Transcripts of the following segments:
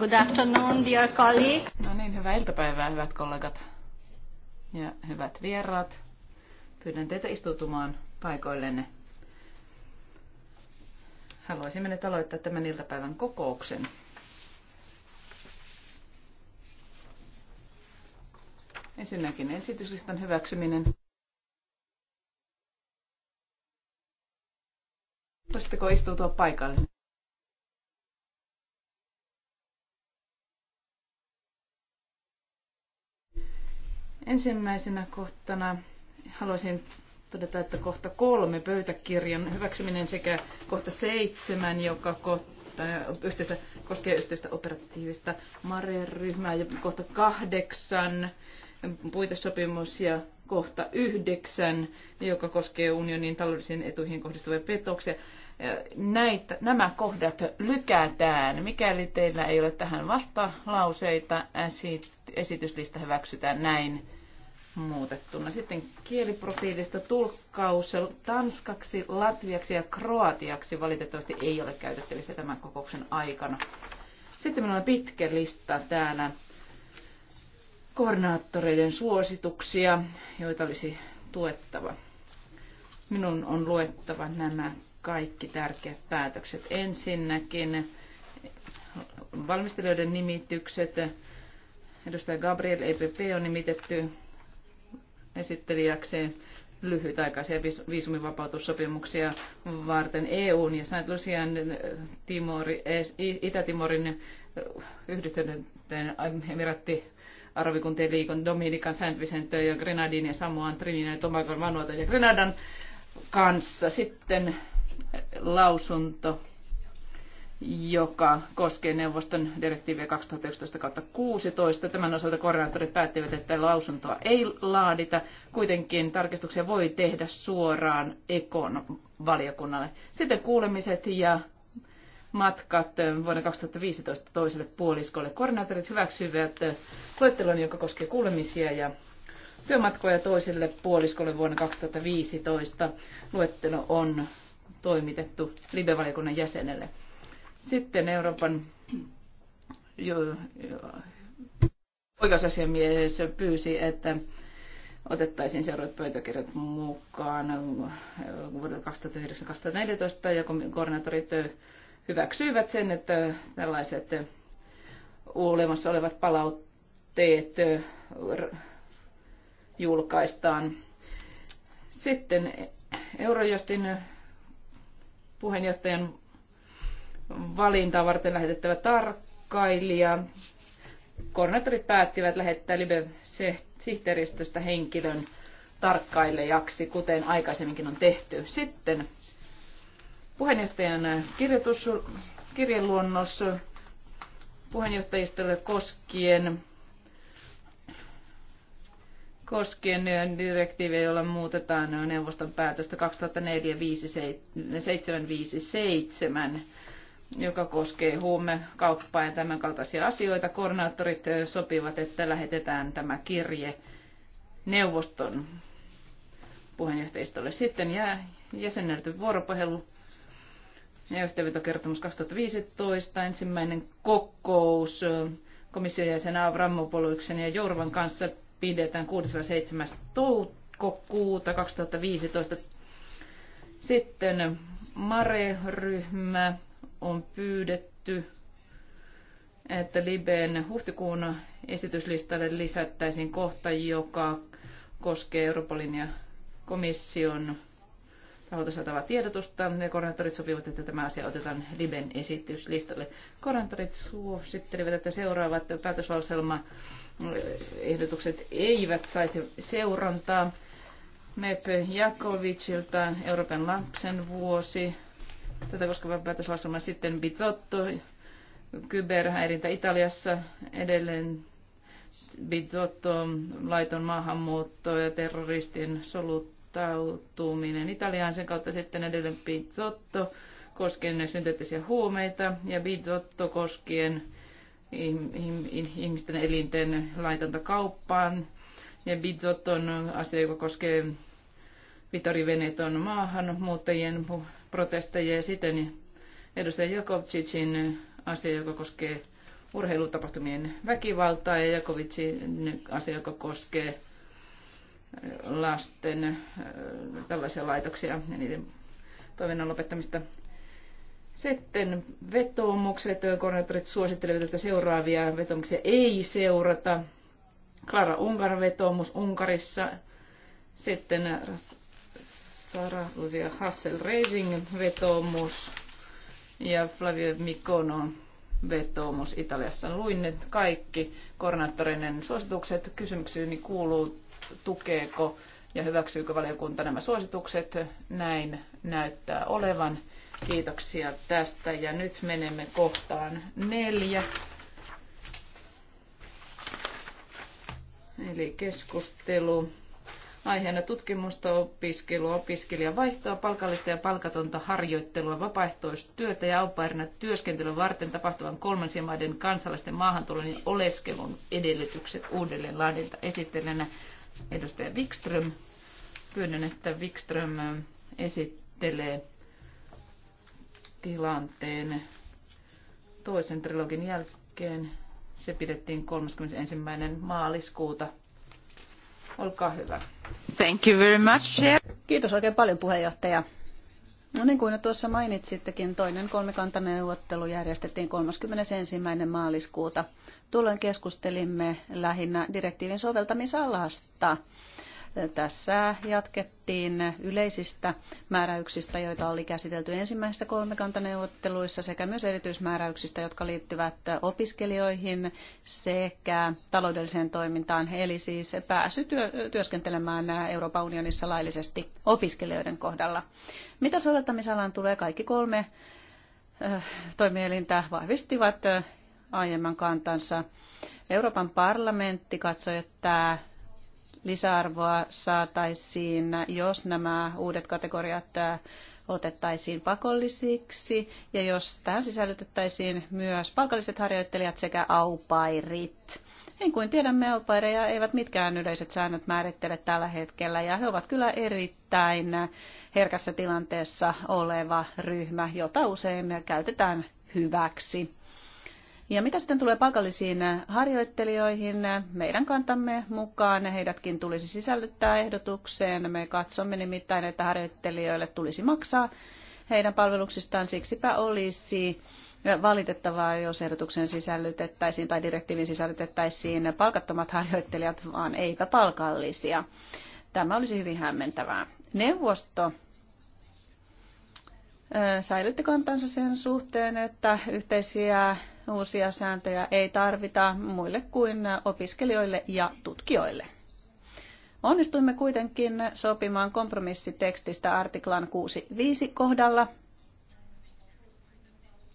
Good afternoon, dear colleagues. No niin, hyvää iltapäivää, hyvät kollegat ja hyvät vieraat. Pyydän teitä istutumaan paikoillenne. Haluaisimme nyt aloittaa tämän iltapäivän kokouksen. Ensinnäkin esityslistan hyväksyminen. Voisitteko istuutua paikalle? Ensimmäisenä kohtana haluaisin todeta, että kohta kolme pöytäkirjan hyväksyminen sekä kohta seitsemän, joka kohta, yhteistä, koskee yhteistä operatiivista Mare-ryhmää ja kohta kahdeksan puitesopimus ja kohta yhdeksän, joka koskee unionin taloudellisiin etuihin kohdistuvia petoksia näitä, nämä kohdat lykätään. Mikäli teillä ei ole tähän vastalauseita, esityslista hyväksytään näin muutettuna. Sitten kieliprofiilista tulkkaus tanskaksi, latviaksi ja kroatiaksi valitettavasti ei ole käytettävissä tämän kokouksen aikana. Sitten meillä on pitkä lista täällä koordinaattoreiden suosituksia, joita olisi tuettava. Minun on luettava nämä kaikki tärkeät päätökset. Ensinnäkin valmistelijoiden nimitykset. Edustaja Gabriel EPP on nimitetty esittelijäkseen lyhytaikaisia viisumivapautussopimuksia varten EUn ja Saint Lucian Timori, e Itä-Timorin yhdistyneiden emiratti Arabikuntien liikon Dominikan, Saint Vicente ja Grenadin ja Samoan, Trinidad, Tobagon, Vanuatan ja Grenadan kanssa. Sitten lausunto, joka koskee neuvoston direktiiviä 2011-16. Tämän osalta koordinaattorit päättivät, että lausuntoa ei laadita. Kuitenkin tarkistuksia voi tehdä suoraan Ekon valiokunnalle. Sitten kuulemiset ja matkat vuonna 2015 toiselle puoliskolle. Koordinaattorit hyväksyivät luettelon, joka koskee kuulemisia ja työmatkoja toiselle puoliskolle vuonna 2015. Luettelo on toimitettu libevaliokunnan jäsenelle. Sitten Euroopan jo, jo, oikeusasiamies pyysi, että otettaisiin seuraavat pöytäkirjat mukaan vuodelta 2009-2014 ja koordinaattorit hyväksyivät sen, että tällaiset olemassa olevat palautteet julkaistaan. Sitten Eurojustin puheenjohtajan valintaa varten lähetettävä tarkkailija. Koordinaattorit päättivät lähettää Libe-sihteeristöstä henkilön tarkkailijaksi, kuten aikaisemminkin on tehty. Sitten puheenjohtajan kirjoitus, kirjeluonnos puheenjohtajistolle koskien koskien niin direktiiviä, jolla muutetaan neuvoston päätöstä 2004-757, joka koskee huumekauppaa ja tämän kaltaisia asioita. Koordinaattorit sopivat, että lähetetään tämä kirje neuvoston puheenjohtajistolle. Sitten jää jäsennelty vuoropuhelu ja yhteenvetokertomus 2015, ensimmäinen kokous komission jäsen Avramopolyksen ja Jorvan kanssa pidetään 6.7. toukokuuta 2015. Sitten Mare-ryhmä on pyydetty, että Liben huhtikuun esityslistalle lisättäisiin kohta, joka koskee Europolin ja komission taholta saatavaa tiedotusta. Ja koordinaattorit sopivat, että tämä asia otetaan Liben esityslistalle. Koordinaattorit suosittelivat, että seuraavat päätöslauselma ehdotukset eivät saisi seurantaa. Mepe Jakovicilta Euroopan lapsen vuosi. Tätä koskeva päätöslauselma sitten Bizotto, kyberhäirintä Italiassa edelleen Bizotto, laiton maahanmuutto ja terroristien soluttautuminen Italiaan. Sen kautta sitten edelleen Bizotto koskien synteettisiä huumeita ja Bizotto koskien ihmisten elinten laitonta kauppaan. Ja Bidzot on asia, joka koskee Vitori Veneton maahanmuuttajien protesteja ja sitten edustaja Jakovcicin asia, joka koskee urheilutapahtumien väkivaltaa ja Jakovicin asia, joka koskee lasten äh, tällaisia laitoksia ja niiden toiminnan lopettamista. Sitten vetoomukset, koordinaattorit suosittelevat, että seuraavia vetoomuksia ei seurata. Klara Ungar vetoomus Unkarissa. Sitten Sara Lucia Hassel Racing vetoomus ja Flavio Mikono vetoomus Italiassa. Luin ne kaikki koordinaattorinen suositukset. Kysymykseni kuuluu, tukeeko ja hyväksyykö valiokunta nämä suositukset. Näin näyttää olevan. Kiitoksia tästä ja nyt menemme kohtaan neljä. Eli keskustelu. Aiheena tutkimusta, opiskelua, opiskelijavaihtoa, palkallista ja palkatonta harjoittelua, vapaaehtoistyötä ja aupairina työskentelyä varten tapahtuvan kolmansien maiden kansalaisten maahantulon ja oleskelun edellytykset uudelleen laadinta esittelenä edustaja Wikström. Pyydän, että Wikström esittelee tilanteen toisen trilogin jälkeen. Se pidettiin 31. maaliskuuta. Olkaa hyvä. Thank you very much. Kiitos oikein paljon puheenjohtaja. No niin kuin tuossa mainitsittekin, toinen kolmikantaneuvottelu järjestettiin 31. maaliskuuta. Tuolloin keskustelimme lähinnä direktiivin soveltamisalasta. Tässä jatkettiin yleisistä määräyksistä, joita oli käsitelty ensimmäisissä kolmekantaneuvotteluissa, sekä myös erityismääräyksistä, jotka liittyvät opiskelijoihin sekä taloudelliseen toimintaan, eli siis pääsy työskentelemään Euroopan unionissa laillisesti opiskelijoiden kohdalla. Mitä soveltamisalaan tulee, kaikki kolme äh, toimielintä vahvistivat aiemman kantansa. Euroopan parlamentti katsoi, että lisäarvoa saataisiin, jos nämä uudet kategoriat äh, otettaisiin pakollisiksi ja jos tähän sisällytettäisiin myös palkalliset harjoittelijat sekä aupairit. Niin kuin tiedämme, aupaireja eivät mitkään yleiset säännöt määrittele tällä hetkellä ja he ovat kyllä erittäin herkässä tilanteessa oleva ryhmä, jota usein käytetään hyväksi. Ja mitä sitten tulee paikallisiin harjoittelijoihin, meidän kantamme mukaan heidätkin tulisi sisällyttää ehdotukseen. Me katsomme nimittäin, että harjoittelijoille tulisi maksaa heidän palveluksistaan. Siksipä olisi valitettavaa, jos ehdotuksen sisällytettäisiin tai direktiivin sisällytettäisiin palkattomat harjoittelijat, vaan eipä palkallisia. Tämä olisi hyvin hämmentävää. Neuvosto säilytti kantansa sen suhteen, että yhteisiä uusia sääntöjä ei tarvita muille kuin opiskelijoille ja tutkijoille. Onnistuimme kuitenkin sopimaan kompromissitekstistä artiklan 6.5 kohdalla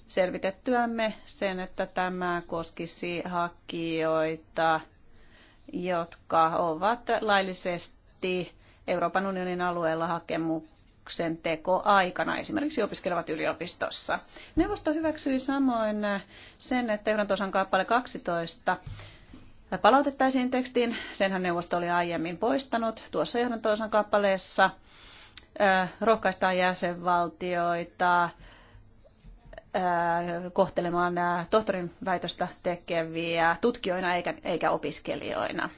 selvitettyämme sen, että tämä koskisi hakijoita, jotka ovat laillisesti Euroopan unionin alueella hakemu- aikana, esimerkiksi opiskelevat yliopistossa. Neuvosto hyväksyi samoin sen, että tosan kappale 12 palautettaisiin tekstiin. Senhän neuvosto oli aiemmin poistanut tuossa johdantosan kappaleessa. Rohkaistaan jäsenvaltioita kohtelemaan tohtorin väitöstä tekeviä tutkijoina eikä, eikä opiskelijoina.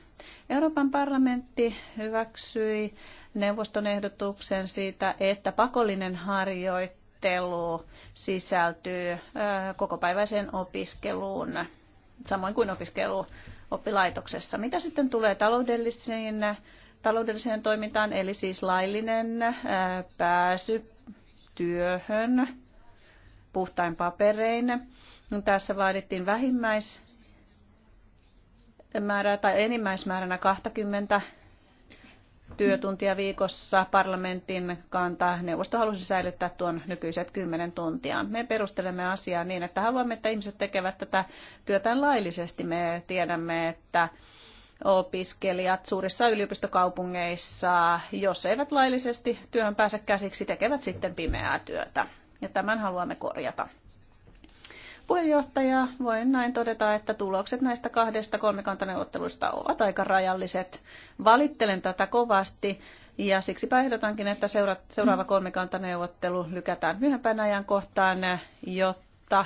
Euroopan parlamentti hyväksyi neuvoston ehdotuksen siitä, että pakollinen harjoittelu sisältyy kokopäiväiseen opiskeluun, samoin kuin opiskelu oppilaitoksessa. Mitä sitten tulee taloudellisiin, taloudelliseen toimintaan, eli siis laillinen pääsy työhön puhtain paperein. Tässä vaadittiin vähimmäismäärää tai enimmäismääränä 20 työtuntia viikossa parlamentin kanta. Neuvosto halusi säilyttää tuon nykyiset 10 tuntia. Me perustelemme asiaa niin, että haluamme, että ihmiset tekevät tätä työtään laillisesti. Me tiedämme, että opiskelijat suurissa yliopistokaupungeissa, jos eivät laillisesti työhön pääse käsiksi, tekevät sitten pimeää työtä. Ja tämän haluamme korjata puheenjohtaja, voin näin todeta, että tulokset näistä kahdesta kolmikantaneuvottelusta ovat aika rajalliset. Valittelen tätä kovasti ja siksi ehdotankin, että seuraava mm. kolmikantaneuvottelu lykätään myöhempään kohtaan, jotta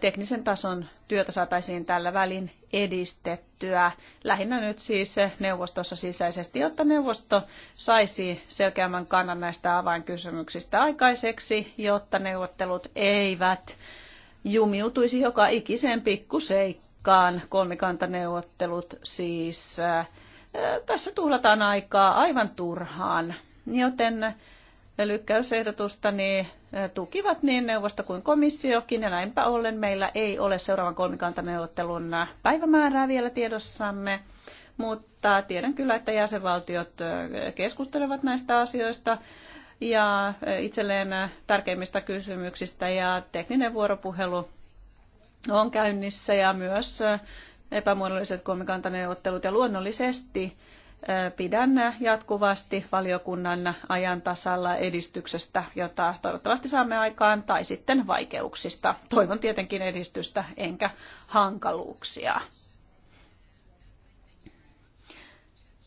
teknisen tason työtä saataisiin tällä välin edistettyä. Lähinnä nyt siis neuvostossa sisäisesti, jotta neuvosto saisi selkeämmän kannan näistä avainkysymyksistä aikaiseksi, jotta neuvottelut eivät jumiutuisi joka ikiseen pikkuseikkaan kolmikantaneuvottelut siis. Äh, tässä tuhlataan aikaa aivan turhaan, joten lykkäysehdotusta niin, äh, tukivat niin neuvosto kuin komissiokin ja näinpä ollen meillä ei ole seuraavan kolmikantaneuvottelun äh, päivämäärää vielä tiedossamme, mutta tiedän kyllä, että jäsenvaltiot keskustelevat näistä asioista ja itselleen tärkeimmistä kysymyksistä ja tekninen vuoropuhelu on käynnissä ja myös epämuodolliset kolmikantaneuvottelut ja luonnollisesti pidän jatkuvasti valiokunnan ajan tasalla edistyksestä, jota toivottavasti saamme aikaan, tai sitten vaikeuksista. Toivon tietenkin edistystä enkä hankaluuksia.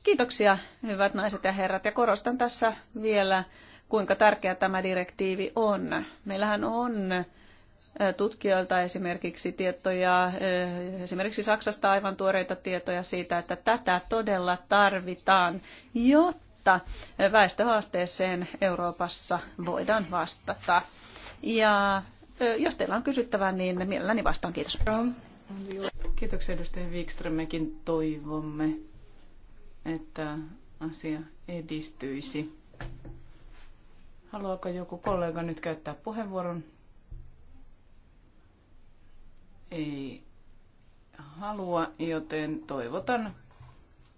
Kiitoksia, hyvät naiset ja herrat, ja korostan tässä vielä kuinka tärkeä tämä direktiivi on. Meillähän on tutkijoilta esimerkiksi tietoja, esimerkiksi Saksasta aivan tuoreita tietoja siitä, että tätä todella tarvitaan, jotta väestöhaasteeseen Euroopassa voidaan vastata. Ja jos teillä on kysyttävää, niin mielelläni vastaan. Kiitos. Kiitoksia edustaja Wikström. Mekin toivomme, että asia edistyisi. Haluaako joku kollega nyt käyttää puheenvuoron? Ei halua, joten toivotan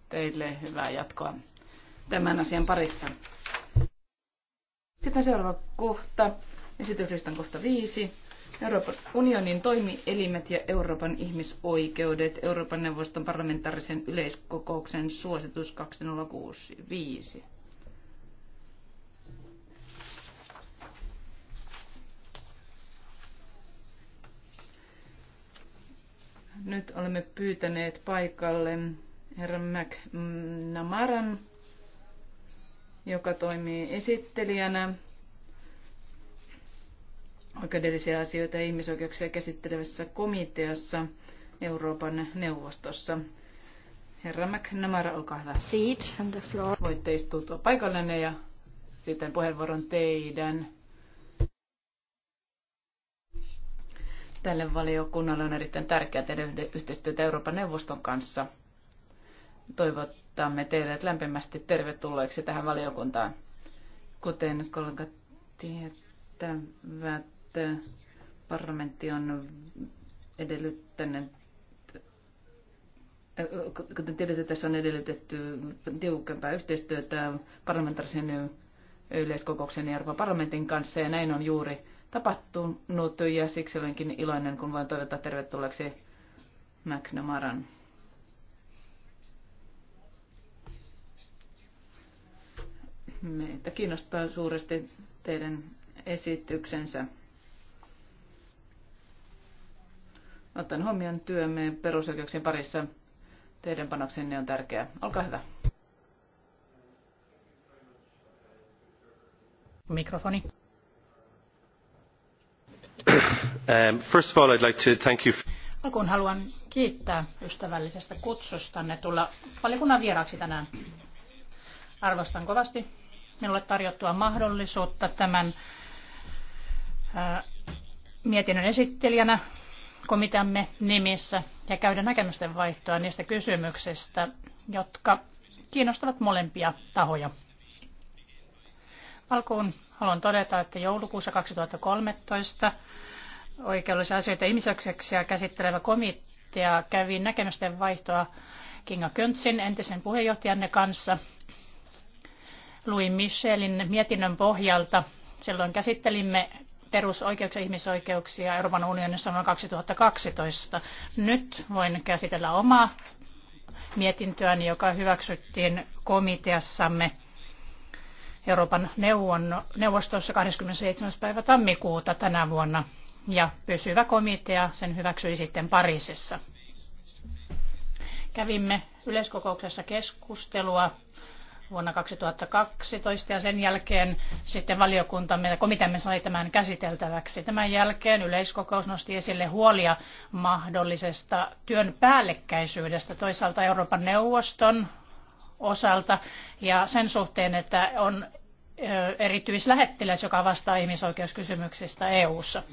teille hyvää jatkoa tämän asian parissa. Sitten seuraava kohta, esityslistan kohta viisi. Euroopan unionin toimielimet ja Euroopan ihmisoikeudet, Euroopan neuvoston parlamentaarisen yleiskokouksen suositus 2065. Nyt olemme pyytäneet paikalle herra McNamaran, joka toimii esittelijänä oikeudellisia asioita ja ihmisoikeuksia käsittelevässä komiteassa Euroopan neuvostossa. Herra McNamara, olkaa hyvä. Seat and the floor. Voitte istua paikallenne ja sitten puheenvuoron teidän. Tälle valiokunnalle on erittäin tärkeää tehdä yhteistyötä Euroopan neuvoston kanssa. Toivottamme teidät lämpimästi tervetulleeksi tähän valiokuntaan. Kuten kollegat tietävät, parlamentti on edellyttänyt äh, kuten tiedätte, tässä on edellytetty tiukempaa yhteistyötä parlamentaarisen yleiskokouksen ja Euroopan parlamentin kanssa, ja näin on juuri tapahtunut ja siksi olenkin iloinen, kun voin toivottaa tervetulleeksi McNamaran. Meitä kiinnostaa suuresti teidän esityksensä. Otan huomioon työmme perusoikeuksien parissa, teidän panoksenne on tärkeää. Olkaa hyvä. Mikrofoni. Alkuun haluan kiittää ystävällisestä kutsustanne tulla valiokunnan vieraaksi tänään. Arvostan kovasti minulle tarjottua mahdollisuutta tämän mietinnön esittelijänä komitamme nimissä ja käydä näkemysten vaihtoa niistä kysymyksistä, jotka kiinnostavat molempia tahoja. Alkuun Haluan todeta, että joulukuussa 2013 oikeudellisia asioita ihmisoikeuksia käsittelevä komitea kävi näkemysten vaihtoa Kinga Köntsin entisen puheenjohtajanne kanssa. Louis Michelin mietinnön pohjalta silloin käsittelimme perusoikeuksia ja ihmisoikeuksia Euroopan unionissa vuonna 2012. Nyt voin käsitellä omaa mietintöäni, joka hyväksyttiin komiteassamme Euroopan neuvon, neuvostossa 27. päivä tammikuuta tänä vuonna ja pysyvä komitea sen hyväksyi sitten Pariisissa. Kävimme yleiskokouksessa keskustelua vuonna 2012 ja sen jälkeen sitten valiokuntamme ja komiteamme sai tämän käsiteltäväksi. Tämän jälkeen yleiskokous nosti esille huolia mahdollisesta työn päällekkäisyydestä toisaalta Euroopan neuvoston osalta ja sen suhteen, että on erityislähettiläs, joka vastaa ihmisoikeuskysymyksistä EU:ssa.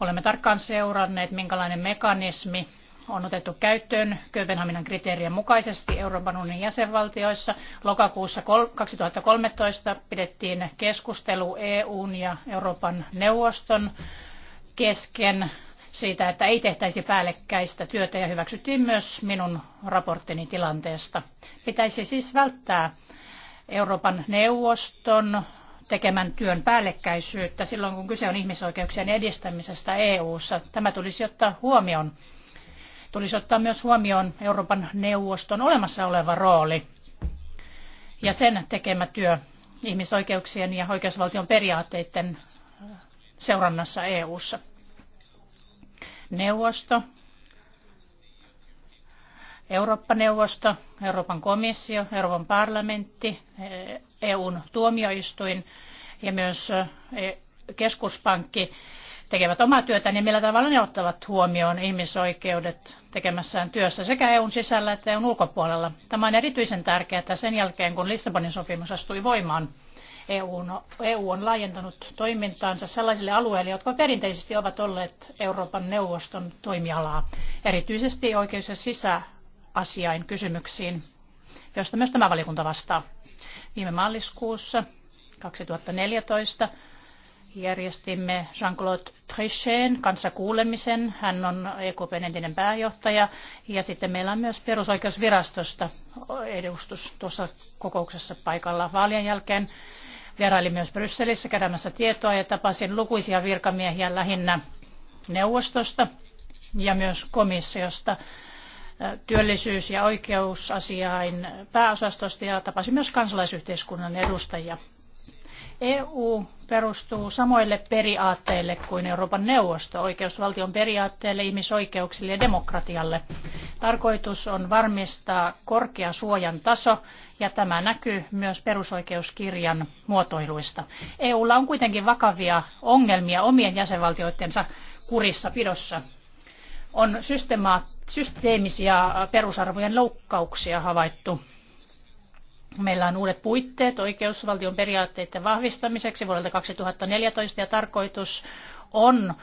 Olemme tarkkaan seuranneet, minkälainen mekanismi on otettu käyttöön Kööpenhaminan kriteerien mukaisesti Euroopan unionin jäsenvaltioissa. Lokakuussa 2013 pidettiin keskustelu EUn ja Euroopan neuvoston kesken siitä, että ei tehtäisi päällekkäistä työtä ja hyväksyttiin myös minun raporttini tilanteesta. Pitäisi siis välttää Euroopan neuvoston tekemän työn päällekkäisyyttä silloin, kun kyse on ihmisoikeuksien edistämisestä EU:ssa. Tämä tulisi ottaa huomioon. Tulisi ottaa myös huomioon Euroopan neuvoston olemassa oleva rooli ja sen tekemä työ ihmisoikeuksien ja oikeusvaltion periaatteiden seurannassa EU:ssa. Neuvosto Eurooppa-neuvosto, Euroopan komissio, Euroopan parlamentti, EUn tuomioistuin ja myös e, keskuspankki tekevät omaa työtään ja millä tavalla ne ottavat huomioon ihmisoikeudet tekemässään työssä sekä EUn sisällä että EUn ulkopuolella. Tämä on erityisen tärkeää sen jälkeen, kun Lissabonin sopimus astui voimaan. EU e on laajentanut toimintaansa sellaisille alueille, jotka perinteisesti ovat olleet Euroopan neuvoston toimialaa, erityisesti oikeus- ja sisä- asiain kysymyksiin, joista myös tämä valiokunta vastaa. Viime maaliskuussa 2014 järjestimme Jean-Claude Trichet kanssa kuulemisen. Hän on EKPn entinen pääjohtaja ja sitten meillä on myös perusoikeusvirastosta edustus tuossa kokouksessa paikalla vaalien jälkeen. Vierailin myös Brysselissä keräämässä tietoa ja tapasin lukuisia virkamiehiä lähinnä neuvostosta ja myös komissiosta työllisyys- ja oikeusasiain pääosastosta ja tapasin myös kansalaisyhteiskunnan edustajia. EU perustuu samoille periaatteille kuin Euroopan neuvosto, oikeusvaltion periaatteelle, ihmisoikeuksille ja demokratialle. Tarkoitus on varmistaa korkea suojan taso ja tämä näkyy myös perusoikeuskirjan muotoiluista. EUlla on kuitenkin vakavia ongelmia omien jäsenvaltioidensa kurissapidossa. pidossa on systeemisiä perusarvojen loukkauksia havaittu. Meillä on uudet puitteet oikeusvaltion periaatteiden vahvistamiseksi vuodelta 2014 ja tarkoitus on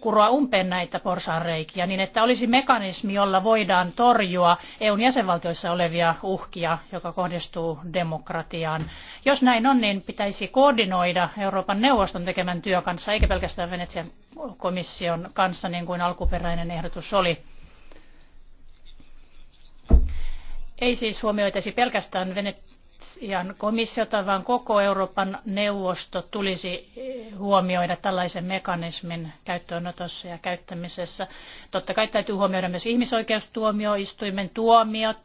kuroa umpeen näitä porsaanreikiä niin, että olisi mekanismi, jolla voidaan torjua EUn jäsenvaltioissa olevia uhkia, joka kohdistuu demokratiaan. Jos näin on, niin pitäisi koordinoida Euroopan neuvoston tekemän työ kanssa, eikä pelkästään Venetsian komission kanssa, niin kuin alkuperäinen ehdotus oli. Ei siis huomioitaisi pelkästään Venetsian ihan komissiota, vaan koko Euroopan neuvosto tulisi huomioida tällaisen mekanismin käyttöönotossa ja käyttämisessä. Totta kai täytyy huomioida myös ihmisoikeustuomioistuimen tuomiot,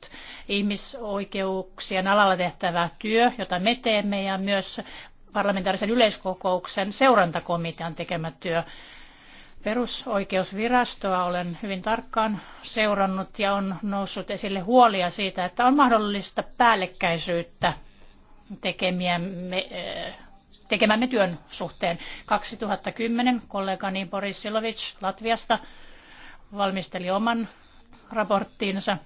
ihmisoikeuksien alalla tehtävä työ, jota me teemme, ja myös parlamentaarisen yleiskokouksen seurantakomitean tekemä työ perusoikeusvirastoa olen hyvin tarkkaan seurannut ja on noussut esille huolia siitä, että on mahdollista päällekkäisyyttä eh, tekemämme työn suhteen. 2010 kollegani Boris Silovic Latviasta valmisteli oman raporttinsa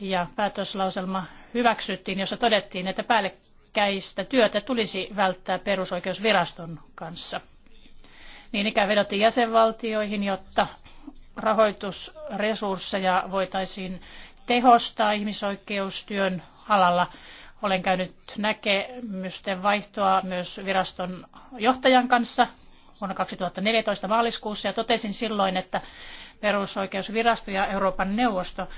ja päätöslauselma hyväksyttiin, jossa todettiin, että päällekkäistä työtä tulisi välttää perusoikeusviraston kanssa. Niin ikään vedottiin jäsenvaltioihin, jotta rahoitusresursseja voitaisiin tehostaa ihmisoikeustyön alalla. Olen käynyt näkemysten vaihtoa myös viraston johtajan kanssa vuonna 2014 maaliskuussa ja totesin silloin, että perusoikeusvirasto ja Euroopan neuvosto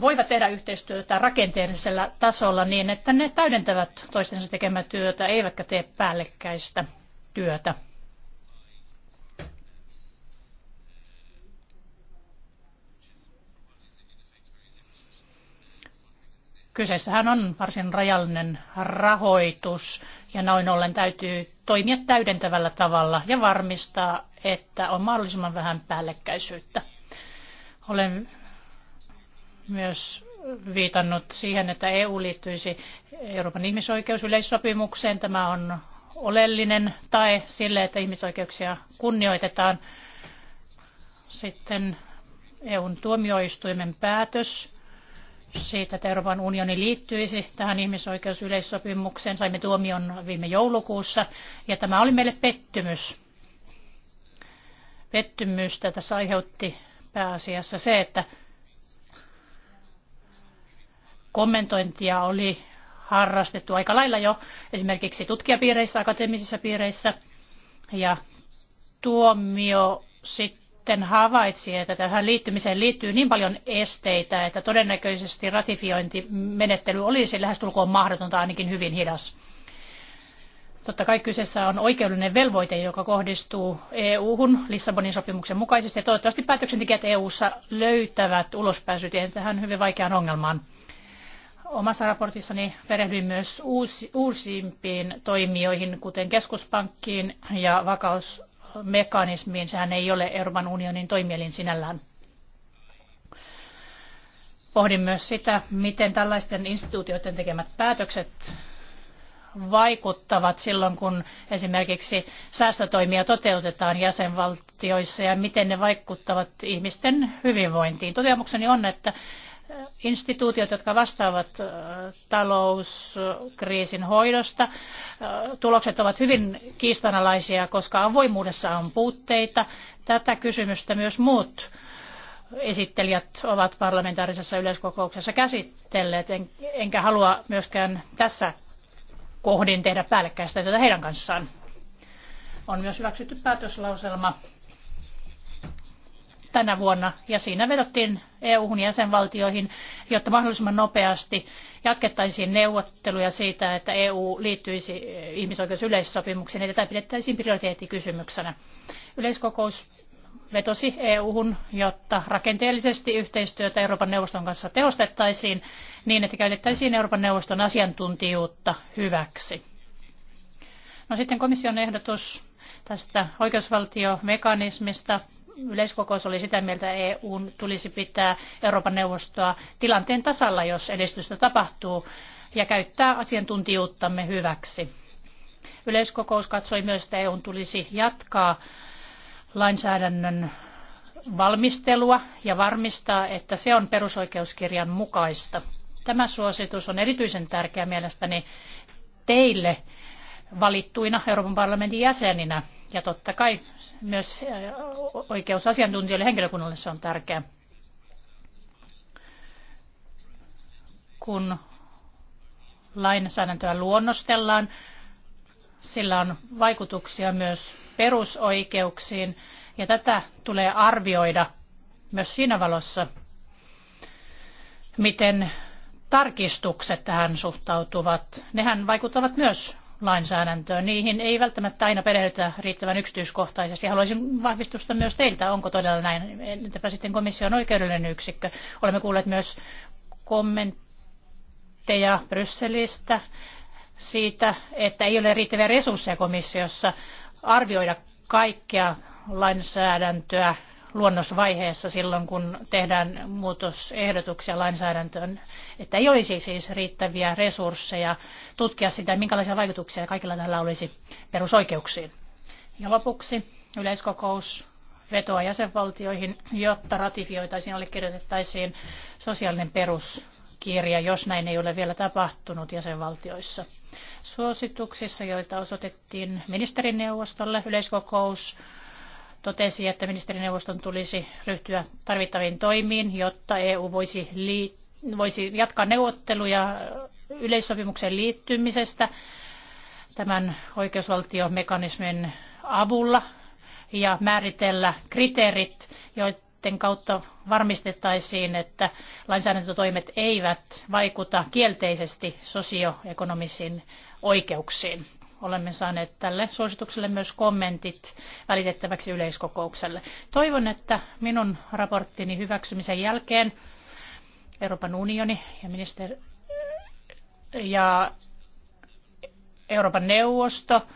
voivat tehdä yhteistyötä rakenteellisella tasolla niin, että ne täydentävät toistensa tekemää työtä, eivätkä tee päällekkäistä työtä. Kyseessähän on varsin rajallinen rahoitus ja noin ollen täytyy toimia täydentävällä tavalla ja varmistaa, että on mahdollisimman vähän päällekkäisyyttä. Olen myös viitannut siihen, että EU liittyisi Euroopan ihmisoikeusyleissopimukseen. Tämä on oleellinen tae sille, että ihmisoikeuksia kunnioitetaan. Sitten EUn tuomioistuimen päätös siitä, että Euroopan unioni liittyisi tähän ihmisoikeusyleissopimukseen. Saimme tuomion viime joulukuussa ja tämä oli meille pettymys. Pettymystä tässä aiheutti pääasiassa se, että kommentointia oli harrastettu aika lailla jo esimerkiksi tutkijapiireissä, akateemisissa piireissä ja tuomio sitten sitten havaitsi, että tähän liittymiseen liittyy niin paljon esteitä, että todennäköisesti ratifiointimenettely olisi lähestulkoon mahdotonta ainakin hyvin hidas. Totta kai kyseessä on oikeudellinen velvoite, joka kohdistuu EU-hun Lissabonin sopimuksen mukaisesti. Ja toivottavasti päätöksentekijät EU-ssa löytävät ulospääsytien tähän hyvin vaikeaan ongelmaan. Omassa raportissani perehdyin myös uusi, uusimpiin toimijoihin, kuten keskuspankkiin ja vakaus- mekanismiin. Sehän ei ole Euroopan unionin toimielin sinällään. Pohdin myös sitä, miten tällaisten instituutioiden tekemät päätökset vaikuttavat silloin, kun esimerkiksi säästötoimia toteutetaan jäsenvaltioissa ja miten ne vaikuttavat ihmisten hyvinvointiin. Toteamukseni on, että instituutiot, jotka vastaavat talouskriisin hoidosta. Tulokset ovat hyvin kiistanalaisia, koska avoimuudessa on puutteita. Tätä kysymystä myös muut esittelijät ovat parlamentaarisessa yleiskokouksessa käsitelleet, en, enkä halua myöskään tässä kohdin tehdä päällekkäistä työtä heidän kanssaan. On myös hyväksytty päätöslauselma tänä vuonna ja siinä vedottiin EU-hun jäsenvaltioihin, jotta mahdollisimman nopeasti jatkettaisiin neuvotteluja siitä, että EU liittyisi ihmisoikeusyleissopimukseen ja tätä pidettäisiin prioriteettikysymyksenä. Yleiskokous vetosi EU-hun, jotta rakenteellisesti yhteistyötä Euroopan neuvoston kanssa tehostettaisiin niin, että käytettäisiin Euroopan neuvoston asiantuntijuutta hyväksi. No sitten komission ehdotus tästä oikeusvaltiomekanismista yleiskokous oli sitä mieltä, että EUn tulisi pitää Euroopan neuvostoa tilanteen tasalla, jos edistystä tapahtuu, ja käyttää asiantuntijuuttamme hyväksi. Yleiskokous katsoi myös, että EUn tulisi jatkaa lainsäädännön valmistelua ja varmistaa, että se on perusoikeuskirjan mukaista. Tämä suositus on erityisen tärkeä mielestäni teille valittuina Euroopan parlamentin jäseninä ja totta kai myös oikeus asiantuntijoille henkilökunnalle se on tärkeä. Kun lainsäädäntöä luonnostellaan, sillä on vaikutuksia myös perusoikeuksiin ja tätä tulee arvioida myös siinä valossa, miten tarkistukset tähän suhtautuvat. Nehän vaikuttavat myös lainsäädäntöön. Niihin ei välttämättä aina perehdytä riittävän yksityiskohtaisesti. Haluaisin vahvistusta myös teiltä, onko todella näin. Entäpä sitten komission oikeudellinen yksikkö? Olemme kuulleet myös kommentteja Brysselistä siitä, että ei ole riittäviä resursseja komissiossa arvioida kaikkea lainsäädäntöä luonnosvaiheessa silloin, kun tehdään muutosehdotuksia lainsäädäntöön, että ei olisi siis riittäviä resursseja tutkia sitä, minkälaisia vaikutuksia kaikilla tällä olisi perusoikeuksiin. Ja lopuksi yleiskokous vetoa jäsenvaltioihin, jotta ratifioitaisiin, allekirjoitettaisiin sosiaalinen peruskirja, jos näin ei ole vielä tapahtunut jäsenvaltioissa. Suosituksissa, joita osoitettiin ministerineuvostolle, yleiskokous totesi, että ministerineuvoston tulisi ryhtyä tarvittaviin toimiin, jotta EU voisi, voisi jatkaa neuvotteluja yleissopimuksen liittymisestä tämän oikeusvaltiomekanismin avulla ja määritellä kriteerit, joiden kautta varmistettaisiin, että lainsäädäntötoimet eivät vaikuta kielteisesti sosioekonomisiin oikeuksiin. Olemme saaneet tälle suositukselle myös kommentit välitettäväksi yleiskokoukselle. Toivon, että minun raporttini hyväksymisen jälkeen Euroopan unioni ja, minister... ja Euroopan neuvosto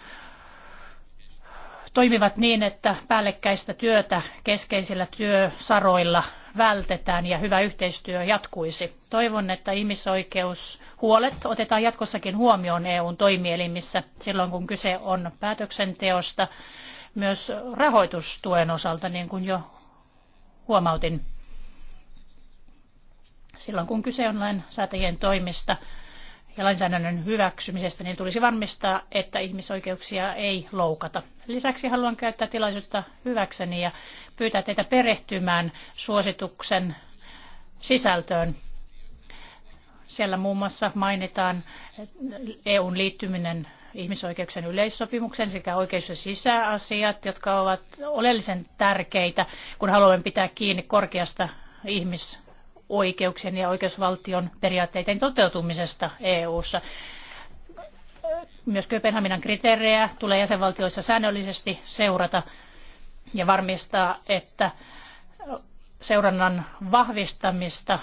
toimivat niin, että päällekkäistä työtä keskeisillä työsaroilla vältetään ja hyvä yhteistyö jatkuisi. Toivon, että ihmisoikeushuolet otetaan jatkossakin huomioon EUn toimielimissä silloin, kun kyse on päätöksenteosta myös rahoitustuen osalta, niin kuin jo huomautin. Silloin, kun kyse on lainsäätäjien toimista, ja lainsäädännön hyväksymisestä, niin tulisi varmistaa, että ihmisoikeuksia ei loukata. Lisäksi haluan käyttää tilaisuutta hyväkseni ja pyytää teitä perehtymään suosituksen sisältöön. Siellä muun muassa mainitaan EUn liittyminen ihmisoikeuksien yleissopimuksen sekä oikeus- ja sisäasiat, jotka ovat oleellisen tärkeitä, kun haluamme pitää kiinni korkeasta ihmis- oikeuksien ja oikeusvaltion periaatteiden toteutumisesta EU:ssa. Myös Kööpenhaminan kriteerejä tulee jäsenvaltioissa säännöllisesti seurata ja varmistaa, että seurannan vahvistamista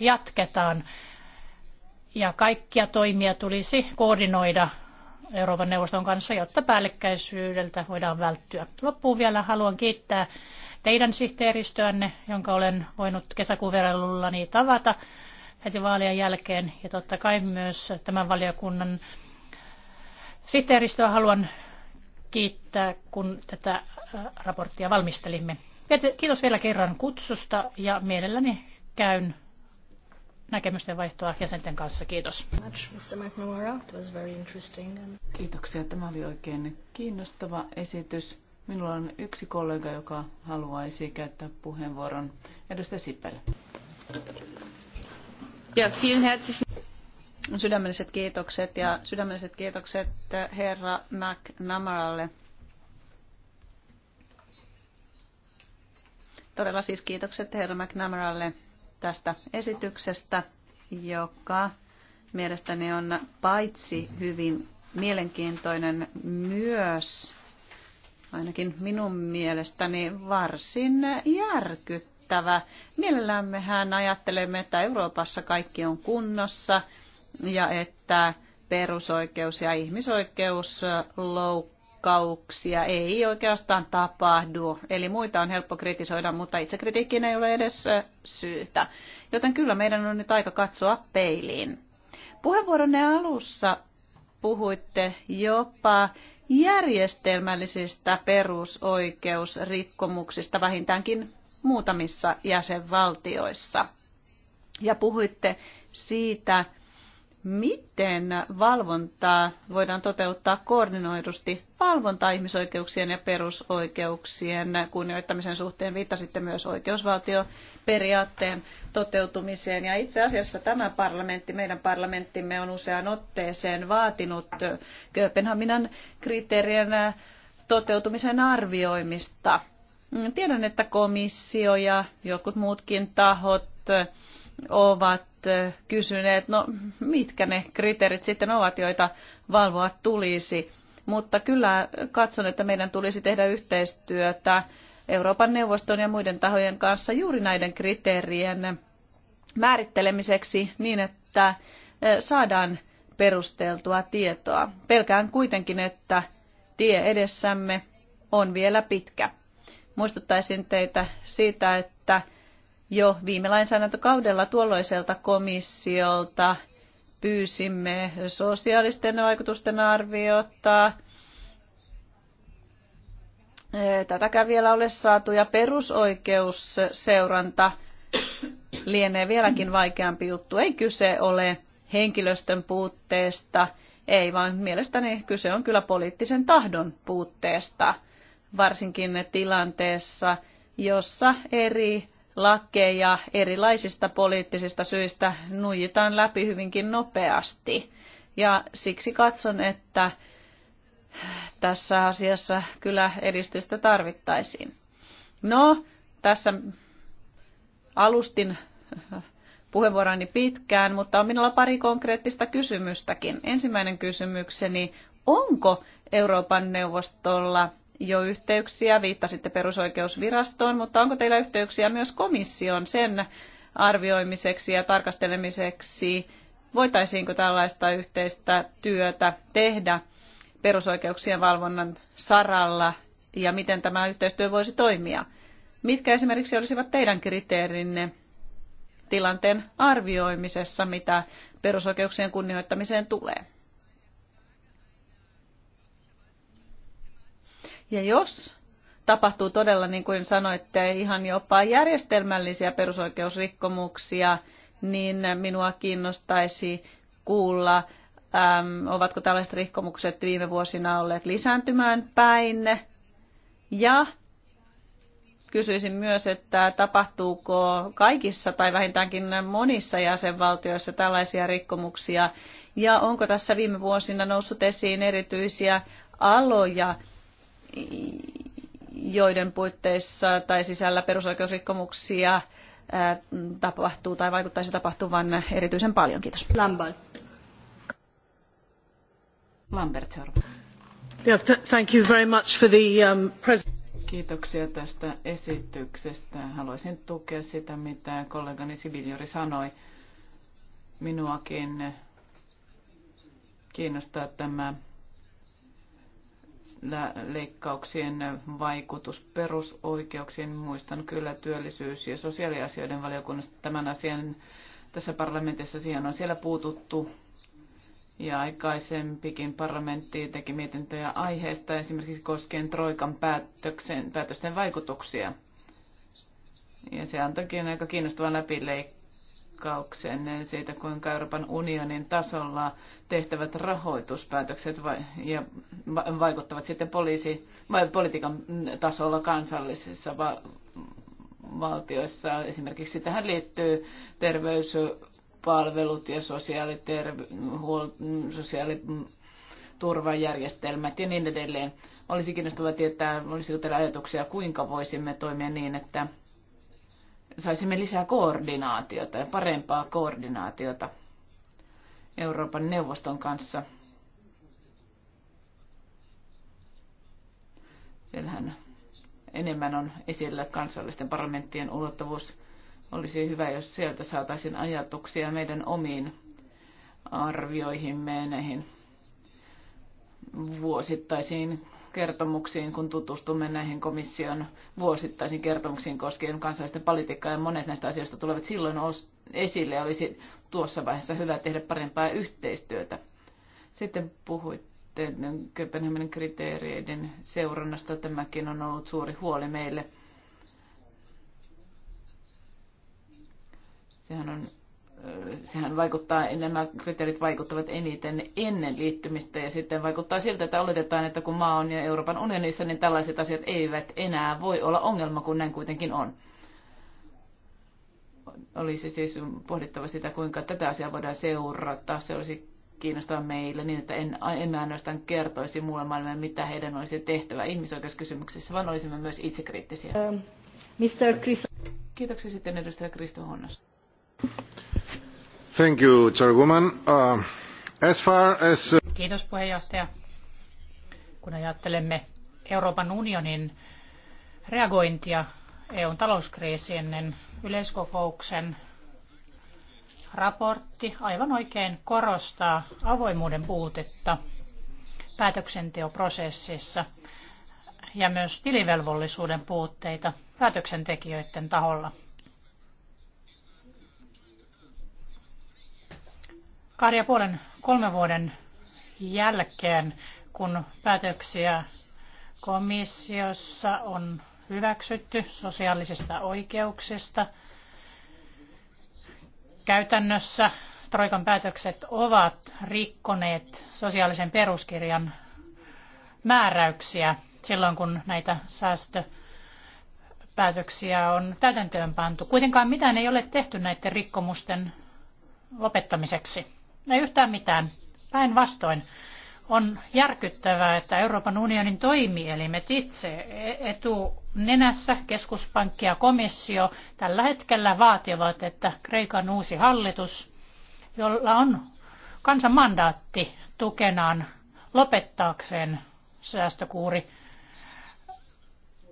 jatketaan ja kaikkia toimia tulisi koordinoida Euroopan neuvoston kanssa, jotta päällekkäisyydeltä voidaan välttyä. Loppuun vielä haluan kiittää teidän sihteeristöänne, jonka olen voinut kesäkuverellullani tavata heti vaalien jälkeen. Ja totta kai myös tämän valiokunnan sihteeristöä haluan kiittää, kun tätä äh, raporttia valmistelimme. Kiitos vielä kerran kutsusta ja mielelläni käyn näkemysten vaihtoa jäsenten kanssa. Kiitos. Kiitoksia. Tämä oli oikein kiinnostava esitys. Minulla on yksi kollega, joka haluaisi käyttää puheenvuoron. Edustaja Sipel. Ja, sydämelliset kiitokset ja sydämelliset kiitokset eh, herra McNamaralle. Todella siis kiitokset herra McNamaralle tästä esityksestä, joka mielestäni on paitsi hyvin mielenkiintoinen myös ainakin minun mielestäni varsin järkyttävä. mehän ajattelemme, että Euroopassa kaikki on kunnossa ja että perusoikeus- ja ihmisoikeusloukkauksia ei oikeastaan tapahdu. Eli muita on helppo kritisoida, mutta itse kritiikkiin ei ole edes syytä. Joten kyllä meidän on nyt aika katsoa peiliin. Puheenvuoronne alussa puhuitte jopa järjestelmällisistä perusoikeusrikkomuksista vähintäänkin muutamissa jäsenvaltioissa. Ja puhuitte siitä, miten valvontaa voidaan toteuttaa koordinoidusti valvontaa ihmisoikeuksien ja perusoikeuksien kunnioittamisen suhteen. Viittasitte myös oikeusvaltioperiaatteen toteutumiseen. Ja itse asiassa tämä parlamentti, meidän parlamenttimme on useaan otteeseen vaatinut Kööpenhaminan kriteerien toteutumisen arvioimista. Tiedän, että komissio ja jotkut muutkin tahot ovat kysyneet, no mitkä ne kriteerit sitten ovat, joita valvoa tulisi. Mutta kyllä katson, että meidän tulisi tehdä yhteistyötä Euroopan neuvoston ja muiden tahojen kanssa juuri näiden kriteerien määrittelemiseksi niin, että saadaan perusteltua tietoa. Pelkään kuitenkin, että tie edessämme on vielä pitkä. Muistuttaisin teitä siitä, että jo viime lainsäädäntökaudella tuolloiselta komissiolta pyysimme sosiaalisten vaikutusten arviota. Tätäkään vielä ole saatu ja perusoikeusseuranta lienee vieläkin vaikeampi juttu. Ei kyse ole henkilöstön puutteesta, ei vaan mielestäni kyse on kyllä poliittisen tahdon puutteesta, varsinkin tilanteessa, jossa eri lakeja erilaisista poliittisista syistä nuijitaan läpi hyvinkin nopeasti. Ja siksi katson, että tässä asiassa kyllä edistystä tarvittaisiin. No, tässä alustin puheenvuoroni pitkään, mutta on minulla pari konkreettista kysymystäkin. Ensimmäinen kysymykseni, onko Euroopan neuvostolla jo yhteyksiä, viittasitte perusoikeusvirastoon, mutta onko teillä yhteyksiä myös komission sen arvioimiseksi ja tarkastelemiseksi, voitaisiinko tällaista yhteistä työtä tehdä perusoikeuksien valvonnan saralla ja miten tämä yhteistyö voisi toimia? Mitkä esimerkiksi olisivat teidän kriteerinne tilanteen arvioimisessa, mitä perusoikeuksien kunnioittamiseen tulee? Ja jos tapahtuu todella, niin kuin sanoitte, ihan jopa järjestelmällisiä perusoikeusrikkomuksia, niin minua kiinnostaisi kuulla, äm, ovatko tällaiset rikkomukset viime vuosina olleet lisääntymään päin. Ja kysyisin myös, että tapahtuuko kaikissa tai vähintäänkin monissa jäsenvaltioissa tällaisia rikkomuksia, ja onko tässä viime vuosina noussut esiin erityisiä aloja, joiden puitteissa tai sisällä perusoikeusrikkomuksia tapahtuu tai vaikuttaisi tapahtuvan erityisen paljon. Kiitos. Lambert. Lambert, yeah, thank you very much for the, um, Kiitoksia tästä esityksestä. Haluaisin tukea sitä, mitä kollegani Sibiljori sanoi. Minuakin kiinnostaa tämä leikkauksien vaikutus perusoikeuksiin. Muistan kyllä työllisyys- ja sosiaaliasioiden valiokunnasta tämän asian tässä parlamentissa. Siihen on siellä puututtu ja aikaisempikin parlamentti teki mietintöjä aiheesta esimerkiksi koskien Troikan päätöksen, päätösten vaikutuksia. Ja se antoikin aika kiinnostavan läpileikkauksen leikkauksen siitä, kuinka Euroopan unionin tasolla tehtävät rahoituspäätökset ja vaikuttavat sitten poliisi, vai politiikan tasolla kansallisissa va- valtioissa. Esimerkiksi tähän liittyy terveyspalvelut ja sosiaaliturvajärjestelmät ja niin edelleen. Olisi kiinnostavaa tietää, olisiko teillä ajatuksia, kuinka voisimme toimia niin, että saisimme lisää koordinaatiota ja parempaa koordinaatiota Euroopan neuvoston kanssa. Siellähän enemmän on esillä kansallisten parlamenttien ulottuvuus. Olisi hyvä, jos sieltä saataisiin ajatuksia meidän omiin arvioihimme näihin vuosittaisiin kertomuksiin, kun tutustumme näihin komission vuosittaisiin kertomuksiin koskien kansallisten politiikkaa, ja monet näistä asioista tulevat silloin esille, ja olisi tuossa vaiheessa hyvä tehdä parempaa yhteistyötä. Sitten puhuitte Kööpenhaminan kriteereiden seurannasta. Tämäkin on ollut suuri huoli meille. Sehän on sehän vaikuttaa, nämä kriteerit vaikuttavat eniten ennen liittymistä ja sitten vaikuttaa siltä, että oletetaan, että kun maa on ja Euroopan unionissa, niin tällaiset asiat eivät enää voi olla ongelma, kun näin kuitenkin on. Olisi siis pohdittava sitä, kuinka tätä asiaa voidaan seurata. Se olisi kiinnostava meille niin, että en, emme ainoastaan kertoisi muulle maailmalle, mitä heidän olisi tehtävä ihmisoikeuskysymyksissä, vaan olisimme myös itsekriittisiä. Um, ähm, Mr. Chris... Kiitoksia sitten edustaja Kristo Honnas. Uh, arvoisa puhemies Kiitos Kun ajattelemme Euroopan unionin reagointia EUn talouskriisiin, niin yleiskokouksen raportti aivan oikein korostaa avoimuuden puutetta päätöksenteoprosessissa ja myös tilivelvollisuuden puutteita päätöksentekijöiden taholla. kahden ja puolen kolmen vuoden jälkeen, kun päätöksiä komissiossa on hyväksytty sosiaalisista oikeuksista. Käytännössä Troikan päätökset ovat rikkoneet sosiaalisen peruskirjan määräyksiä silloin, kun näitä säästöpäätöksiä on täytäntöön pantu. Kuitenkaan mitään ei ole tehty näiden rikkomusten lopettamiseksi. Ei yhtään mitään. Päinvastoin on järkyttävää, että Euroopan unionin toimielimet itse e- etunenässä, keskuspankki ja komissio tällä hetkellä vaativat, että Kreikan uusi hallitus, jolla on kansan mandaatti tukenaan lopettaakseen säästökuuri,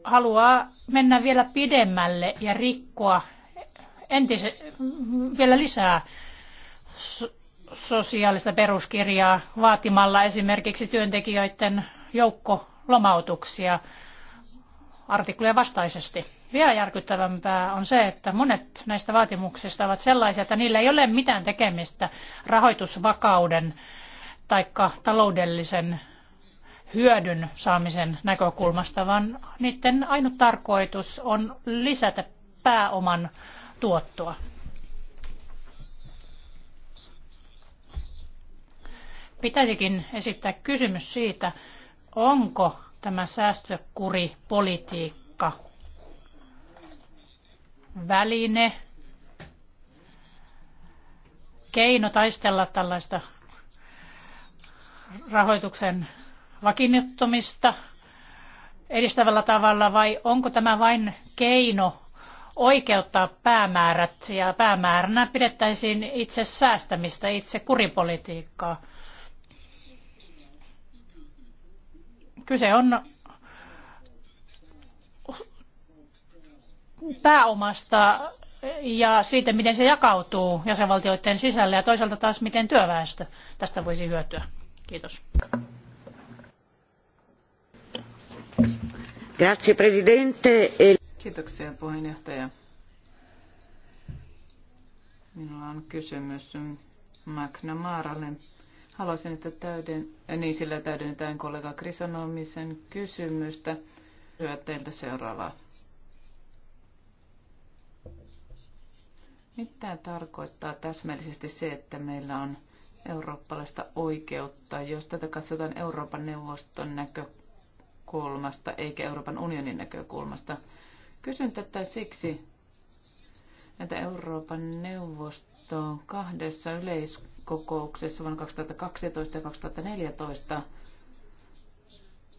haluaa mennä vielä pidemmälle ja rikkoa entise, vielä lisää sosiaalista peruskirjaa vaatimalla esimerkiksi työntekijöiden joukkolomautuksia artiklojen vastaisesti. Vielä järkyttävämpää on se, että monet näistä vaatimuksista ovat sellaisia, että niillä ei ole mitään tekemistä rahoitusvakauden tai taloudellisen hyödyn saamisen näkökulmasta, vaan niiden ainut tarkoitus on lisätä pääoman tuottoa. Pitäisikin esittää kysymys siitä, onko tämä säästökuripolitiikka väline, keino taistella tällaista rahoituksen vakiinnuttamista edistävällä tavalla vai onko tämä vain keino oikeuttaa päämäärät ja päämääränä pidettäisiin itse säästämistä, itse kuripolitiikkaa? Kyse on pääomasta ja siitä, miten se jakautuu jäsenvaltioiden sisällä ja toisaalta taas, miten työväestö tästä voisi hyötyä. Kiitos. Grazie, presidente. Kiitoksia puheenjohtaja. Minulla on kysymys McNamaralle. Haluaisin, että täyden, niin sillä täydennetään kollega Krisanomisen kysymystä. Hyvä teiltä seuraavaa. Mitä tarkoittaa täsmällisesti se, että meillä on eurooppalaista oikeutta, jos tätä katsotaan Euroopan neuvoston näkökulmasta eikä Euroopan unionin näkökulmasta? Kysyn tätä siksi, että Euroopan neuvosto kahdessa yleis kokouksessa vuonna 2012 ja 2014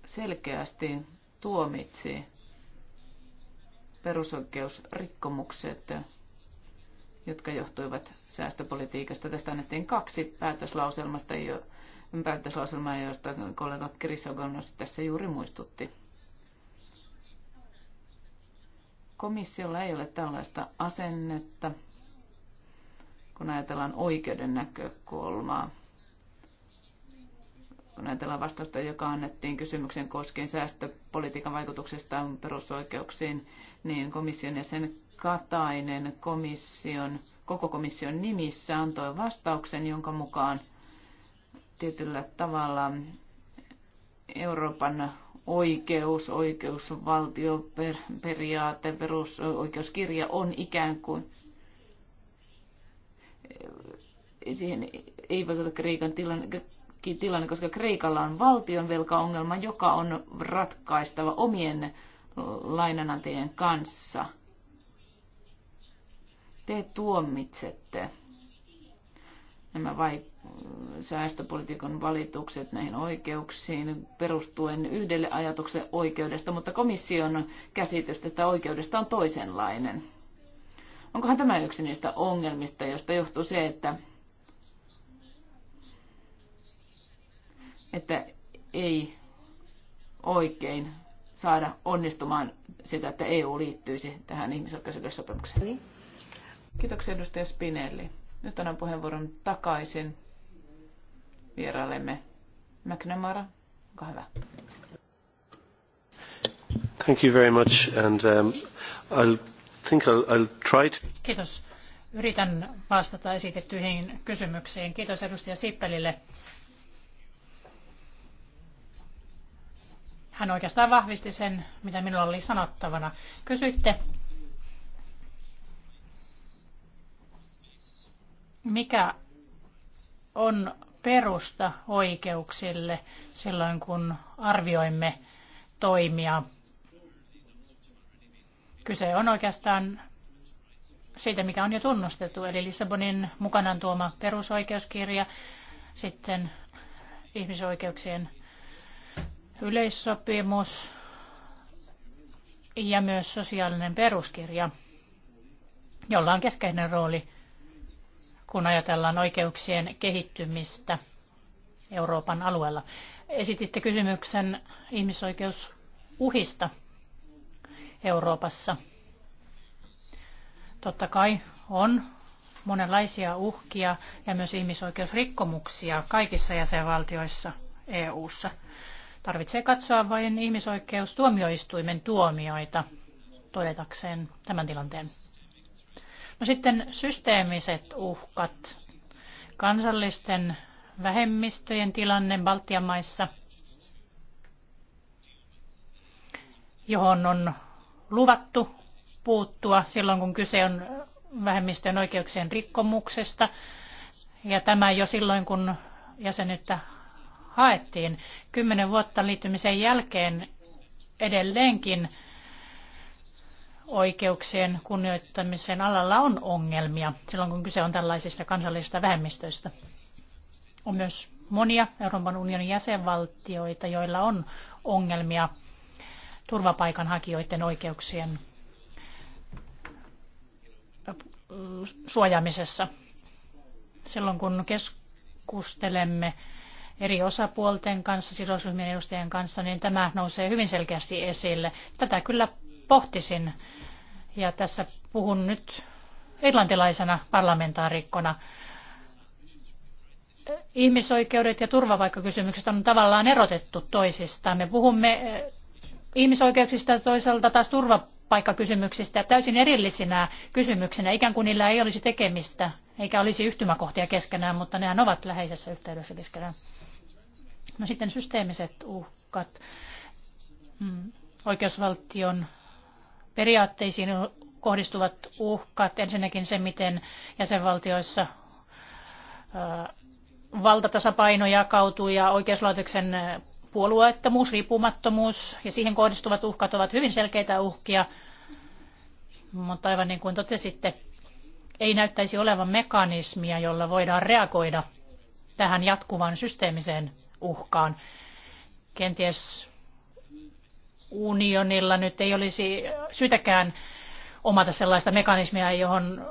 selkeästi tuomitsi perusoikeusrikkomukset, jotka johtuivat säästöpolitiikasta. Tästä annettiin kaksi päätöslauselmasta, jo, päätöslauselmaa, joista kollega Krisogonos tässä juuri muistutti. Komissiolla ei ole tällaista asennetta kun ajatellaan oikeuden näkökulmaa. Kun ajatellaan vastausta, joka annettiin kysymyksen koskien säästöpolitiikan vaikutuksesta perusoikeuksiin, niin komission ja sen Katainen komission, koko komission nimissä antoi vastauksen, jonka mukaan tietyllä tavalla Euroopan oikeus, oikeusvaltioperiaate, perusoikeuskirja on ikään kuin siihen ei vaikuta Kreikan tilanne, tilanne, koska Kreikalla on valtion velkaongelma, joka on ratkaistava omien lainanantajien kanssa. Te tuomitsette nämä vai, säästöpolitiikan valitukset näihin oikeuksiin perustuen yhdelle ajatukselle oikeudesta, mutta komission käsitys tästä oikeudesta on toisenlainen. Onkohan tämä yksi niistä ongelmista, josta johtuu se, että, että ei oikein saada onnistumaan sitä, että EU liittyisi tähän ihmisoikeusyleissopimukseen. Kiitoksia edustaja Spinelli. Nyt annan puheenvuoron takaisin vieraillemme McNamara. Olkaa hyvä. Thank you very much and um, I'll Kiitos. Yritän vastata esitettyihin kysymyksiin. Kiitos edustaja Sippelille. Hän oikeastaan vahvisti sen, mitä minulla oli sanottavana. Kysyitte, mikä on perusta oikeuksille silloin, kun arvioimme toimia Kyse on oikeastaan siitä, mikä on jo tunnustettu, eli Lissabonin mukanaan tuoma perusoikeuskirja, sitten ihmisoikeuksien yleissopimus ja myös sosiaalinen peruskirja, jolla on keskeinen rooli, kun ajatellaan oikeuksien kehittymistä Euroopan alueella. Esititte kysymyksen ihmisoikeusuhista. Euroopassa. Totta kai on monenlaisia uhkia ja myös ihmisoikeusrikkomuksia kaikissa jäsenvaltioissa EU:ssa. Tarvitsee katsoa vain ihmisoikeustuomioistuimen tuomioita todetakseen tämän tilanteen. No sitten systeemiset uhkat. Kansallisten vähemmistöjen tilanne Baltian maissa, johon on luvattu puuttua silloin, kun kyse on vähemmistön oikeuksien rikkomuksesta. Ja tämä jo silloin, kun jäsenyyttä haettiin. Kymmenen vuotta liittymisen jälkeen edelleenkin oikeuksien kunnioittamisen alalla on ongelmia silloin, kun kyse on tällaisista kansallisista vähemmistöistä. On myös monia Euroopan unionin jäsenvaltioita, joilla on ongelmia turvapaikanhakijoiden oikeuksien suojaamisessa. Silloin kun keskustelemme eri osapuolten kanssa, sidosryhmien edustajien kanssa, niin tämä nousee hyvin selkeästi esille. Tätä kyllä pohtisin ja tässä puhun nyt irlantilaisena parlamentaarikkona. Ihmisoikeudet ja turvapaikkakysymykset on tavallaan erotettu toisistaan. Me puhumme ihmisoikeuksista ja toisaalta taas turvapaikkakysymyksistä täysin erillisinä kysymyksinä, ikään kuin niillä ei olisi tekemistä eikä olisi yhtymäkohtia keskenään, mutta nehän ovat läheisessä yhteydessä keskenään. No sitten systeemiset uhkat mm, oikeusvaltion periaatteisiin kohdistuvat uhkat. Ensinnäkin se, miten jäsenvaltioissa valtatasapaino jakautuu ja oikeuslaitoksen puolueettomuus, riippumattomuus ja siihen kohdistuvat uhkat ovat hyvin selkeitä uhkia, mutta aivan niin kuin totesitte, ei näyttäisi olevan mekanismia, jolla voidaan reagoida tähän jatkuvaan systeemiseen uhkaan. Kenties unionilla nyt ei olisi syytäkään omata sellaista mekanismia, johon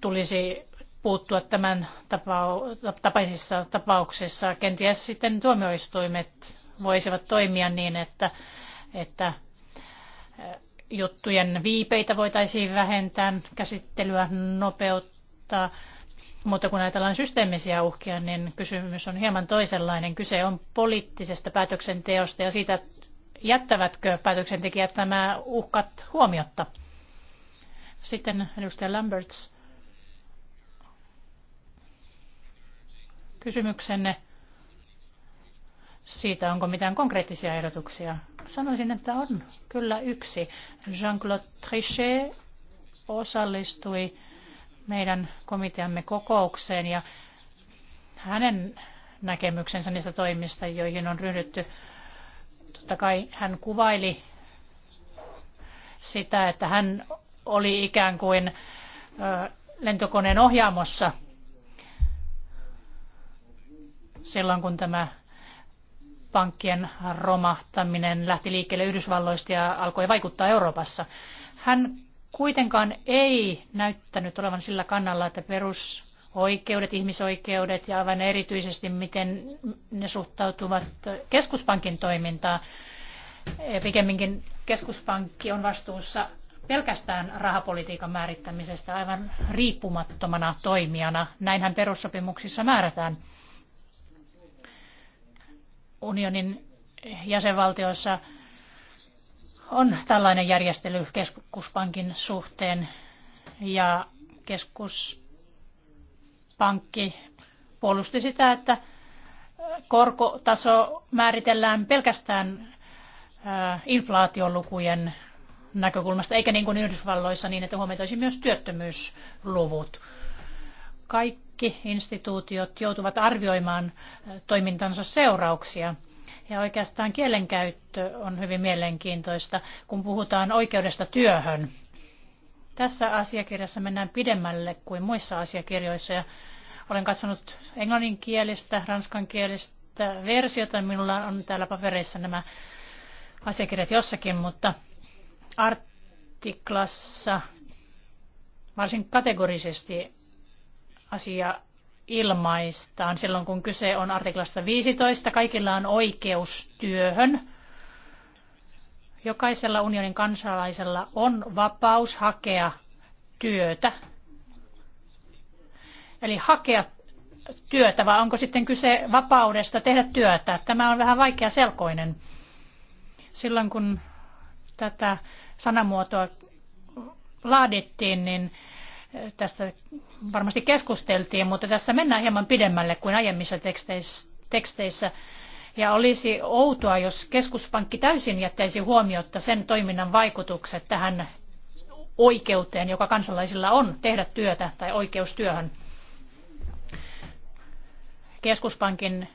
tulisi puuttua tämän tapau- tapaisissa tapauksissa. Kenties sitten tuomioistuimet voisivat toimia niin, että, että juttujen viipeitä voitaisiin vähentää, käsittelyä nopeuttaa. Mutta kun ajatellaan systeemisiä uhkia, niin kysymys on hieman toisenlainen. Kyse on poliittisesta päätöksenteosta ja siitä, jättävätkö päätöksentekijät nämä uhkat huomiotta. Sitten edustaja Lamberts kysymyksenne siitä, onko mitään konkreettisia ehdotuksia. Sanoisin, että on kyllä yksi. Jean-Claude Trichet osallistui meidän komiteamme kokoukseen ja hänen näkemyksensä niistä toimista, joihin on ryhdytty. Totta kai hän kuvaili sitä, että hän oli ikään kuin lentokoneen ohjaamossa – silloin, kun tämä pankkien romahtaminen lähti liikkeelle Yhdysvalloista ja alkoi vaikuttaa Euroopassa. Hän kuitenkaan ei näyttänyt olevan sillä kannalla, että perusoikeudet, ihmisoikeudet ja aivan erityisesti miten ne suhtautuvat keskuspankin toimintaan. Pikemminkin keskuspankki on vastuussa pelkästään rahapolitiikan määrittämisestä aivan riippumattomana toimijana. Näinhän perussopimuksissa määrätään unionin jäsenvaltioissa on tällainen järjestely keskuspankin suhteen ja keskuspankki puolusti sitä, että korkotaso määritellään pelkästään inflaatiolukujen näkökulmasta, eikä niin kuin Yhdysvalloissa niin, että huomioitaisiin myös työttömyysluvut kaikki instituutiot joutuvat arvioimaan toimintansa seurauksia. Ja oikeastaan kielenkäyttö on hyvin mielenkiintoista, kun puhutaan oikeudesta työhön. Tässä asiakirjassa mennään pidemmälle kuin muissa asiakirjoissa. Ja olen katsonut englanninkielistä, ranskankielistä versiota. Minulla on täällä papereissa nämä asiakirjat jossakin, mutta artiklassa varsin kategorisesti asia ilmaistaan. Silloin kun kyse on artiklasta 15, kaikilla on oikeus työhön. Jokaisella unionin kansalaisella on vapaus hakea työtä. Eli hakea työtä, vai onko sitten kyse vapaudesta tehdä työtä? Tämä on vähän vaikea selkoinen. Silloin kun tätä sanamuotoa laadittiin, niin Tästä varmasti keskusteltiin, mutta tässä mennään hieman pidemmälle kuin aiemmissa teksteissä. Ja olisi outoa, jos keskuspankki täysin jättäisi huomiotta sen toiminnan vaikutukset tähän oikeuteen, joka kansalaisilla on tehdä työtä tai oikeus työhön. Keskuspankin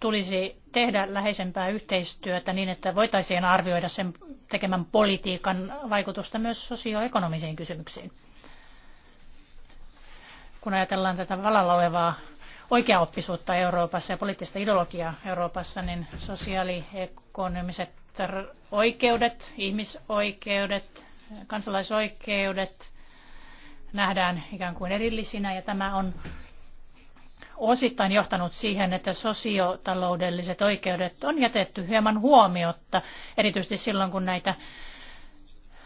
tulisi tehdä läheisempää yhteistyötä niin, että voitaisiin arvioida sen tekemän politiikan vaikutusta myös sosioekonomisiin kysymyksiin. Kun ajatellaan tätä valalla olevaa oikeaoppisuutta Euroopassa ja poliittista ideologiaa Euroopassa, niin sosiaaliekonomiset oikeudet, ihmisoikeudet, kansalaisoikeudet nähdään ikään kuin erillisinä ja tämä on osittain johtanut siihen, että sosiotaloudelliset oikeudet on jätetty hieman huomiotta, erityisesti silloin kun näitä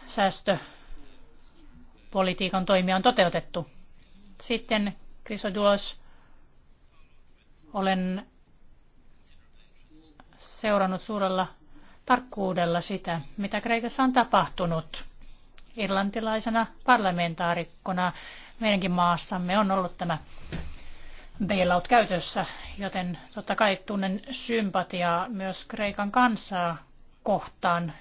säästöpolitiikan toimia on toteutettu. Sitten Krisodulos, olen seurannut suurella tarkkuudella sitä, mitä Kreikassa on tapahtunut. Irlantilaisena parlamentaarikkona meidänkin maassamme on ollut tämä bailout käytössä, joten totta kai tunnen sympatiaa myös Kreikan kansaa kohtaan.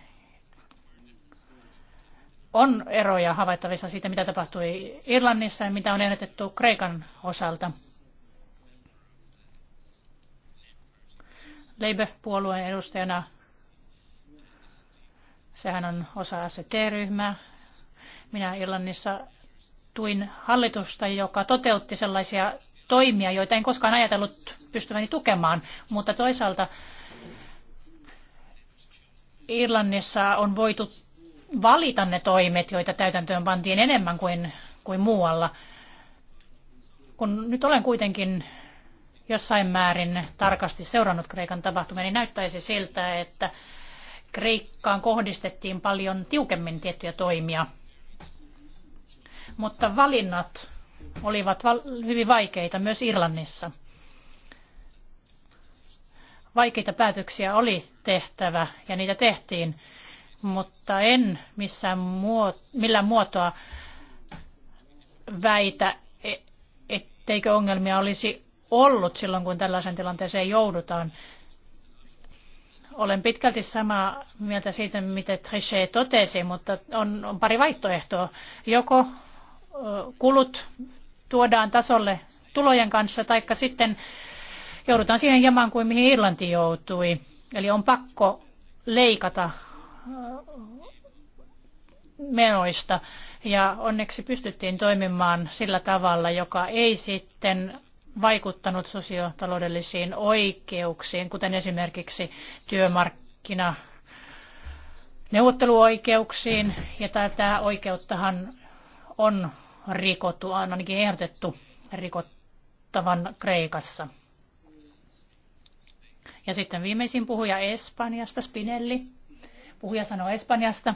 On eroja havaittavissa siitä, mitä tapahtui Irlannissa ja mitä on ehdotettu Kreikan osalta. Labour-puolueen edustajana, sehän on osa ST-ryhmää. Minä Irlannissa tuin hallitusta, joka toteutti sellaisia toimia, joita en koskaan ajatellut pystyväni tukemaan, mutta toisaalta Irlannissa on voitu valita ne toimet, joita täytäntöön pantiin enemmän kuin, kuin muualla. Kun nyt olen kuitenkin jossain määrin tarkasti seurannut Kreikan tapahtumia, niin näyttäisi siltä, että Kreikkaan kohdistettiin paljon tiukemmin tiettyjä toimia. Mutta valinnat olivat hyvin vaikeita myös Irlannissa. Vaikeita päätöksiä oli tehtävä ja niitä tehtiin, mutta en missään muot- millään muotoa väitä, e- etteikö ongelmia olisi ollut silloin, kun tällaisen tilanteeseen joudutaan. Olen pitkälti samaa mieltä siitä, mitä Trichet totesi, mutta on, on pari vaihtoehtoa. Joko kulut tuodaan tasolle tulojen kanssa, taikka sitten joudutaan siihen jamaan kuin mihin Irlanti joutui. Eli on pakko leikata menoista. Ja onneksi pystyttiin toimimaan sillä tavalla, joka ei sitten vaikuttanut sosiotaloudellisiin oikeuksiin, kuten esimerkiksi työmarkkina neuvotteluoikeuksiin. Ja tätä oikeuttahan on rikottu, ainakin ehdotettu rikottavan Kreikassa. Ja sitten viimeisin puhuja Espanjasta, Spinelli. Puhuja sanoo Espanjasta.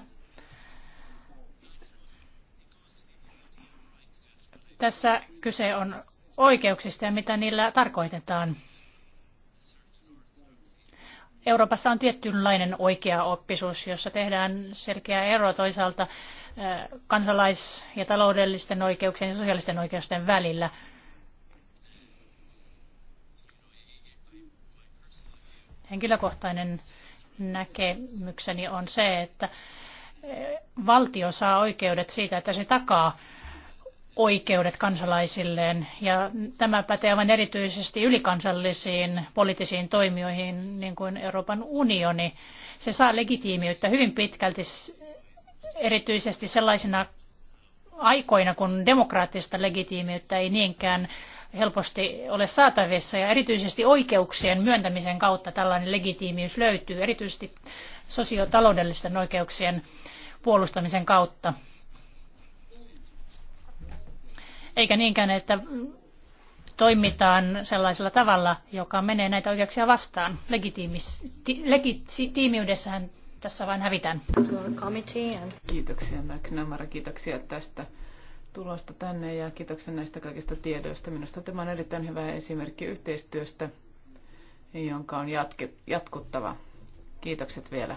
Tässä kyse on oikeuksista ja mitä niillä tarkoitetaan. Euroopassa on tietynlainen oikea oppisuus, jossa tehdään selkeä ero toisaalta kansalais- ja taloudellisten oikeuksien ja sosiaalisten oikeusten välillä. Henkilökohtainen näkemykseni on se, että valtio saa oikeudet siitä, että se takaa oikeudet kansalaisilleen. Ja tämä pätee aivan erityisesti ylikansallisiin poliittisiin toimijoihin, niin kuin Euroopan unioni. Se saa legitiimiyttä hyvin pitkälti erityisesti sellaisina aikoina, kun demokraattista legitiimiyttä ei niinkään helposti ole saatavissa ja erityisesti oikeuksien myöntämisen kautta tällainen legitiimiys löytyy, erityisesti sosiotaloudellisten oikeuksien puolustamisen kautta. Eikä niinkään, että toimitaan sellaisella tavalla, joka menee näitä oikeuksia vastaan. legitiimiydessähän tässä vain hävitän. Kiitoksia McNamara, kiitoksia tästä tulosta tänne ja kiitoksia näistä kaikista tiedoista. Minusta tämä on erittäin hyvä esimerkki yhteistyöstä, jonka on jatke, jatkuttava. Kiitokset vielä.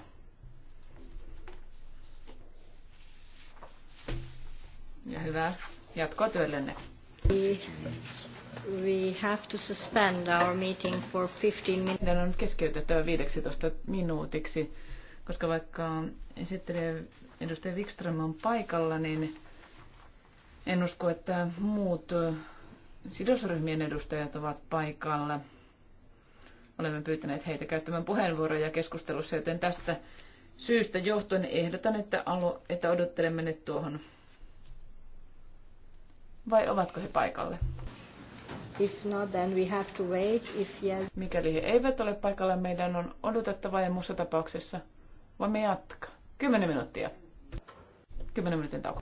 Ja hyvää jatkoa työllenne. We, have to suspend our meeting for 15 minutes. Meidän on keskeytettävä 15 minuutiksi koska vaikka esittelijä edustaja Wikström on paikalla, niin en usko, että muut sidosryhmien edustajat ovat paikalla. Olemme pyytäneet heitä käyttämään puheenvuoroja keskustelussa, joten tästä syystä johtuen ehdotan, että, alo, että odottelemme nyt tuohon. Vai ovatko he paikalle? If not, then we have to wait. If yes. Mikäli he eivät ole paikalla, meidän on odotettava ja muussa tapauksessa – Voimme jatkaa. Kymmenen minuuttia. Kymmenen minuutin tauko.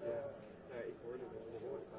Nice, ja. ja. ik hoorde het.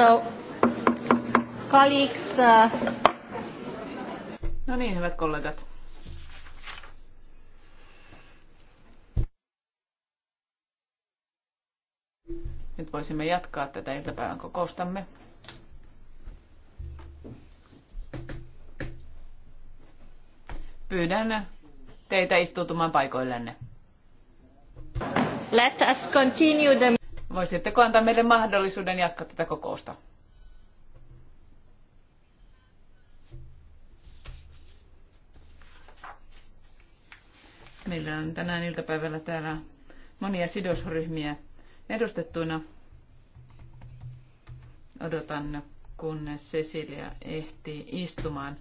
So, colleagues, uh... No niin, hyvät kollegat. Nyt voisimme jatkaa tätä iltapäivän kokoustamme. Pyydän teitä istuutumaan paikoillenne. Let us continue the Voisitteko antaa meille mahdollisuuden jatkaa tätä kokousta? Meillä on tänään iltapäivällä täällä monia sidosryhmiä edustettuina. Odotan, kunnes Cecilia ehtii istumaan.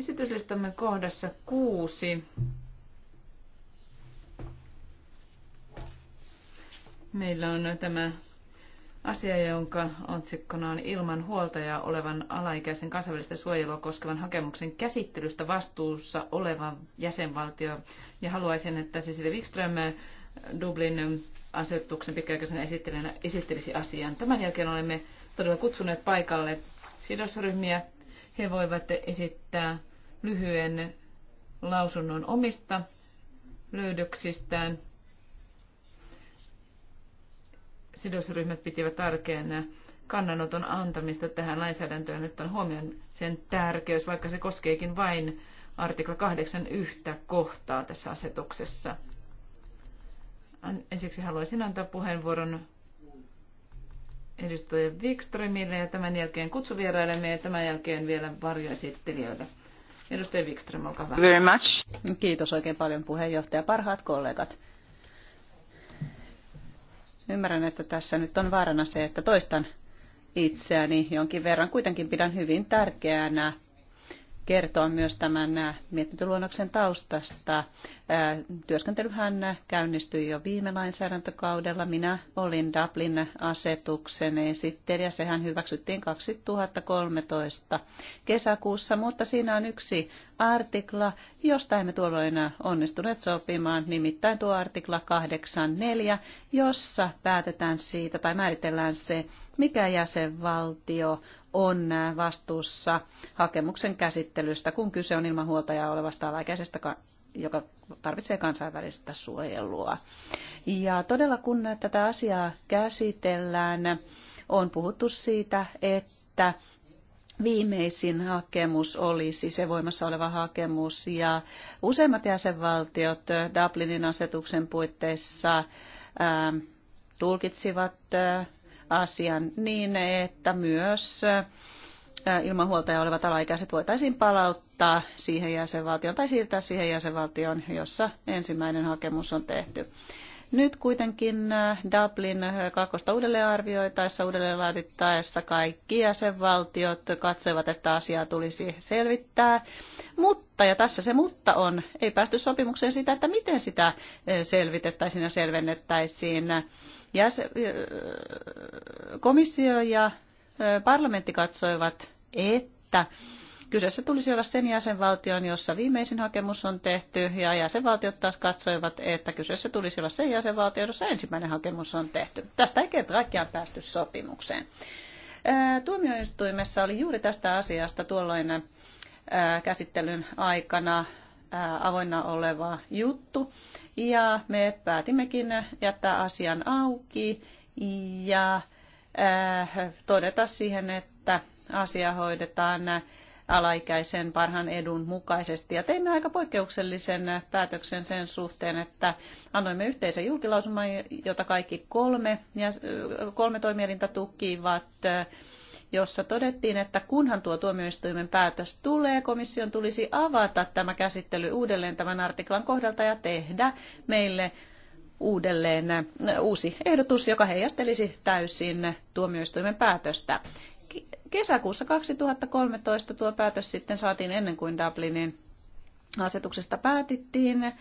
Esityslistamme kohdassa kuusi Meillä on tämä asia, jonka otsikkona on ilman huoltajaa olevan alaikäisen kansainvälistä suojelua koskevan hakemuksen käsittelystä vastuussa oleva jäsenvaltio. Ja haluaisin, että Cecilia Wikström eh, Dublin asetuksen pitkäaikaisen esittelijänä esittelisi asian. Tämän jälkeen olemme todella kutsuneet paikalle sidosryhmiä. He voivat esittää lyhyen lausunnon omista löydöksistään – sidosryhmät pitivät tärkeänä kannanoton antamista tähän lainsäädäntöön, että on huomioon sen tärkeys, vaikka se koskeekin vain artikla 8 yhtä kohtaa tässä asetuksessa. Ensiksi haluaisin antaa puheenvuoron edustaja Wikströmille ja tämän jälkeen kutsuvierailemme ja tämän jälkeen vielä varjoesittelijöille. Edustaja Wikström, olkaa hyvä. Very much. Kiitos oikein paljon puheenjohtaja. Parhaat kollegat. Ymmärrän, että tässä nyt on vaarana se, että toistan itseäni jonkin verran. Kuitenkin pidän hyvin tärkeänä kertoa myös tämän mietintöluonnoksen taustasta. Työskentelyhän käynnistyi jo viime lainsäädäntökaudella. Minä olin Dublin-asetuksen esittelijä. Sehän hyväksyttiin 2013 kesäkuussa, mutta siinä on yksi artikla, josta emme tuolloin onnistuneet sopimaan, nimittäin tuo artikla 8.4, jossa päätetään siitä tai määritellään se, mikä jäsenvaltio on vastuussa hakemuksen käsittelystä, kun kyse on ilman huoltajaa olevasta alaikäisestä joka tarvitsee kansainvälistä suojelua. Ja todella kun tätä asiaa käsitellään, on puhuttu siitä, että viimeisin hakemus olisi se voimassa oleva hakemus ja useimmat jäsenvaltiot Dublinin asetuksen puitteissa ää, ähm, tulkitsivat ää, äh, asian niin, että myös äh, ilman huoltajaa olevat alaikäiset voitaisiin palauttaa siihen jäsenvaltioon tai siirtää siihen jäsenvaltioon, jossa ensimmäinen hakemus on tehty. Nyt kuitenkin Dublin kakkosta uudelleen arvioitaessa, uudelleen laadittaessa kaikki jäsenvaltiot katsoivat, että asiaa tulisi selvittää. Mutta, ja tässä se mutta on, ei päästy sopimukseen sitä, että miten sitä selvitettäisiin ja selvennettäisiin. Jäs- komissio ja parlamentti katsoivat, että Kyseessä tulisi olla sen jäsenvaltion, jossa viimeisin hakemus on tehty, ja jäsenvaltiot taas katsoivat, että kyseessä tulisi olla sen jäsenvaltio, jossa ensimmäinen hakemus on tehty. Tästä ei kerta kaikkiaan päästy sopimukseen. Tuomioistuimessa oli juuri tästä asiasta tuolloin käsittelyn aikana avoinna oleva juttu, ja me päätimmekin jättää asian auki, ja Äh, todeta siihen, että asia hoidetaan alaikäisen parhaan edun mukaisesti. Ja teimme aika poikkeuksellisen päätöksen sen suhteen, että annoimme yhteisen julkilausuman, jota kaikki kolme, ja äh, kolme toimielintä tukivat, äh, jossa todettiin, että kunhan tuo tuomioistuimen päätös tulee, komission tulisi avata tämä käsittely uudelleen tämän artiklan kohdalta ja tehdä meille uudelleen äh, uusi ehdotus, joka heijastelisi täysin tuomioistuimen päätöstä. Kesäkuussa 2013 tuo päätös sitten saatiin ennen kuin Dublinin asetuksesta päätettiin.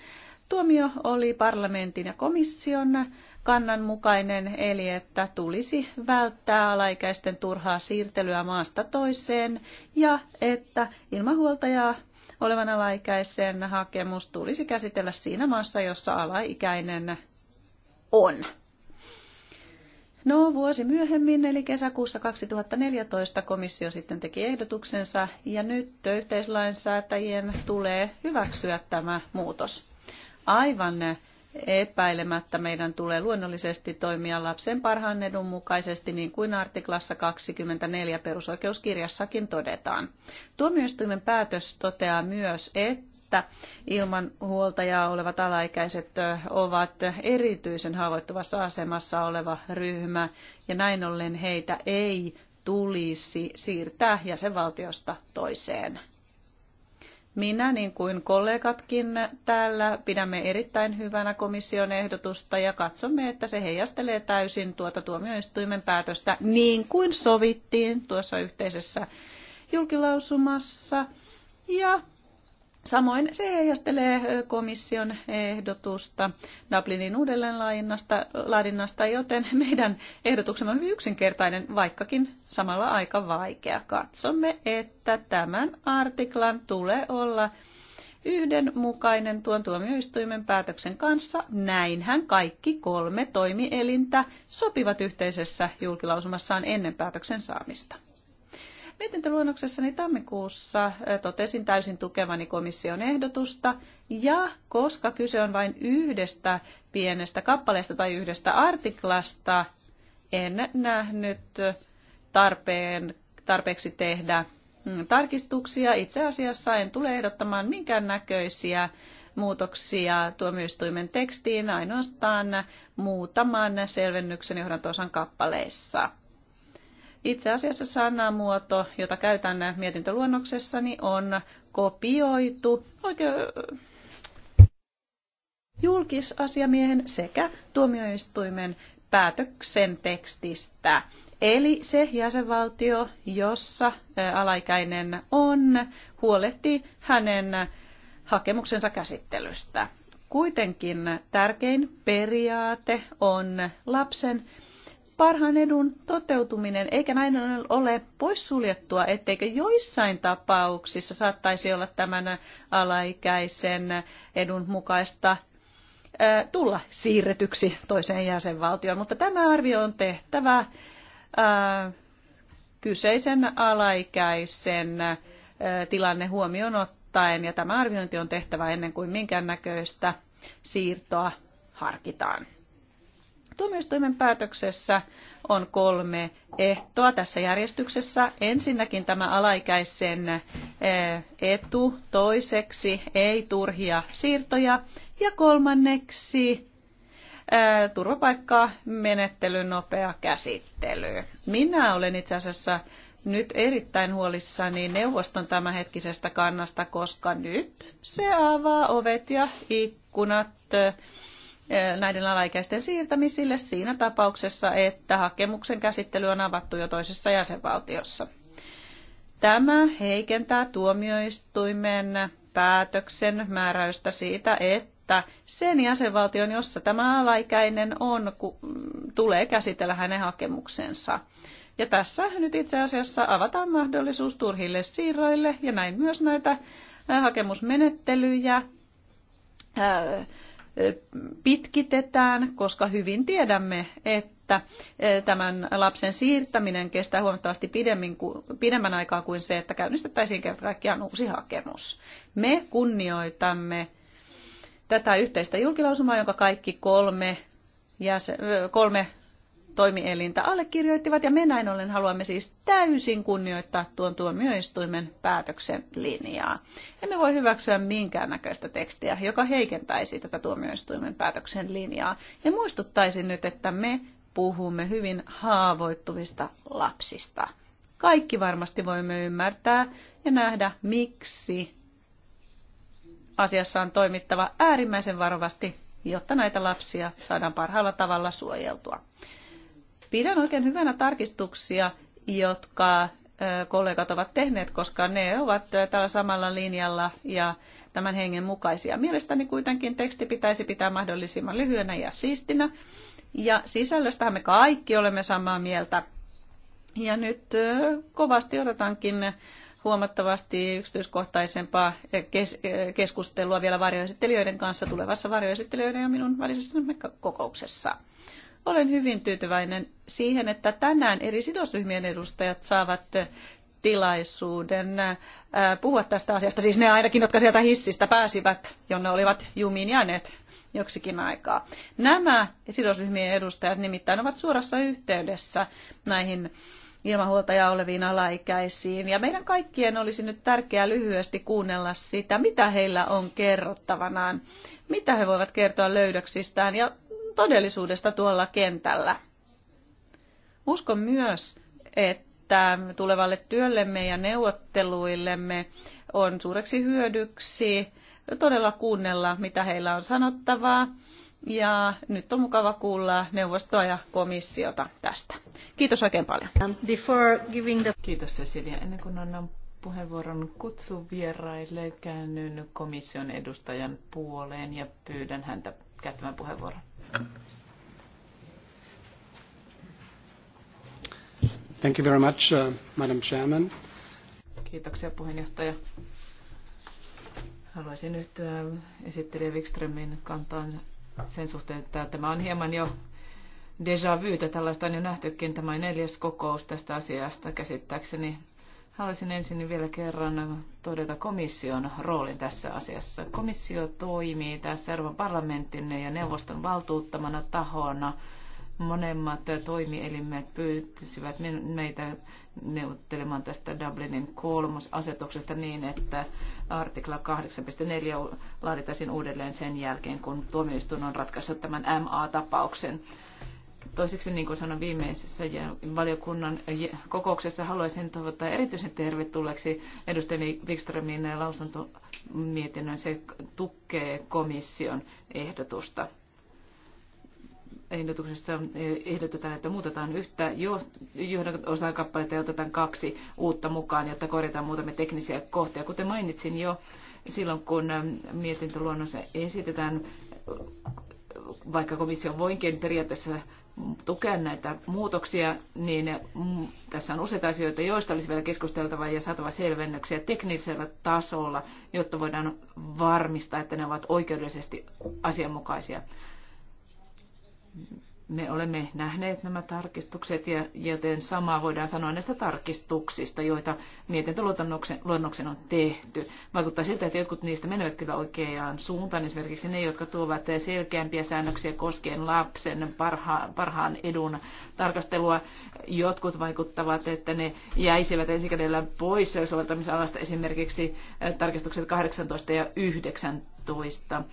Tuomio oli parlamentin ja komission kannan mukainen, eli että tulisi välttää alaikäisten turhaa siirtelyä maasta toiseen ja että ilmahuoltajaa olevan alaikäisen hakemus tulisi käsitellä siinä maassa, jossa alaikäinen on. No vuosi myöhemmin, eli kesäkuussa 2014 komissio sitten teki ehdotuksensa ja nyt yhteislainsäätäjien tulee hyväksyä tämä muutos. Aivan epäilemättä meidän tulee luonnollisesti toimia lapsen parhaan edun mukaisesti, niin kuin artiklassa 24 perusoikeuskirjassakin todetaan. Tuomioistuimen päätös toteaa myös, että että ilman huoltajaa olevat alaikäiset ovat erityisen haavoittuvassa asemassa oleva ryhmä ja näin ollen heitä ei tulisi siirtää jäsenvaltiosta toiseen. Minä, niin kuin kollegatkin täällä, pidämme erittäin hyvänä komission ehdotusta ja katsomme, että se heijastelee täysin tuota tuomioistuimen päätöstä niin kuin sovittiin tuossa yhteisessä julkilausumassa. Ja Samoin se heijastelee komission ehdotusta Dublinin uudelleenlaadinnasta, joten meidän ehdotuksemme on hyvin yksinkertainen, vaikkakin samalla aika vaikea. Katsomme, että tämän artiklan tulee olla yhdenmukainen tuon tuomioistuimen päätöksen kanssa. Näinhän kaikki kolme toimielintä sopivat yhteisessä julkilausumassaan ennen päätöksen saamista. Mietintöluonnoksessani tammikuussa totesin täysin tukevani komission ehdotusta, ja koska kyse on vain yhdestä pienestä kappaleesta tai yhdestä artiklasta, en nähnyt tarpeen, tarpeeksi tehdä mm, tarkistuksia. Itse asiassa en tule ehdottamaan minkään näköisiä muutoksia tuomioistuimen tekstiin, ainoastaan muutaman selvennyksen johdantosan kappaleissa. Itse asiassa sanamuoto, jota käytän mietintöluonnoksessani, on kopioitu oikein äh, julkisasiamiehen sekä tuomioistuimen päätöksen tekstistä. Eli se jäsenvaltio, jossa äh, alaikäinen on, huolehtii hänen hakemuksensa käsittelystä. Kuitenkin tärkein periaate on lapsen parhaan edun toteutuminen, eikä näin ole poissuljettua, etteikö joissain tapauksissa saattaisi olla tämän alaikäisen edun mukaista tulla siirretyksi toiseen jäsenvaltioon, mutta tämä arvio on tehtävä kyseisen alaikäisen tilanne huomioon ottaen, ja tämä arviointi on tehtävä ennen kuin minkäännäköistä siirtoa harkitaan. Tuomioistuimen päätöksessä on kolme ehtoa tässä järjestyksessä. Ensinnäkin tämä alaikäisen eh, etu, toiseksi ei turhia siirtoja ja kolmanneksi eh, menettelyn nopea käsittely. Minä olen itse asiassa nyt erittäin huolissani neuvoston tämänhetkisestä kannasta, koska nyt se avaa ovet ja ikkunat eh, näiden alaikäisten siirtämisille siinä tapauksessa, että hakemuksen käsittely on avattu jo toisessa jäsenvaltiossa. Tämä heikentää tuomioistuimen päätöksen määräystä siitä, että sen jäsenvaltion, jossa tämä alaikäinen on, tulee käsitellä hänen hakemuksensa. Ja tässä nyt itse asiassa avataan mahdollisuus turhille siirroille ja näin myös näitä hakemusmenettelyjä pitkitetään, koska hyvin tiedämme, että tämän lapsen siirtäminen kestää huomattavasti pidemmin, pidemmän aikaa kuin se, että käynnistettäisiin kerta kaikkiaan uusi hakemus. Me kunnioitamme tätä yhteistä julkilausumaa, jonka kaikki kolme, jäsen, kolme toimielintä allekirjoittivat ja me näin ollen haluamme siis täysin kunnioittaa tuon tuomioistuimen päätöksen linjaa. Emme voi hyväksyä minkäännäköistä tekstiä, joka heikentäisi tätä tuomioistuimen päätöksen linjaa. Ja muistuttaisin nyt, että me puhumme hyvin haavoittuvista lapsista. Kaikki varmasti voimme ymmärtää ja nähdä, miksi asiassa on toimittava äärimmäisen varovasti, jotta näitä lapsia saadaan parhaalla tavalla suojeltua. Pidän oikein hyvänä tarkistuksia, jotka kollegat ovat tehneet, koska ne ovat tällä samalla linjalla ja tämän hengen mukaisia. Mielestäni kuitenkin teksti pitäisi pitää mahdollisimman lyhyenä ja siistinä. Ja sisällöstähän me kaikki olemme samaa mieltä. Ja nyt kovasti odotankin huomattavasti yksityiskohtaisempaa kes- keskustelua vielä varjoesittelijöiden kanssa tulevassa varjoesittelijöiden ja minun välisessä kokouksessa. Olen hyvin tyytyväinen siihen, että tänään eri sidosryhmien edustajat saavat tilaisuuden puhua tästä asiasta. Siis ne ainakin, jotka sieltä hissistä pääsivät, jonne olivat jumiin jääneet joksikin aikaa. Nämä sidosryhmien edustajat nimittäin ovat suorassa yhteydessä näihin ilmahuoltajaa oleviin alaikäisiin. Ja meidän kaikkien olisi nyt tärkeää lyhyesti kuunnella sitä, mitä heillä on kerrottavanaan, mitä he voivat kertoa löydöksistään ja todellisuudesta tuolla kentällä. Uskon myös, että tulevalle työllemme ja neuvotteluillemme on suureksi hyödyksi todella kuunnella, mitä heillä on sanottavaa. Ja nyt on mukava kuulla neuvostoa ja komissiota tästä. Kiitos oikein paljon. Um, the... Kiitos Cecilia. Ennen kuin annan puheenvuoron kutsuvieraille, käännyn komission edustajan puoleen ja pyydän häntä käyttämään puheenvuoron. Thank you very much, uh, Madam Chairman. Kiitoksia puheenjohtaja. Haluaisin nyt äh, esittelijä Wikströmin kantaan sen suhteen, että tämä on hieman jo deja vuta, tällaista on jo nähtykin. Tämä on neljäs kokous tästä asiasta käsittääkseni Haluaisin ensin vielä kerran todeta komission roolin tässä asiassa. Komissio toimii tässä Euroopan parlamentin ja neuvoston valtuuttamana tahona. Monemmat toimielimet pyysivät meitä neuvottelemaan tästä Dublinin kolmosasetuksesta niin, että artikla 8.4 laaditaisiin uudelleen sen jälkeen, kun tuomioistuin on ratkaissut tämän MA-tapauksen. Toiseksi, niin kuin sanoin viimeisessä valiokunnan kokouksessa, haluaisin toivottaa erityisen tervetulleeksi edustaja Wikströmin lausuntomietinnön. Se tukee komission ehdotusta. Ehdotuksessa ehdotetaan, että muutetaan yhtä johdon-osakappaletta ja otetaan kaksi uutta mukaan, jotta korjataan muutamia teknisiä kohtia. Kuten mainitsin jo silloin, kun mietintöluonnos esitetään, vaikka komissio voinkin periaatteessa tukea näitä muutoksia, niin mm, tässä on useita asioita, joista olisi vielä keskusteltava ja saatava selvennyksiä teknisellä tasolla, jotta voidaan varmistaa, että ne ovat oikeudellisesti asianmukaisia. Me olemme nähneet nämä tarkistukset, ja, joten samaa voidaan sanoa näistä tarkistuksista, joita mietintöluonnoksen on tehty. Vaikuttaa siltä, että jotkut niistä menevät kyllä oikeaan suuntaan, esimerkiksi ne, jotka tuovat selkeämpiä säännöksiä koskien lapsen parha, parhaan edun tarkastelua. Jotkut vaikuttavat, että ne jäisivät ensikädellä pois soveltamisalasta esimerkiksi tarkistukset 18 ja 19,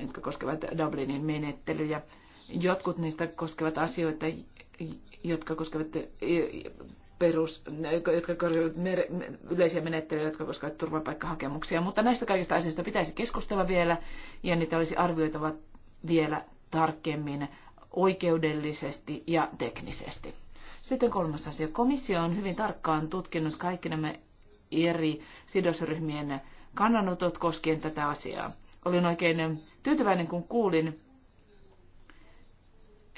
jotka koskevat Dublinin menettelyjä Jotkut niistä koskevat asioita, jotka koskevat eh, perus, jotka koskevat yleisiä menettelyjä, jotka koskevat turvapaikkahakemuksia. Mutta näistä kaikista asioista pitäisi keskustella vielä ja niitä olisi arvioitava vielä tarkemmin oikeudellisesti ja teknisesti. Sitten kolmas asia. Komissio on hyvin tarkkaan tutkinut kaikki nämä eri sidosryhmien kannanotot koskien tätä asiaa. Olin oikein tyytyväinen, kun kuulin,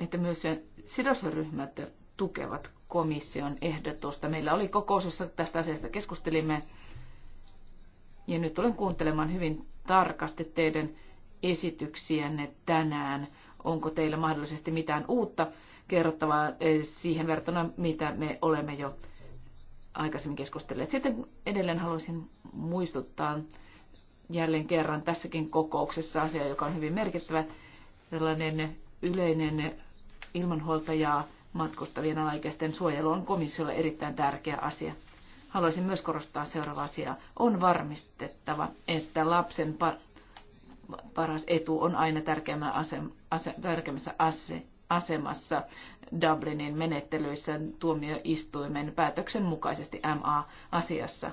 että myös sen sidosryhmät tukevat komission ehdotusta. Meillä oli kokous, jossa tästä asiasta keskustelimme. Ja nyt tulen kuuntelemaan hyvin tarkasti teidän esityksiänne tänään. Onko teillä mahdollisesti mitään uutta kerrottavaa eh, siihen verrattuna, mitä me olemme jo aikaisemmin keskustelleet. Sitten edelleen haluaisin muistuttaa jälleen kerran tässäkin kokouksessa asia, joka on hyvin merkittävä, sellainen yleinen ilmanhuoltajaa matkustavien alaikäisten suojelu on komissiolle erittäin tärkeä asia. Haluaisin myös korostaa seuraavaa asiaa. On varmistettava, että lapsen paras etu on aina tärkeimmässä asemassa Dublinin menettelyissä tuomioistuimen päätöksen mukaisesti MA-asiassa.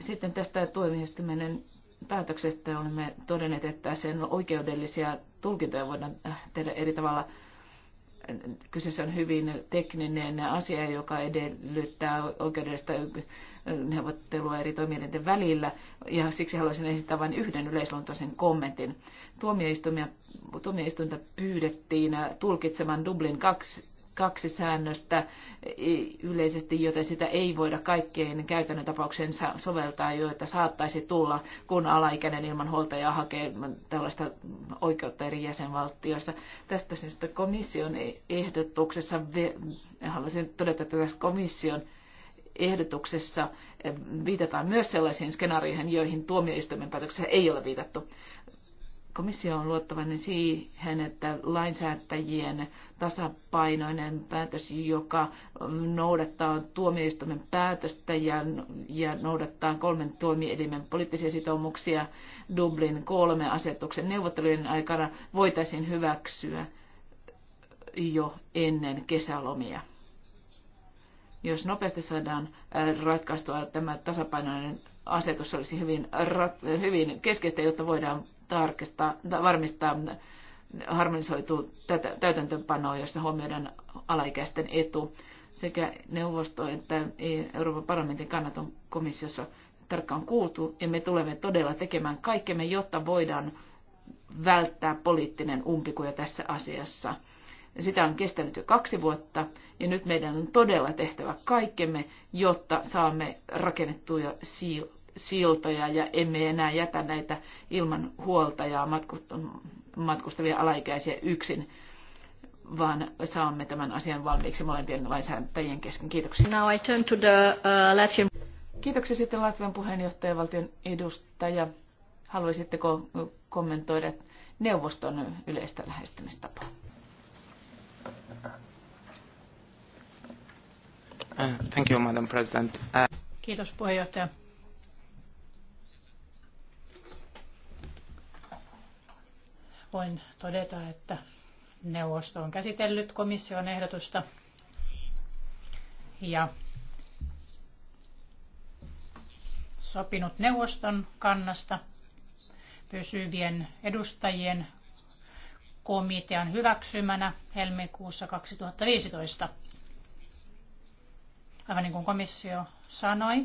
Sitten tästä tuomioistuimen päätöksestä olemme todenneet, että sen oikeudellisia tulkintoja voidaan äh, tehdä eri tavalla – Kyseessä on hyvin tekninen asia, joka edellyttää oikeudellista neuvottelua eri toimielinten välillä, ja siksi haluaisin esittää vain yhden yleisluontoisen kommentin. Tuomioistuinta pyydettiin tulkitsemaan Dublin 2 kaksi säännöstä yleisesti, joten sitä ei voida kaikkien käytännön tapaukseen soveltaa, joita saattaisi tulla, kun alaikäinen ilman huoltajaa hakee tällaista oikeutta eri jäsenvaltioissa. Tästä syystä komission ehdotuksessa, haluaisin todeta, että tässä komission ehdotuksessa viitataan myös sellaisiin skenaarioihin, joihin tuomioistuimen päätöksessä ei ole viitattu. Komissio on luottavainen siihen, että lainsäätäjien tasapainoinen päätös, joka noudattaa tuomioistuimen päätöstä ja, ja noudattaa kolmen tuomielimen poliittisia sitoumuksia Dublin kolme asetuksen neuvottelujen aikana, voitaisiin hyväksyä jo ennen kesälomia jos nopeasti saadaan äh, ratkaistua tämä tasapainoinen asetus, olisi hyvin, hyvin keskeistä, jotta voidaan tarkistaa, varmistaa harmonisoitu täytäntöönpanoa, jossa huomioidaan alaikäisten etu. Sekä neuvosto että Euroopan parlamentin kannaton komissiossa tarkkaan kuultu, ja me tulemme todella tekemään kaikkemme, jotta voidaan välttää poliittinen umpikuja tässä asiassa. Sitä on kestänyt jo kaksi vuotta, ja nyt meidän on todella tehtävä kaikkemme, jotta saamme rakennettuja siltoja ja emme enää jätä näitä ilman huoltajaa matkustavia alaikäisiä yksin vaan saamme tämän asian valmiiksi molempien lainsäätäjien kesken. Kiitoksia. Now I turn to the, uh, Latvian... Kiitoksia sitten Latvian puheenjohtajavaltion edustaja. Haluaisitteko kommentoida neuvoston yleistä lähestymistapaa? Uh, thank you, Madam President. Uh, Kiitos puheenjohtaja. Voin todeta, että neuvosto on käsitellyt komission ehdotusta ja sopinut neuvoston kannasta pysyvien edustajien komitean hyväksymänä helmikuussa 2015. Aivan niin kuin komissio sanoi,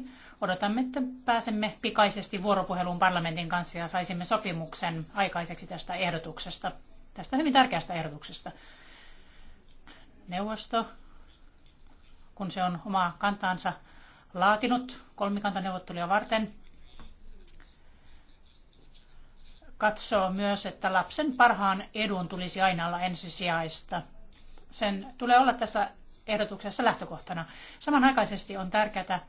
Odotamme, että pääsemme pikaisesti vuoropuheluun parlamentin kanssa ja saisimme sopimuksen aikaiseksi tästä ehdotuksesta, tästä hyvin tärkeästä ehdotuksesta. Neuvosto, kun se on omaa kantaansa laatinut kolmikantaneuvotteluja varten, katsoo myös, että lapsen parhaan edun tulisi aina olla ensisijaista. Sen tulee olla tässä ehdotuksessa lähtökohtana. Samanaikaisesti on tärkeää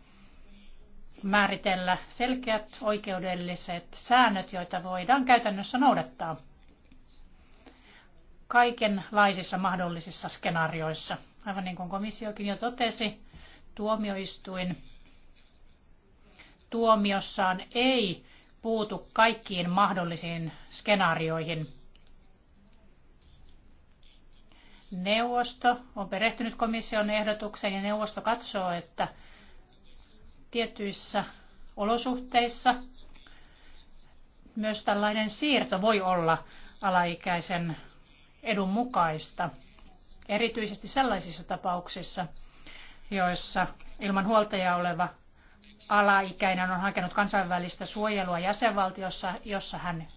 määritellä selkeät oikeudelliset säännöt, joita voidaan käytännössä noudattaa kaikenlaisissa mahdollisissa skenaarioissa. Aivan niin kuin komissiokin jo totesi, tuomioistuin tuomiossaan ei puutu kaikkiin mahdollisiin skenaarioihin. Neuvosto on perehtynyt komission ehdotukseen ja neuvosto katsoo, että tietyissä olosuhteissa myös tällainen siirto voi olla alaikäisen edun mukaista, erityisesti sellaisissa tapauksissa, joissa ilman huoltajaa oleva alaikäinen on hakenut kansainvälistä suojelua jäsenvaltiossa, jossa hän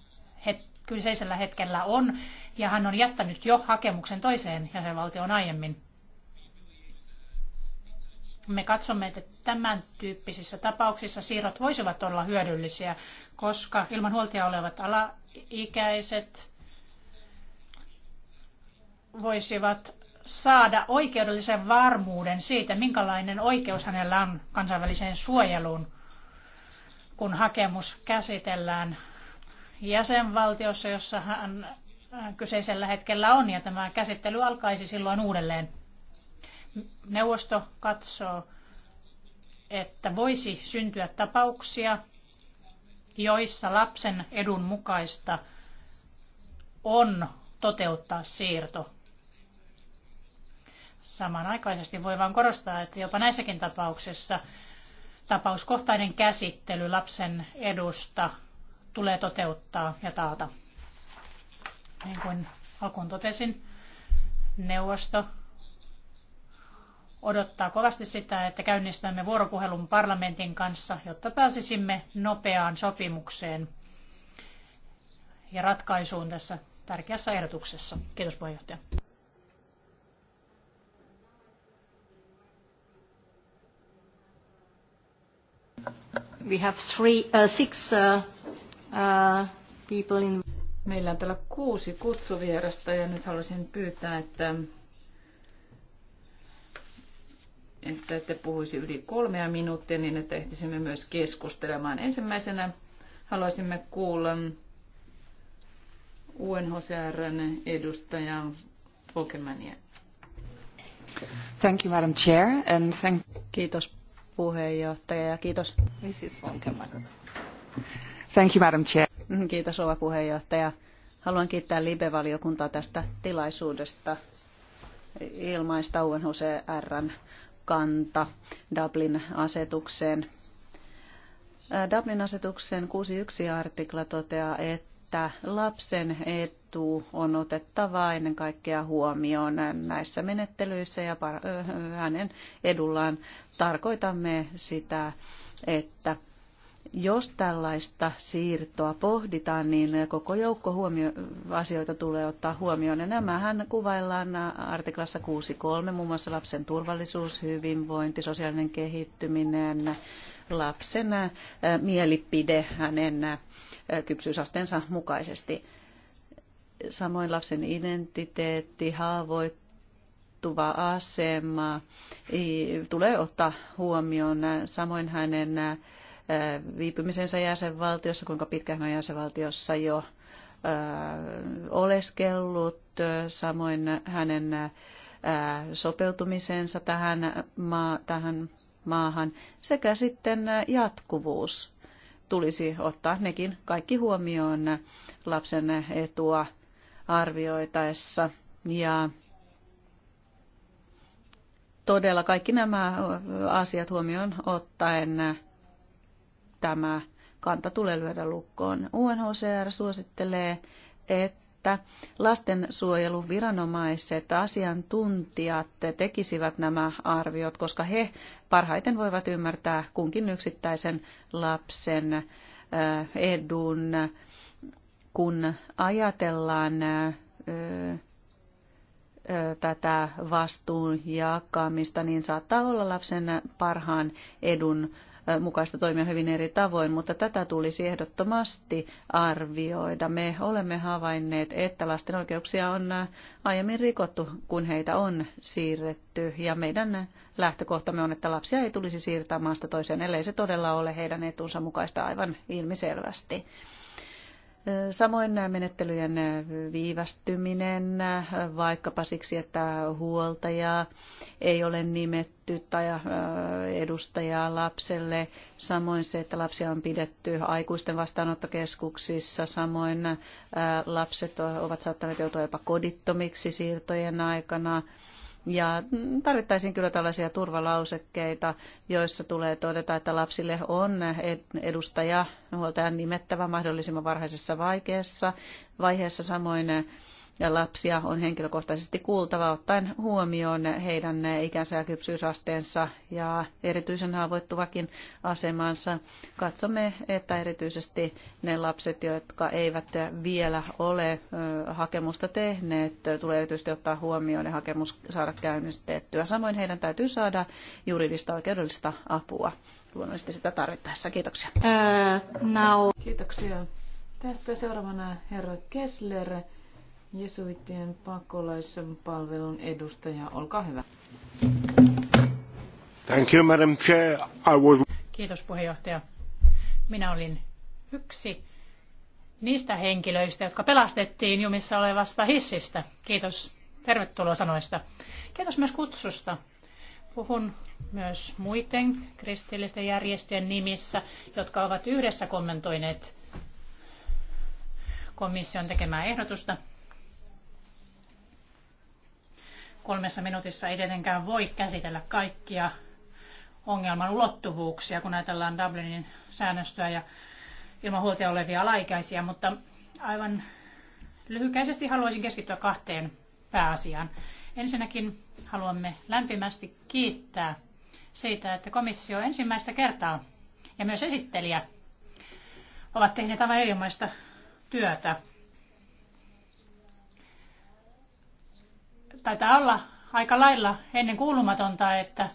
het- kyseisellä hetkellä on, ja hän on jättänyt jo hakemuksen toiseen jäsenvaltioon aiemmin. Me katsomme, että tämän tyyppisissä tapauksissa siirrot voisivat olla hyödyllisiä, koska ilman huoltia olevat alaikäiset voisivat saada oikeudellisen varmuuden siitä, minkälainen oikeus hänellä on kansainväliseen suojeluun, kun hakemus käsitellään jäsenvaltiossa, jossa hän kyseisellä hetkellä on, ja tämä käsittely alkaisi silloin uudelleen neuvosto katsoo, että voisi syntyä tapauksia, joissa lapsen edun mukaista on toteuttaa siirto. Samanaikaisesti voi vain korostaa, että jopa näissäkin tapauksissa tapauskohtainen käsittely lapsen edusta tulee toteuttaa ja taata. Niin kuin alkuun totesin, neuvosto odottaa kovasti sitä, että käynnistämme vuoropuhelun parlamentin kanssa, jotta pääsisimme nopeaan sopimukseen ja ratkaisuun tässä tärkeässä ehdotuksessa. Kiitos puheenjohtaja. We have three, uh, six uh, uh, people in... Meillä on täällä kuusi kutsuvierasta ja nyt haluaisin pyytää, että että te puhuisi yli kolmea minuuttia niin, että ehtisimme myös keskustelemaan. Ensimmäisenä haluaisimme kuulla UNHCRn edustaja Pokemania. Thank you, Madam Chair, and thank... Kiitos puheenjohtaja ja kiitos Mrs. Vonkeman. Thank you, Madam Chair. Kiitos rouva puheenjohtaja. Haluan kiittää Libe-valiokuntaa tästä tilaisuudesta ilmaista UNHCRn kanta Dublin-asetukseen. Dublin-asetuksen 6.1 artikla toteaa, että lapsen etu on otettava ennen kaikkea huomioon näissä menettelyissä ja hänen edullaan tarkoitamme sitä, että jos tällaista siirtoa pohditaan, niin koko joukko huomio- asioita tulee ottaa huomioon. Ja nämähän kuvaillaan artiklassa 6.3, muun muassa lapsen turvallisuus, hyvinvointi, sosiaalinen kehittyminen, lapsen mielipide hänen kypsyysasteensa mukaisesti. Samoin lapsen identiteetti, haavoittuvuus, asema tulee ottaa huomioon, samoin hänen viipymisensä jäsenvaltiossa, kuinka pitkään on jäsenvaltiossa jo oleskellut, samoin hänen sopeutumisensa tähän, maa, tähän maahan sekä sitten jatkuvuus. Tulisi ottaa nekin kaikki huomioon lapsen etua arvioitaessa. Ja todella kaikki nämä asiat huomioon ottaen tämä kanta tulee lyödä lukkoon. UNHCR suosittelee, että lastensuojeluviranomaiset, asiantuntijat tekisivät nämä arviot, koska he parhaiten voivat ymmärtää kunkin yksittäisen lapsen edun, kun ajatellaan tätä vastuun jakamista, niin saattaa olla lapsen parhaan edun mukaista toimia hyvin eri tavoin, mutta tätä tulisi ehdottomasti arvioida. Me olemme havainneet, että lasten oikeuksia on aiemmin rikottu, kun heitä on siirretty, ja meidän lähtökohtamme on, että lapsia ei tulisi siirtää maasta toiseen, ellei se todella ole heidän etunsa mukaista aivan ilmiselvästi. Samoin menettelyjen viivästyminen, vaikkapa siksi, että huoltajaa ei ole nimetty tai äh, edustajaa lapselle. Samoin se, että lapsia on pidetty aikuisten vastaanottokeskuksissa. Samoin äh, lapset ovat saattaneet joutua jopa kodittomiksi siirtojen aikana. Ja tarvittaisiin kyllä tällaisia turvalausekkeita, joissa tulee todeta, että lapsille on edustaja huoltajan nimettävä mahdollisimman varhaisessa vaikeassa, vaiheessa samoin ja lapsia on henkilökohtaisesti kuultava ottaen huomioon heidän ikänsä ja kypsyysasteensa ja erityisen haavoittuvakin asemansa. Katsomme, että erityisesti ne lapset, jotka eivät vielä ole hakemusta tehneet, tulee erityisesti ottaa huomioon ja hakemus saada käynnistettyä. Samoin heidän täytyy saada juridista oikeudellista apua luonnollisesti sitä tarvittaessa. Kiitoksia. Uh, now. Kiitoksia. Tästä seuraavana herra Kessler. Jesuittien palvelun edustaja, olkaa hyvä. Thank you, Madam Chair. I was... Kiitos puheenjohtaja. Minä olin yksi niistä henkilöistä, jotka pelastettiin jumissa olevasta hissistä. Kiitos tervetuloa sanoista. Kiitos myös kutsusta. Puhun myös muiden kristillisten järjestöjen nimissä, jotka ovat yhdessä kommentoineet komission tekemää ehdotusta. Kolmessa minuutissa ei tietenkään voi käsitellä kaikkia ongelman ulottuvuuksia, kun ajatellaan Dublinin säännöstöä ja ilman huoltia olevia alaikäisiä, mutta aivan lyhykäisesti haluaisin keskittyä kahteen pääasiaan. Ensinnäkin haluamme lämpimästi kiittää siitä, että komissio ensimmäistä kertaa ja myös esittelijä ovat tehneet aivan erinomaista työtä Taitaa olla aika lailla ennen kuulumatonta, että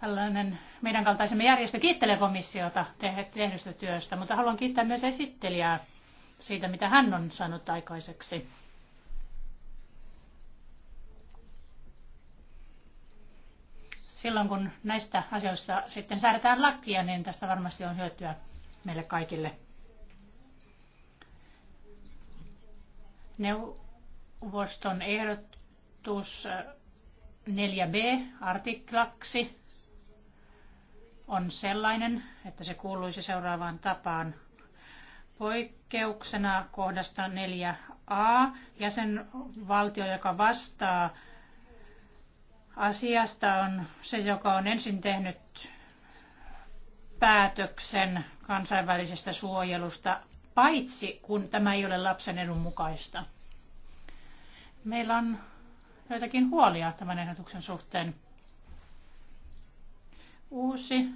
tällainen meidän kaltaisemme järjestö kiittelee komissiota tehdystä työstä, mutta haluan kiittää myös esittelijää siitä, mitä hän on saanut aikaiseksi. Silloin kun näistä asioista sitten säädetään lakia, niin tästä varmasti on hyötyä meille kaikille. Neuvoston ehdot tarkistus 4b eh, artiklaksi on sellainen, että se kuuluisi seuraavaan tapaan. Poikkeuksena kohdasta 4a jäsenvaltio, joka vastaa asiasta, on se, joka on ensin tehnyt päätöksen kansainvälisestä suojelusta, paitsi kun tämä ei ole lapsen edun mukaista. Meillä on joitakin huolia tämän ehdotuksen suhteen. Uusi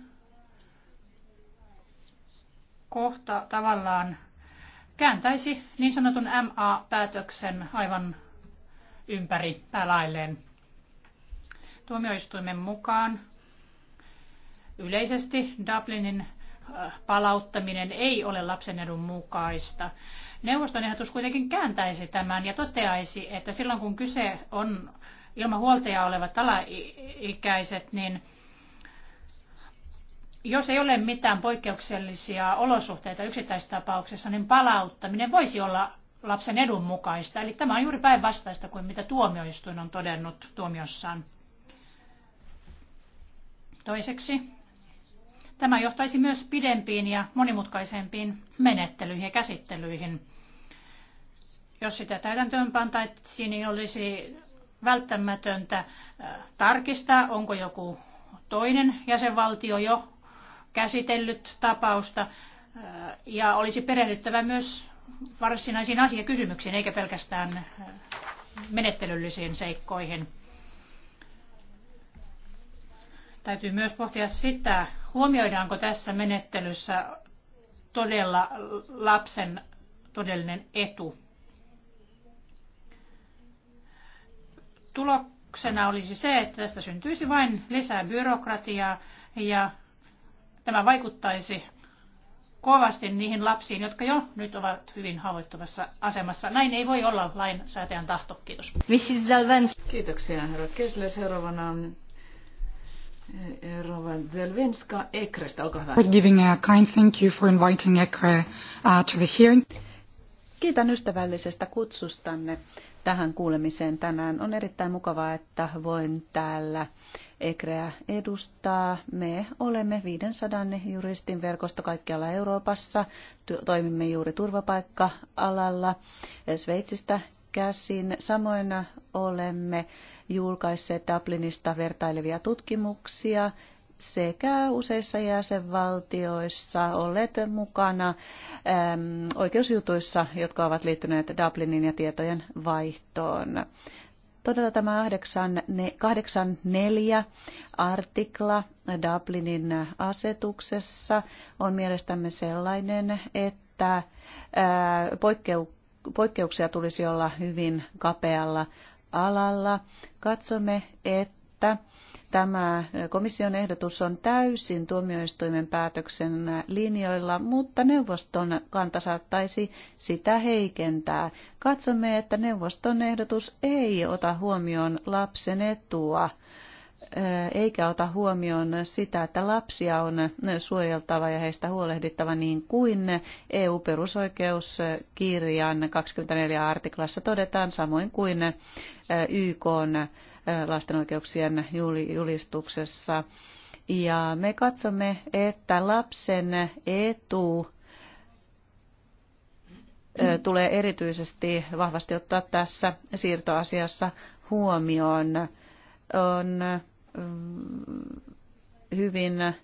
kohta tavallaan kääntäisi niin sanotun MA-päätöksen aivan ympäri päälailleen. Tuomioistuimen mukaan yleisesti Dublinin palauttaminen ei ole lapsen edun mukaista. Neuvoston ehdotus kuitenkin kääntäisi tämän ja toteaisi, että silloin kun kyse on ilman huoltajaa olevat alaikäiset, niin jos ei ole mitään poikkeuksellisia olosuhteita yksittäistapauksessa, niin palauttaminen voisi olla lapsen edun mukaista. Eli tämä on juuri päinvastaista kuin mitä tuomioistuin on todennut tuomiossaan. Toiseksi Tämä johtaisi myös pidempiin ja monimutkaisempiin menettelyihin ja käsittelyihin. Jos sitä täytäntöönpantaisiin, niin olisi välttämätöntä äh, tarkistaa, onko joku toinen jäsenvaltio jo käsitellyt tapausta äh, ja olisi perehdyttävä myös varsinaisiin asiakysymyksiin eikä pelkästään äh, menettelyllisiin seikkoihin. Täytyy myös pohtia sitä, Huomioidaanko tässä menettelyssä todella lapsen todellinen etu? Tuloksena olisi se, että tästä syntyisi vain lisää byrokratiaa ja tämä vaikuttaisi kovasti niihin lapsiin, jotka jo nyt ovat hyvin haavoittuvassa asemassa. Näin ei voi olla lainsäätäjän tahto. Kiitos. Mrs. Kiitoksia, herra Kessler. Seuraavana Rova Giving a kind thank you for inviting uh, to the hearing. Kiitän ystävällisestä kutsustanne tähän kuulemiseen tänään. On erittäin mukavaa, että voin täällä Ekreä edustaa. Me olemme 500 juristin verkosto kaikkialla Euroopassa. Toimimme juuri turvapaikka-alalla. Sveitsistä käsin. Samoin olemme julkaisseet Dublinista vertailevia tutkimuksia sekä useissa jäsenvaltioissa olleet mukana äm, oikeusjutuissa, jotka ovat liittyneet Dublinin ja tietojen vaihtoon. Todella tämä 8.4 artikla Dublinin asetuksessa on mielestämme sellainen, että poikkeuksia poikkeuksia tulisi olla hyvin kapealla alalla. Katsomme, että tämä komission ehdotus on täysin tuomioistuimen päätöksen linjoilla, mutta neuvoston kanta saattaisi sitä heikentää. Katsomme, että neuvoston ehdotus ei ota huomioon lapsen etua eikä ota huomioon sitä, että lapsia on suojeltava ja heistä huolehdittava niin kuin EU-perusoikeuskirjan 24 artiklassa todetaan, samoin kuin YK lasten oikeuksien julistuksessa. Ja me katsomme, että lapsen etu tulee erityisesti vahvasti ottaa tässä siirtoasiassa huomioon. On Mm, hyvin äh,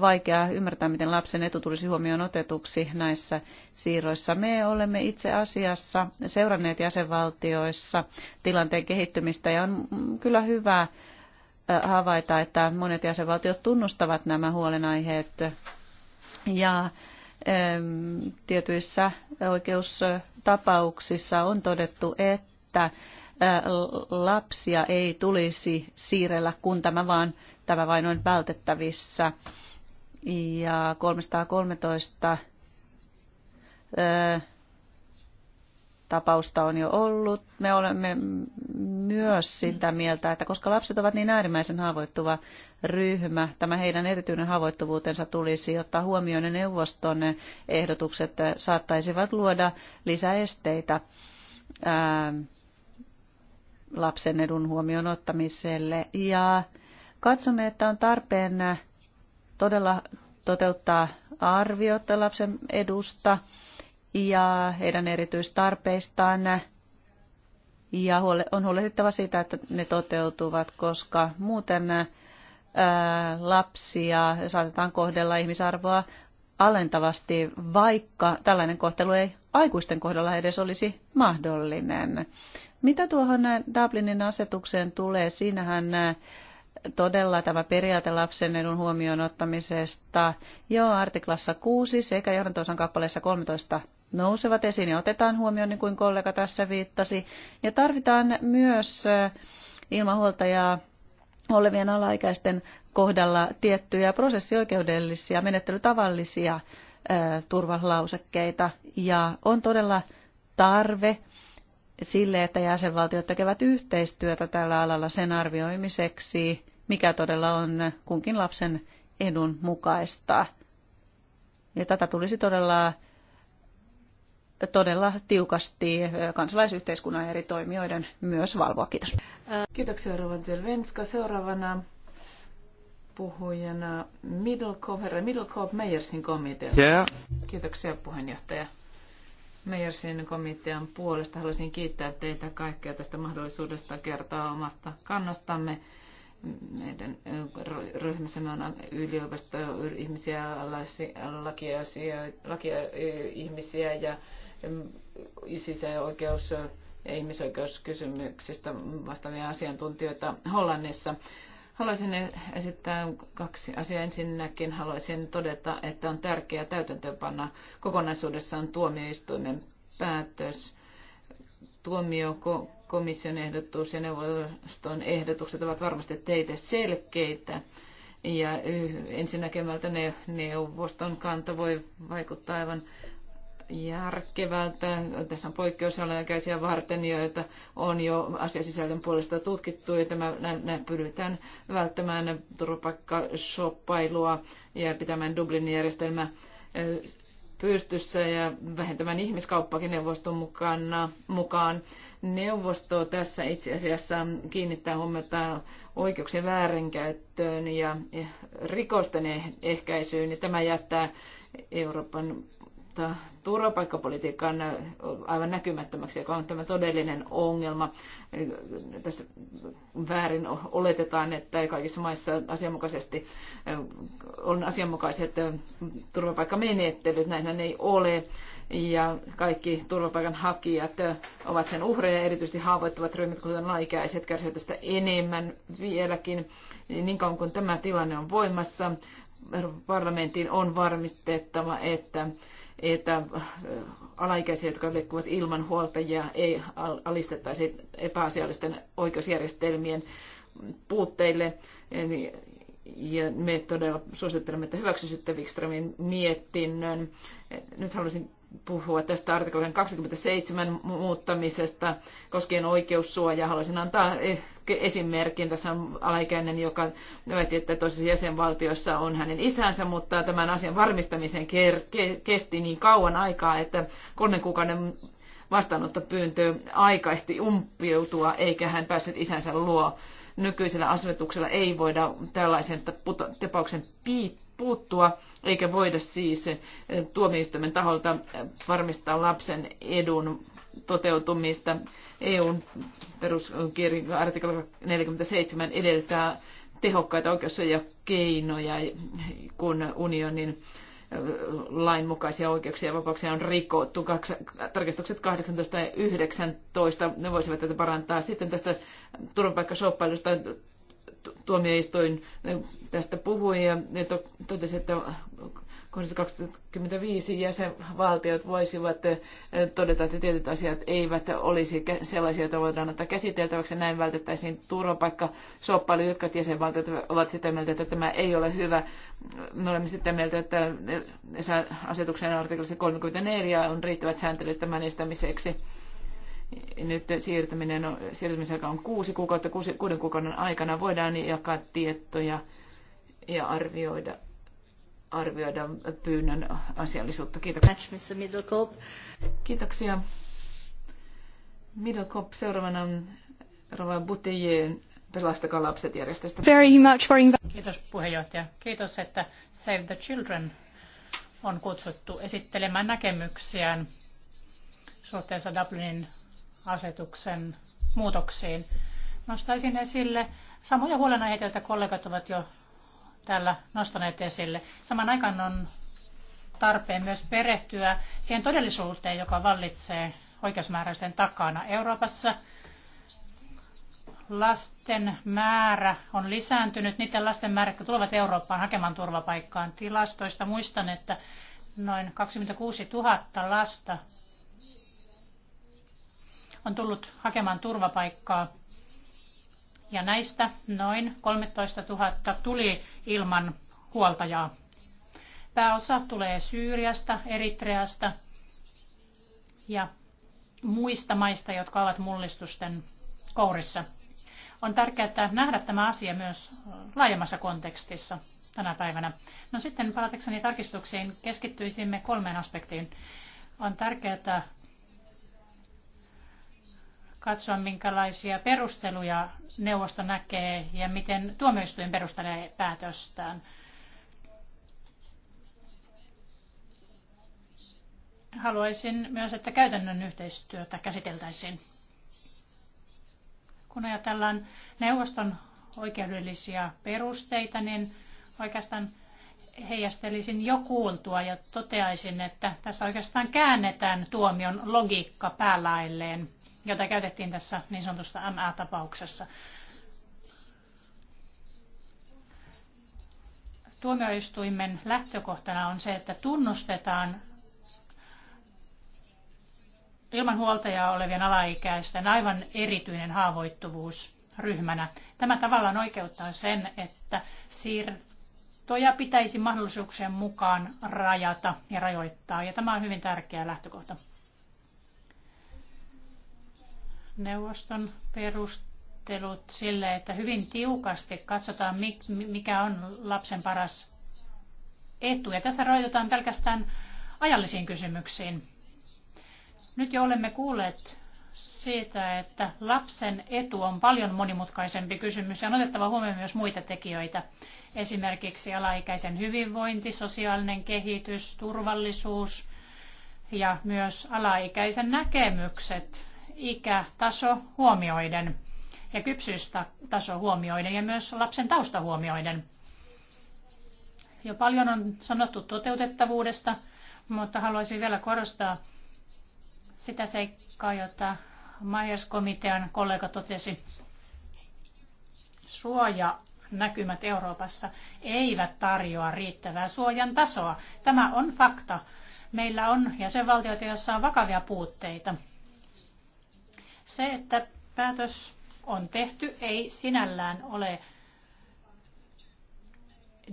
vaikeaa ymmärtää, miten lapsen etu tulisi huomioon otetuksi näissä siirroissa. Me olemme itse asiassa seuranneet jäsenvaltioissa tilanteen kehittymistä ja on mm, kyllä hyvä äh, havaita, että monet jäsenvaltiot tunnustavat nämä huolenaiheet ja tietyissä oikeustapauksissa on todettu, että lapsia ei tulisi siirrellä, kun tämä, vaan, tämä vain on vältettävissä. Ja 313 tapausta on jo ollut. Me olemme myös sitä mieltä, että koska lapset ovat niin äärimmäisen haavoittuva ryhmä, tämä heidän erityinen haavoittuvuutensa tulisi ottaa huomioon ja neuvoston ehdotukset saattaisivat luoda lisäesteitä lapsen edun huomioon ottamiselle. Ja katsomme, että on tarpeen todella toteuttaa arviota lapsen edusta ja heidän erityistarpeistaan. Ja on huolehdittava siitä, että ne toteutuvat, koska muuten lapsia saatetaan kohdella ihmisarvoa alentavasti, vaikka tällainen kohtelu ei aikuisten kohdalla edes olisi mahdollinen. Mitä tuohon Dublinin asetukseen tulee, siinähän todella tämä periaate lapsen edun huomioon ottamisesta jo artiklassa 6 sekä johdantosan kappaleessa 13 nousevat esiin ja otetaan huomioon, niin kuin kollega tässä viittasi. Ja tarvitaan myös ilmahuoltajaa olevien alaikäisten kohdalla tiettyjä prosessioikeudellisia menettelytavallisia turvalausekkeita ja on todella tarve sille, että jäsenvaltiot tekevät yhteistyötä tällä alalla sen arvioimiseksi, mikä todella on kunkin lapsen edun mukaista. Ja tätä tulisi todella, todella tiukasti kansalaisyhteiskunnan eri toimijoiden myös valvoa. Kiitos. Kiitoksia Rovan Seuraavana puhujana Middlecombe, herra Middlecombe Meijersin komitea. Yeah. Kiitoksia puheenjohtaja. Meijersin komitean puolesta haluaisin kiittää teitä kaikkia tästä mahdollisuudesta kertoa omasta kannastamme. Meidän ryhmässämme on yliopistoihmisiä, lakia-ihmisiä ja oikeus- ja ihmisoikeuskysymyksistä vastaavia asiantuntijoita Hollannissa. Haluaisin esittää kaksi asiaa. Ensinnäkin haluaisin todeta, että on tärkeää täytäntöönpanna kokonaisuudessaan tuomioistuimen päätös. Tuomiokomission ehdotus ja neuvoston ehdotukset ovat varmasti teille selkeitä. Ja ensinnäkemältä neuvoston kanta voi vaikuttaa aivan järkevältä. Tässä on poikkeusalainkäisiä varten, joita on jo asiasisällön puolesta tutkittu, ja tämä, nämä pyritään välttämään turvapaikkashoppailua ja pitämään Dublinin järjestelmä pystyssä ja vähentämään ihmiskauppakin neuvoston mukana, mukaan. Neuvosto tässä itse asiassa kiinnittää huomiota oikeuksien väärinkäyttöön ja rikosten ehkäisyyn. Ja tämä jättää Euroopan turvapaikkapolitiikka on aivan näkymättömäksi, joka on tämä todellinen ongelma. Tässä väärin oletetaan, että kaikissa maissa asianmukaisesti on asianmukaiset turvapaikkamenettelyt. Näinhän ei ole. Ja kaikki turvapaikanhakijat ovat sen uhreja, erityisesti haavoittuvat ryhmät, kuten laikäiset, kärsivät tästä enemmän vieläkin. Niin kauan kuin tämä tilanne on voimassa, parlamentin on varmistettava, että että äh, alaikäisiä, jotka liikkuvat ilman huoltajia, ei alistettaisi epäasiallisten oikeusjärjestelmien puutteille. ja me todella suosittelemme, että hyväksyisitte Wikströmin miettinnön. Nyt haluaisin puhua tästä artiklan 27 muuttamisesta koskien oikeussuojaa. Haluaisin antaa esimerkin. Tässä on alaikäinen, joka väitti, että toisessa jäsenvaltiossa on hänen isänsä, mutta tämän asian varmistamisen kesti niin kauan aikaa, että kolmen kuukauden vastaanottopyyntö aika ehti umpiutua, eikä hän päässyt isänsä luo. Nykyisellä asetuksella ei voida tällaisen tapauksen piittää puuttua, eikä voida siis eh, tuomioistuimen taholta eh, varmistaa lapsen edun toteutumista. EUn peruskirjan artikla 47 edeltää tehokkaita oikeussuojakeinoja, kun unionin eh, lainmukaisia oikeuksia ja vapauksia on rikottu. Tarkistukset 18 ja 19 ne voisivat tätä parantaa. Sitten tästä turvapaikkashoppailusta tuomioistuin eh, tästä puhui ja totesi, että kohdassa 25 jäsenvaltiot voisivat eh, todeta, että tietyt asiat eivät olisi sellaisia, joita voidaan ottaa käsiteltäväksi. Näin vältettäisiin turvapaikkasoppailu. Jotkut jäsenvaltiot ovat sitä mieltä, että tämä ei ole hyvä. Me olemme sitä mieltä, että asetuksen artiklassa 34 on riittävät sääntelyt tämän estämiseksi nyt siirtyminen on, siirtymisaika on kuusi kuukautta, kuusi, kuuden kuukauden aikana voidaan jakaa tietoja ja arvioida, arvioida pyynnön asiallisuutta. Kiitoksia. Kiitoksia. Middlecop seuraavana Rova Butejeen Pelastakaa lapset järjestöstä. Very much for Kiitos puheenjohtaja. Kiitos, että Save the Children on kutsuttu esittelemään näkemyksiään suhteessa Dublinin asetuksen muutoksiin. Nostaisin esille samoja huolenaiheita, joita kollegat ovat jo täällä nostaneet esille. Saman aikaan on tarpeen myös perehtyä siihen todellisuuteen, joka vallitsee oikeusmääräysten takana Euroopassa. Lasten määrä on lisääntynyt. Niiden lasten määrä, jotka tulevat Eurooppaan hakemaan turvapaikkaan tilastoista, muistan, että noin 26 000 lasta on tullut hakemaan turvapaikkaa. Ja näistä noin 13 000 tuli ilman huoltajaa. Pääosa tulee Syyriasta, Eritreasta ja muista maista, jotka ovat mullistusten kourissa. On tärkeää nähdä tämä asia myös laajemmassa kontekstissa tänä päivänä. No sitten palatakseni tarkistuksiin keskittyisimme kolmeen aspektiin. On tärkeää katsoa, minkälaisia perusteluja neuvosto näkee ja miten tuomioistuin perustelee päätöstään. Haluaisin myös, että käytännön yhteistyötä käsiteltäisiin. Kun ajatellaan neuvoston oikeudellisia perusteita, niin oikeastaan heijastelisin jo kuultua ja toteaisin, että tässä oikeastaan käännetään tuomion logiikka päälailleen jota käytettiin tässä niin sanotusta MA-tapauksessa. Tuomioistuimen lähtökohtana on se, että tunnustetaan ilman huoltajaa olevien alaikäisten aivan erityinen haavoittuvuus ryhmänä. Tämä tavallaan oikeuttaa sen, että siirtoja pitäisi mahdollisuuksien mukaan rajata ja rajoittaa, ja tämä on hyvin tärkeä lähtökohta. Neuvoston perustelut sille, että hyvin tiukasti katsotaan, mikä on lapsen paras etu. Ja tässä rajoitetaan pelkästään ajallisiin kysymyksiin. Nyt jo olemme kuulleet siitä, että lapsen etu on paljon monimutkaisempi kysymys ja on otettava huomioon myös muita tekijöitä. Esimerkiksi alaikäisen hyvinvointi, sosiaalinen kehitys, turvallisuus ja myös alaikäisen näkemykset ikätaso huomioiden ja kypsyystaso huomioiden ja myös lapsen tausta huomioiden. Jo paljon on sanottu toteutettavuudesta, mutta haluaisin vielä korostaa sitä seikkaa, jota Myers-komitean kollega totesi. Suoja näkymät Euroopassa eivät tarjoa riittävää suojan tasoa. Tämä on fakta. Meillä on jäsenvaltioita, joissa on vakavia puutteita. Se, että päätös on tehty, ei sinällään ole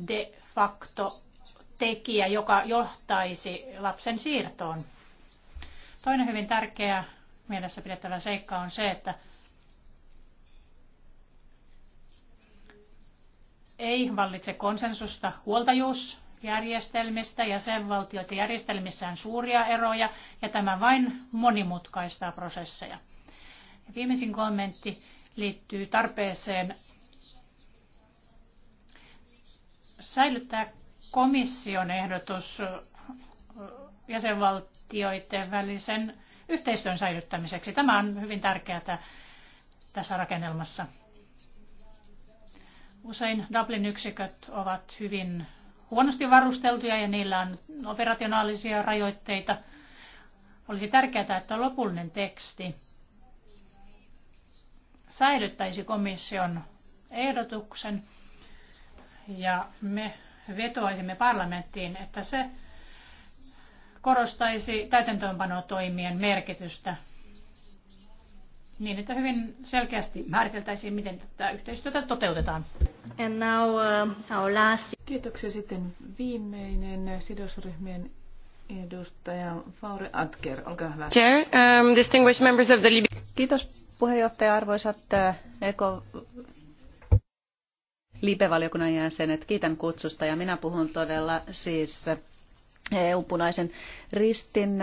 de facto tekijä, joka johtaisi lapsen siirtoon. Toinen hyvin tärkeä mielessä pidettävä seikka on se, että ei vallitse konsensusta huoltajuusjärjestelmistä ja sen valtiot järjestelmissään suuria eroja, ja tämä vain monimutkaistaa prosesseja. Viimeisin kommentti liittyy tarpeeseen säilyttää komission ehdotus jäsenvaltioiden välisen yhteistyön säilyttämiseksi. Tämä on hyvin tärkeää tässä rakennelmassa. Usein Dublin-yksiköt ovat hyvin huonosti varusteltuja ja niillä on operationaalisia rajoitteita. Olisi tärkeää, että lopullinen teksti säilyttäisi komission ehdotuksen ja me vetoaisimme parlamenttiin, että se korostaisi täytäntöönpanotoimien merkitystä niin, että hyvin selkeästi määriteltäisiin, miten tätä yhteistyötä toteutetaan. And now, uh, our last... Kiitoksia sitten viimeinen sidosryhmien edustaja Faure Atker, olkaa hyvä. Chair, um, distinguished members of the Libyan... Kiitos puheenjohtaja, arvoisat eh, Eko Libe-valiokunnan jäsenet, kiitän kutsusta ja minä puhun todella siis EU-punaisen ristin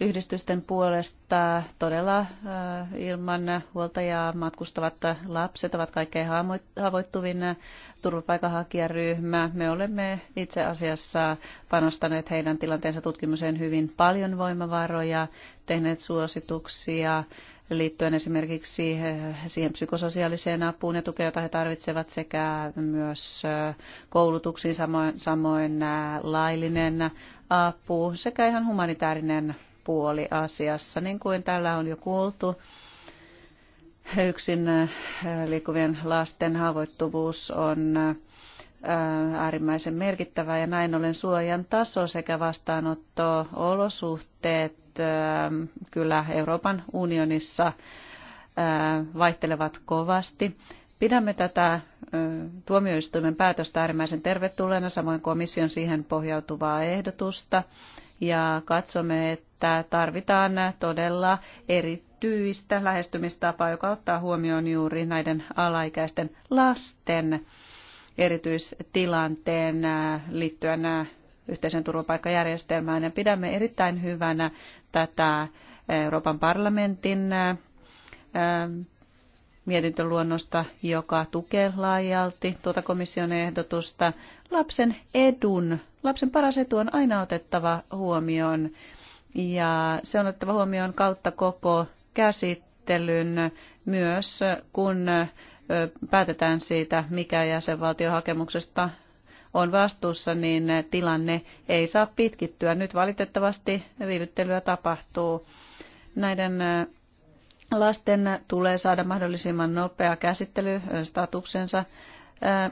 yhdistysten puolesta todella eh, ilman huoltajaa matkustavat lapset ovat kaikkein haavoittuvin turvapaikanhakijaryhmä. Me olemme itse asiassa panostaneet heidän tilanteensa tutkimiseen hyvin paljon voimavaroja tehneet suosituksia liittyen esimerkiksi siihen psykososiaaliseen apuun ja tukeen, jota he tarvitsevat, sekä myös koulutuksiin, samoin, samoin laillinen apu sekä ihan humanitaarinen puoli asiassa, niin kuin tällä on jo kuultu. Yksin liikkuvien lasten haavoittuvuus on äärimmäisen merkittävä ja näin ollen suojan taso sekä vastaanotto-olosuhteet Ähm, kyllä Euroopan unionissa äh, vaihtelevat kovasti. Pidämme tätä äh, tuomioistuimen päätöstä äärimmäisen tervetulleena, samoin komission siihen pohjautuvaa ehdotusta. Ja katsomme, että tarvitaan todella erityistä lähestymistapaa, joka ottaa huomioon juuri näiden alaikäisten lasten erityistilanteen äh, liittyen yhteisen turvapaikkajärjestelmään ja pidämme erittäin hyvänä tätä Euroopan parlamentin mietintöluonnosta, joka tukee laajalti tuota komission ehdotusta. Lapsen edun, lapsen paras etu on aina otettava huomioon ja se on otettava huomioon kautta koko käsittelyn myös, kun päätetään siitä, mikä jäsenvaltiohakemuksesta on vastuussa, niin tilanne ei saa pitkittyä. Nyt valitettavasti viivyttelyä tapahtuu. Näiden lasten tulee saada mahdollisimman nopea käsittely statuksensa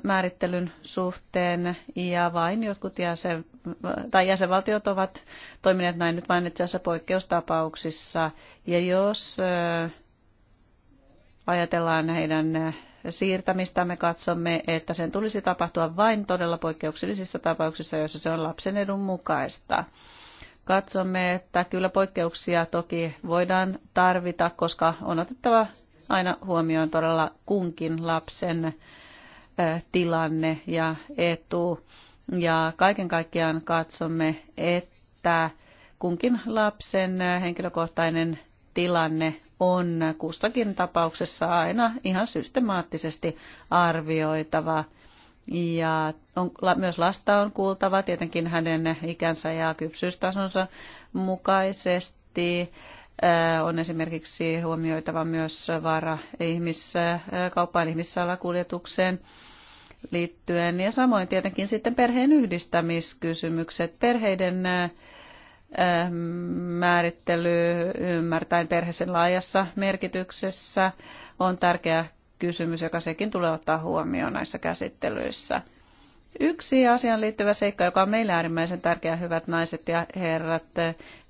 määrittelyn suhteen ja vain jotkut jäsen, tai jäsenvaltiot ovat toimineet näin nyt vain itse asiassa poikkeustapauksissa. Ja jos ajatellaan heidän siirtämistä me katsomme, että sen tulisi tapahtua vain todella poikkeuksellisissa tapauksissa, joissa se on lapsen edun mukaista. Katsomme, että kyllä poikkeuksia toki voidaan tarvita, koska on otettava aina huomioon todella kunkin lapsen tilanne ja etu. Ja kaiken kaikkiaan katsomme, että kunkin lapsen henkilökohtainen tilanne on kussakin tapauksessa aina ihan systemaattisesti arvioitava. Ja on, myös lasta on kuultava tietenkin hänen ikänsä ja kypsyystasonsa mukaisesti. Äh, on esimerkiksi huomioitava myös vaara ihmiskauppaan äh, ihmissalakuljetukseen liittyen ja samoin tietenkin sitten perheen yhdistämiskysymykset. Perheiden äh, määrittely ymmärtäen perheisen laajassa merkityksessä on tärkeä kysymys, joka sekin tulee ottaa huomioon näissä käsittelyissä. Yksi asiaan liittyvä seikka, joka on meille äärimmäisen tärkeä, hyvät naiset ja herrat,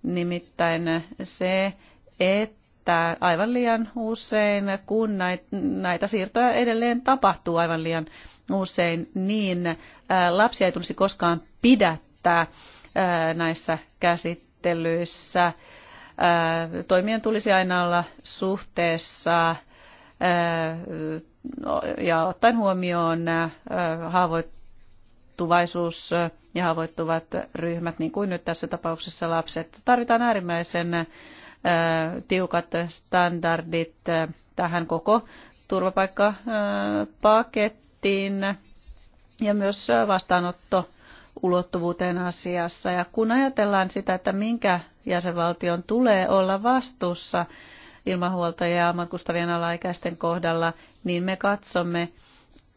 nimittäin se, että aivan liian usein, kun näitä siirtoja edelleen tapahtuu aivan liian usein, niin lapsia ei tulisi koskaan pidättää näissä käsittelyissä. Toimien tulisi aina olla suhteessa ja ottaen huomioon haavoittuvaisuus ja haavoittuvat ryhmät, niin kuin nyt tässä tapauksessa lapset. Tarvitaan äärimmäisen tiukat standardit tähän koko turvapaikkapakettiin ja myös vastaanotto ulottuvuuteen asiassa. Ja kun ajatellaan sitä, että minkä jäsenvaltion tulee olla vastuussa ilmahuoltajia matkustavien alaikäisten kohdalla, niin me katsomme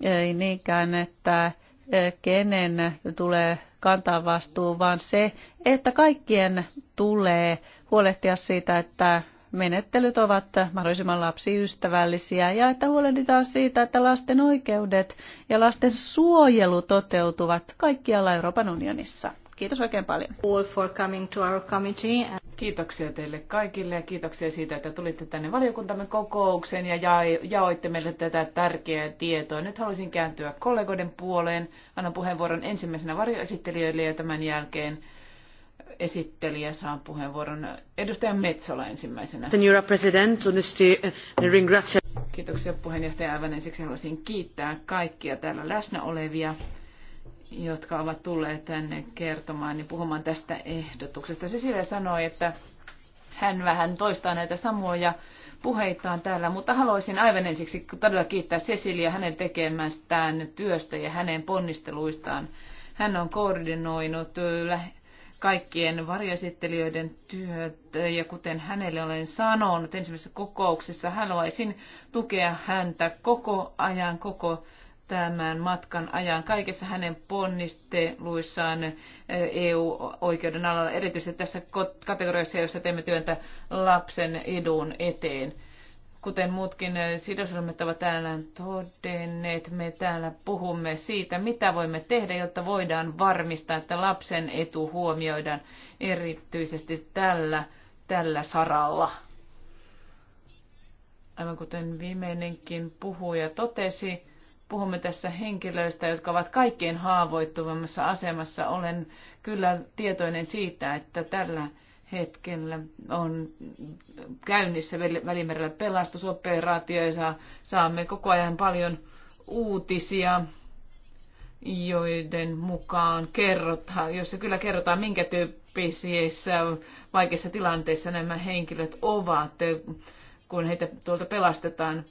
eh, ei niinkään, että eh, kenen tulee kantaa vastuu, vaan se, että kaikkien tulee huolehtia siitä, että menettelyt ovat mahdollisimman lapsiystävällisiä ja että huolehditaan siitä, että lasten oikeudet ja lasten suojelu toteutuvat kaikkialla Euroopan unionissa. Kiitos oikein paljon. All for coming to our committee. Kiitoksia teille kaikille ja kiitoksia siitä, että tulitte tänne valiokuntamme kokoukseen ja jaoitte meille tätä tärkeää tietoa. Nyt haluaisin kääntyä kollegoiden puoleen. Annan puheenvuoron ensimmäisenä varjoesittelijöille ja tämän jälkeen esittelijä saa puheenvuoron. Edustaja Metsola ensimmäisenä. Senora President, onesti eh, ringrazio. Kiitoksia puheenjohtaja. Aivan ensiksi haluaisin kiittää kaikkia täällä läsnä olevia, jotka ovat tulleet tänne kertomaan ja niin puhumaan tästä ehdotuksesta. Cecilia sanoi, että hän vähän toistaa näitä samoja puheitaan täällä, mutta haluaisin aivan ensiksi todella kiittää Cecilia hänen tekemästään työstä ja hänen ponnisteluistaan. Hän on koordinoinut kaikkien varjoesittelijöiden työt. Ja kuten hänelle olen sanonut ensimmäisessä kokouksessa, haluaisin tukea häntä koko ajan, koko tämän matkan ajan kaikessa hänen ponnisteluissaan EU-oikeuden alalla, erityisesti tässä kategoriassa, jossa teemme työntä lapsen edun eteen. Kuten muutkin eh, sidosryhmät ovat täällä todenneet, me täällä puhumme siitä, mitä voimme tehdä, jotta voidaan varmistaa, että lapsen etu huomioidaan erityisesti tällä, tällä saralla. Aivan kuten viimeinenkin puhuja totesi, puhumme tässä henkilöistä, jotka ovat kaikkein haavoittuvimmassa asemassa. Olen kyllä tietoinen siitä, että tällä hetkellä on käynnissä Välimerellä pelastusoperaatio ja saamme koko ajan paljon uutisia, joiden mukaan kerrotaan, jossa kyllä kerrotaan, minkä tyyppisissä vaikeissa tilanteissa nämä henkilöt ovat, kun heitä tuolta pelastetaan.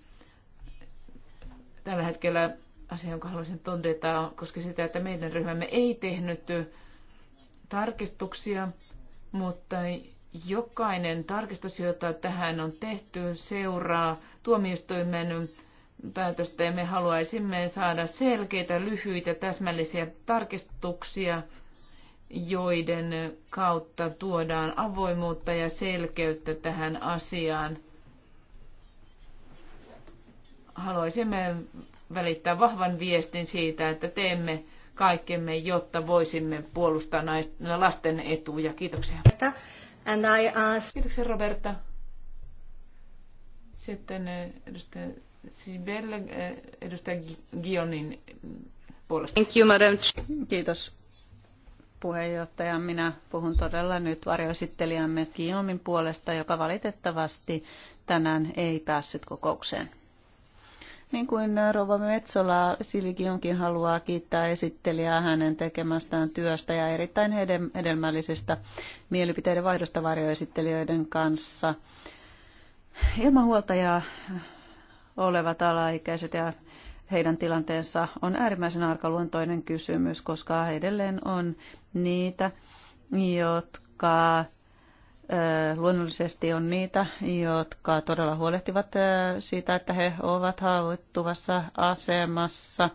Tällä hetkellä asia, jonka haluaisin todeta, koska sitä, että meidän ryhmämme ei tehnyt tarkistuksia mutta jokainen tarkistus, jota tähän on tehty, seuraa tuomioistuimen päätöstä ja me haluaisimme saada selkeitä, lyhyitä, täsmällisiä tarkistuksia, joiden kautta tuodaan avoimuutta ja selkeyttä tähän asiaan. Haluaisimme välittää vahvan viestin siitä, että teemme kaikkemme, jotta voisimme puolustaa naisten, lasten etuja. Kiitoksia. And I ask... Kiitoksia Roberta. Sitten eh, edustaja Sibelle, eh, edustaja Gionin puolesta. Thank you, madam. Kiitos puheenjohtaja. Minä puhun todella nyt varjoesittelijämme Guillaumin puolesta, joka valitettavasti tänään ei päässyt kokoukseen. Niin kuin Rova Metsola Silikinkin haluaa kiittää esittelijää hänen tekemästään työstä ja erittäin hedelmällisestä mielipiteiden vaihdosta varjoesittelijöiden kanssa. Ilman huoltajaa olevat alaikäiset ja heidän tilanteensa on äärimmäisen arkaluontoinen kysymys, koska edelleen on niitä, jotka Luonnollisesti on niitä, jotka todella huolehtivat siitä, että he ovat haavoittuvassa asemassa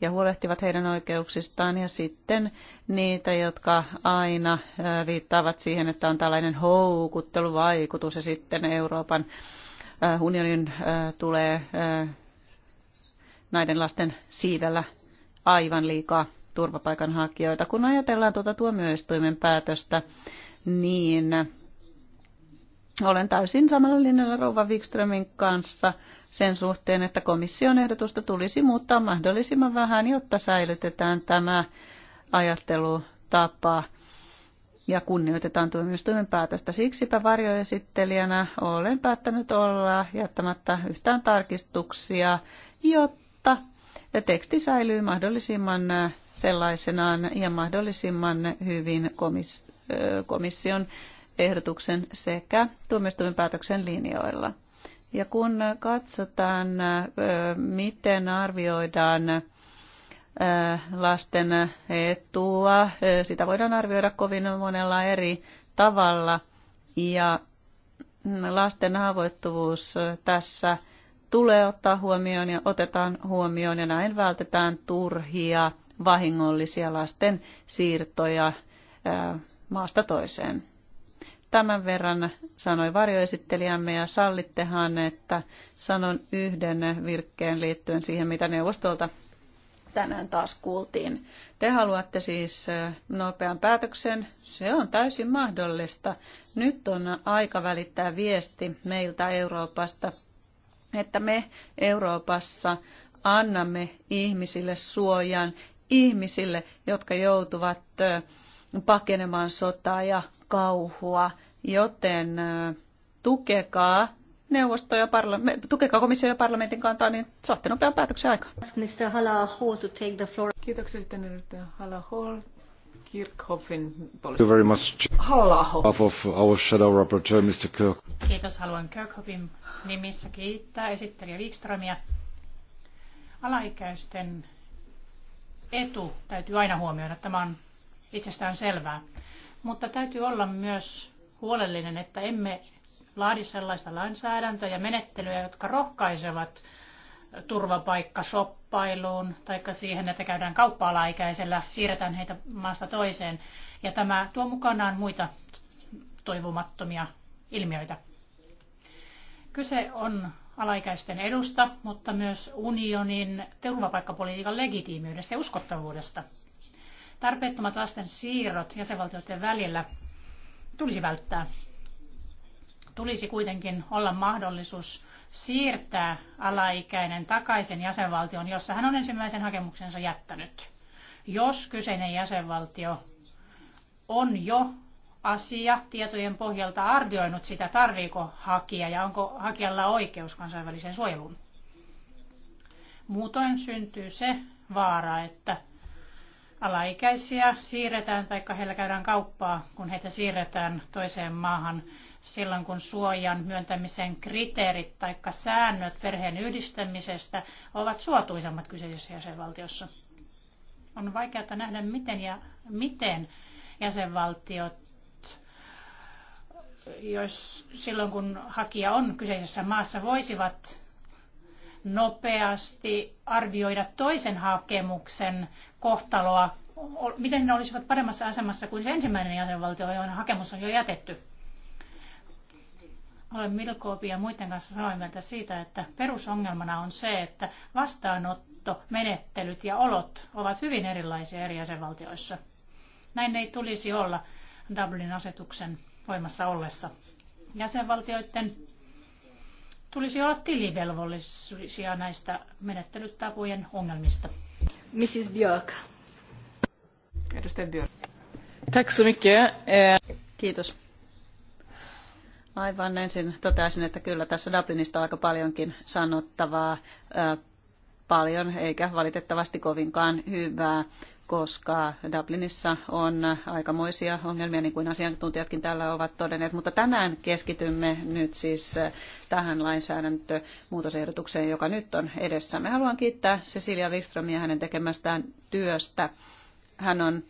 ja huolehtivat heidän oikeuksistaan. Ja sitten niitä, jotka aina viittaavat siihen, että on tällainen houkutteluvaikutus ja sitten Euroopan unionin tulee näiden lasten siivellä aivan liikaa turvapaikanhakijoita. Kun ajatellaan tuota tuomioistuimen päätöstä, niin olen täysin samalla linjalla Rouva Wikströmin kanssa sen suhteen, että komission ehdotusta tulisi muuttaa mahdollisimman vähän, jotta säilytetään tämä ajattelutapa ja kunnioitetaan tuomioistuimen päätöstä. Siksipä varjoesittelijänä olen päättänyt olla jättämättä yhtään tarkistuksia, jotta teksti säilyy mahdollisimman sellaisenaan ja mahdollisimman hyvin komis- komission ehdotuksen sekä tuomioistuimen päätöksen linjoilla. Ja kun katsotaan, miten arvioidaan lasten etua, sitä voidaan arvioida kovin monella eri tavalla. Ja mm, lasten haavoittuvuus tässä tulee ottaa huomioon ja otetaan huomioon ja näin vältetään turhia vahingollisia lasten siirtoja maasta toiseen. Tämän verran sanoi varjoesittelijämme ja sallittehan, että sanon yhden virkkeen liittyen siihen, mitä neuvostolta tänään taas kuultiin. Te haluatte siis nopean päätöksen. Se on täysin mahdollista. Nyt on aika välittää viesti meiltä Euroopasta, että me Euroopassa annamme ihmisille suojan, ihmisille, jotka joutuvat pakenemaan sotaa ja kauhua, joten tukekaa neuvosto ja parlamentti, tukekaa komissio ja parlamentin kantaa, niin saatte nopean päätöksen aikaan. Mr. Hala Hall to take the floor. Kiitoksia sitten edustaja Hala Hall. Kirkhoffin puolesta. very much. Hala Hall. Of our shadow rapporteur, Mr. Kirk. Kiitos, haluan Kirkhoffin nimissä kiittää esittelijä Wikströmiä. Alaikäisten etu täytyy aina huomioida. Tämä on itsestään selvää mutta täytyy olla myös huolellinen, että emme laadi sellaista lainsäädäntöä ja menettelyä, jotka rohkaisevat turvapaikkashoppailuun tai siihen, että käydään kauppa alaikäisellä, siirretään heitä maasta toiseen. Ja tämä tuo mukanaan muita toivomattomia ilmiöitä. Kyse on alaikäisten edusta, mutta myös unionin turvapaikkapolitiikan legitiimiydestä ja uskottavuudesta. Tarpeettomat lasten siirrot jäsenvaltioiden välillä tulisi välttää. Tulisi kuitenkin olla mahdollisuus siirtää alaikäinen takaisin jäsenvaltioon, jossa hän on ensimmäisen hakemuksensa jättänyt. Jos kyseinen jäsenvaltio on jo asia tietojen pohjalta arvioinut sitä, tarviiko hakija ja onko hakijalla oikeus kansainväliseen suojeluun. Muutoin syntyy se vaara, että alaikäisiä siirretään tai heillä käydään kauppaa, kun heitä siirretään toiseen maahan silloin, kun suojan myöntämisen kriteerit tai säännöt perheen yhdistämisestä ovat suotuisammat kyseisessä jäsenvaltiossa. On vaikeaa nähdä, miten ja miten jäsenvaltiot, jos silloin kun hakija on kyseisessä maassa, voisivat nopeasti arvioida toisen hakemuksen kohtaloa? Miten ne olisivat paremmassa asemassa kuin se ensimmäinen jäsenvaltio, johon hakemus on jo jätetty? Olen Milkoopin ja muiden kanssa samaa mieltä siitä, että perusongelmana on se, että vastaanottomenettelyt ja olot ovat hyvin erilaisia eri jäsenvaltioissa. Näin ei tulisi olla Dublin-asetuksen voimassa ollessa. Jäsenvaltioiden tulisi olla tilivelvollisia näistä menettelytapojen ongelmista. Mrs. Björk. Edustaja Björk. Tack så mycket. Eh, Kiitos. Aivan ensin toteaisin, että kyllä tässä Dublinista on aika paljonkin sanottavaa eh, paljon, eikä valitettavasti kovinkaan hyvää koska Dublinissa on aikamoisia ongelmia, niin kuin asiantuntijatkin täällä ovat todenneet. Mutta tänään keskitymme nyt siis tähän lainsäädäntömuutosehdotukseen, joka nyt on edessä. Me haluan kiittää Cecilia Wikströmiä hänen tekemästään työstä. Hän on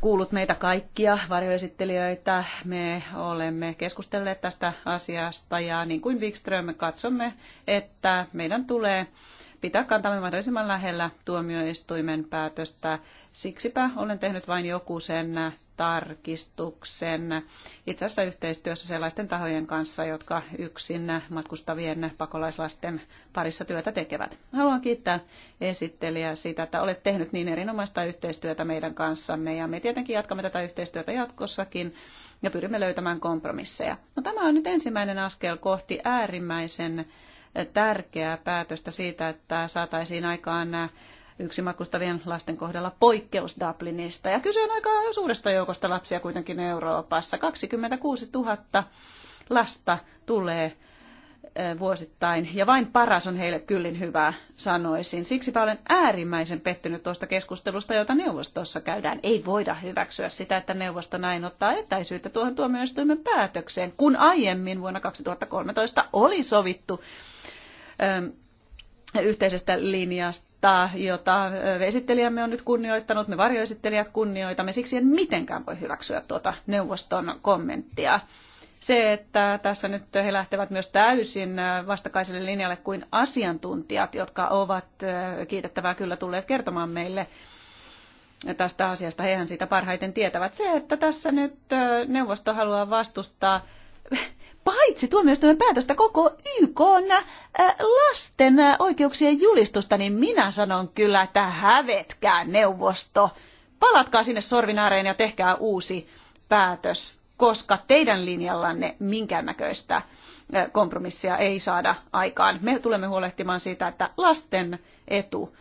kuullut meitä kaikkia varjoesittelijöitä. Me olemme keskustelleet tästä asiasta ja niin kuin Wikström katsomme, että meidän tulee pitää kantamme mahdollisimman lähellä tuomioistuimen päätöstä. Siksipä olen tehnyt vain joku sen tarkistuksen itse asiassa yhteistyössä sellaisten tahojen kanssa, jotka yksin matkustavien pakolaislasten parissa työtä tekevät. Haluan kiittää esittelijää siitä, että olet tehnyt niin erinomaista yhteistyötä meidän kanssamme ja me tietenkin jatkamme tätä yhteistyötä jatkossakin ja pyrimme löytämään kompromisseja. No, tämä on nyt ensimmäinen askel kohti äärimmäisen tärkeää päätöstä siitä, että saataisiin aikaan yksi matkustavien lasten kohdalla poikkeus Dublinista. Ja kyse on aika suuresta joukosta lapsia kuitenkin Euroopassa. 26 000 lasta tulee vuosittain, ja vain paras on heille kyllin hyvä sanoisin. Siksi olen äärimmäisen pettynyt tuosta keskustelusta, jota neuvostossa käydään. Ei voida hyväksyä sitä, että neuvosto näin ottaa etäisyyttä tuohon tuomioistuimen päätökseen, kun aiemmin vuonna 2013 oli sovittu Ähm, yhteisestä linjasta, jota äh, esittelijämme on nyt kunnioittanut, me varjoesittelijät kunnioitamme. Siksi en mitenkään voi hyväksyä tuota neuvoston kommenttia. Se, että tässä nyt he lähtevät myös täysin äh, vastakaiselle linjalle kuin asiantuntijat, jotka ovat äh, kiitettävää kyllä tulleet kertomaan meille tästä asiasta, hehän sitä parhaiten tietävät. Se, että tässä nyt neuvosto haluaa vastustaa paitsi tuomioistuimen päätöstä koko YK äh, lasten äh, oikeuksien julistusta, niin minä sanon kyllä, että hävetkää neuvosto. Palatkaa sinne sorvinaareen ja tehkää uusi päätös, koska teidän linjallanne minkäännäköistä äh, kompromissia ei saada aikaan. Me tulemme huolehtimaan siitä, että lasten etu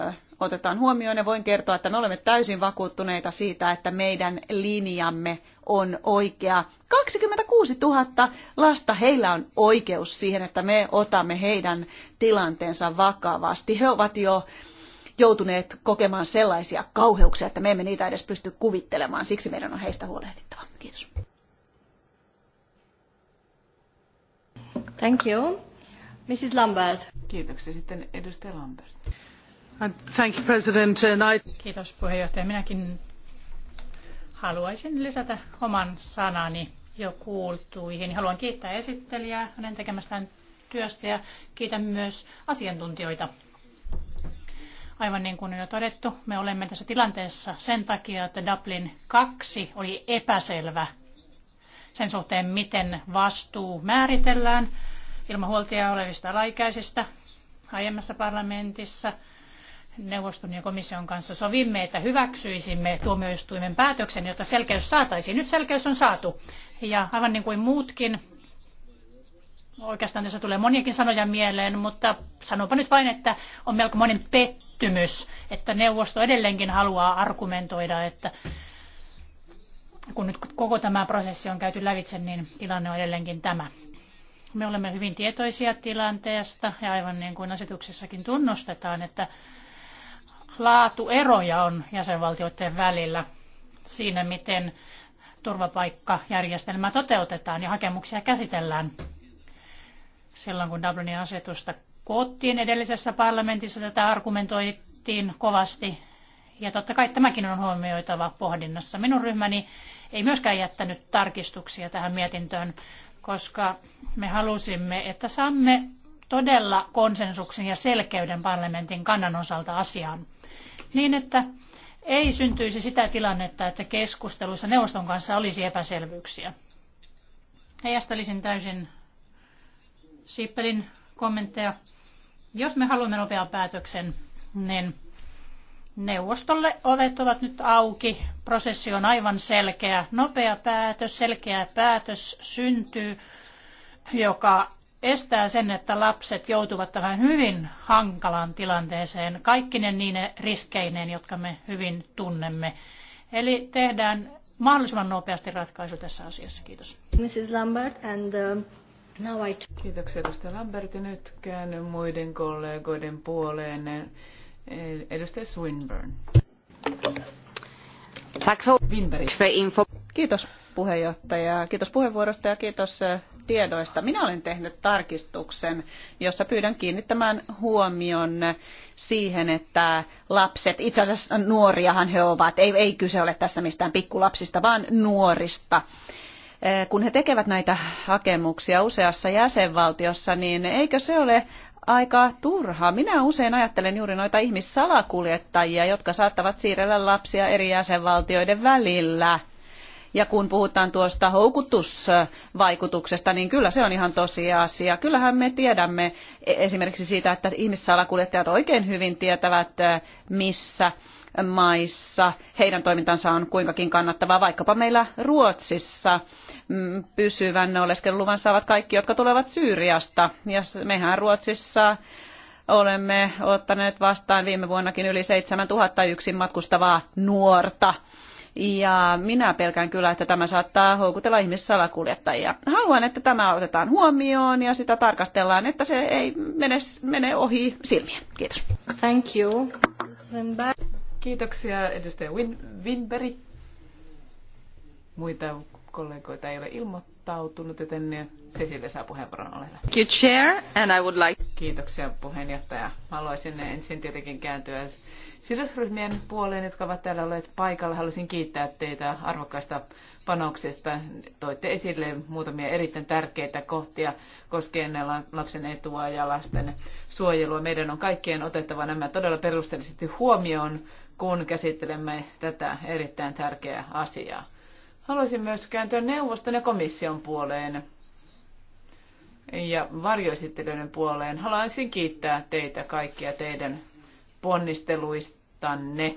öö, otetaan huomioon ja voin kertoa, että me olemme täysin vakuuttuneita siitä, että meidän linjamme – on oikea. 26 000 lasta, heillä on oikeus siihen, että me otamme heidän tilanteensa vakavasti. He ovat jo joutuneet kokemaan sellaisia kauheuksia, että me emme niitä edes pysty kuvittelemaan. Siksi meidän on heistä huolehdittava. Kiitos. Thank you. Mrs. Lambert. Kiitoksia. Sitten edustaja Lambert. Thank you, President. Kiitos puheenjohtaja. Minäkin Haluaisin lisätä oman sanani jo kuultuihin. Haluan kiittää esittelijää hänen tekemästään työstä ja kiitän myös asiantuntijoita. Aivan niin kuin on jo todettu, me olemme tässä tilanteessa sen takia, että Dublin 2 oli epäselvä sen suhteen, miten vastuu määritellään ilman huoltajaa olevista alaikäisistä aiemmassa parlamentissa – neuvoston ja komission kanssa sovimme, että hyväksyisimme tuomioistuimen päätöksen, jotta selkeys saataisiin. Nyt selkeys on saatu. Ja aivan niin kuin muutkin, oikeastaan tässä tulee moniakin sanoja mieleen, mutta sanonpa nyt vain, että on melko monen pettymys, että neuvosto edelleenkin haluaa argumentoida, että kun nyt koko tämä prosessi on käyty lävitse, niin tilanne on edelleenkin tämä. Me olemme hyvin tietoisia tilanteesta ja aivan niin kuin asetuksessakin tunnustetaan, että laatueroja on jäsenvaltioiden välillä siinä, miten turvapaikkajärjestelmää toteutetaan ja hakemuksia käsitellään. Silloin kun Dublinin asetusta koottiin edellisessä parlamentissa, tätä argumentoitiin kovasti. Ja totta kai tämäkin on huomioitava pohdinnassa. Minun ryhmäni ei myöskään jättänyt tarkistuksia tähän mietintöön, koska me halusimme, että saamme todella konsensuksen ja selkeyden parlamentin kannan osalta asiaan. Niin, että ei syntyisi sitä tilannetta, että keskusteluissa neuvoston kanssa olisi epäselvyyksiä. Heijastelisin täysin Sippelin kommentteja. Jos me haluamme nopean päätöksen, niin neuvostolle ovet ovat nyt auki. Prosessi on aivan selkeä. Nopea päätös, selkeä päätös syntyy, joka estää sen, että lapset joutuvat tähän hyvin hankalaan tilanteeseen, kaikkinen niine riskeineen, jotka me hyvin tunnemme. Eli tehdään mahdollisimman nopeasti ratkaisu tässä asiassa. Kiitos. Mrs. Lambert and uh, now I... Kiitoksia edustaja Lambert ja nyt käännyn muiden kollegoiden puoleen. Eh, edustaja Swinburne. Tack för info. Kiitos puheenjohtaja, kiitos puheenvuorosta ja kiitos eh, tiedoista. Minä olen tehnyt tarkistuksen, jossa pyydän kiinnittämään huomion siihen, että lapset, itse asiassa nuoriahan he ovat, ei, ei kyse ole tässä mistään pikkulapsista, vaan nuorista. Eh, kun he tekevät näitä hakemuksia useassa jäsenvaltiossa, niin eikö se ole aika turha. Minä usein ajattelen juuri noita ihmissalakuljettajia, jotka saattavat siirrellä lapsia eri jäsenvaltioiden välillä – ja kun puhutaan tuosta houkutusvaikutuksesta, niin kyllä se on ihan tosiasia. Kyllähän me tiedämme e- esimerkiksi siitä, että ihmissalakuljettajat oikein hyvin tietävät, missä maissa heidän toimintansa on kuinkakin kannattavaa. Vaikkapa meillä Ruotsissa mm, pysyvän oleskeluluvan saavat kaikki, jotka tulevat Syyriasta. Ja mehän Ruotsissa olemme ottaneet vastaan viime vuonnakin yli 7000 yksin matkustavaa nuorta ja minä pelkään kyllä, että tämä saattaa houkutella ihmissalakuljettajia. Haluan, että tämä otetaan huomioon ja sitä tarkastellaan, että se ei mene, mene ohi silmien. Kiitos. Thank you. Kiitoksia edustaja Win- Winberg. Muita kollegoita ei ole ilmoittautunut, joten Cecilia saa puheenvuoron ole hyvä. Chair, and I would like... Kiitoksia puheenjohtaja. Haluaisin ensin tietenkin kääntyä sidosryhmien puoleen, jotka ovat täällä olleet paikalla. Haluaisin kiittää teitä arvokkaista panoksesta. Toitte esille muutamia erittäin tärkeitä kohtia koskien lapsen etua ja lasten suojelua. Meidän on kaikkien otettava nämä todella perusteellisesti huomioon, kun käsittelemme tätä erittäin tärkeää asiaa. Haluaisin myös kääntyä neuvoston ja komission puoleen ja varjoesittelyiden puoleen. Haluaisin kiittää teitä kaikkia teidän ponnisteluistanne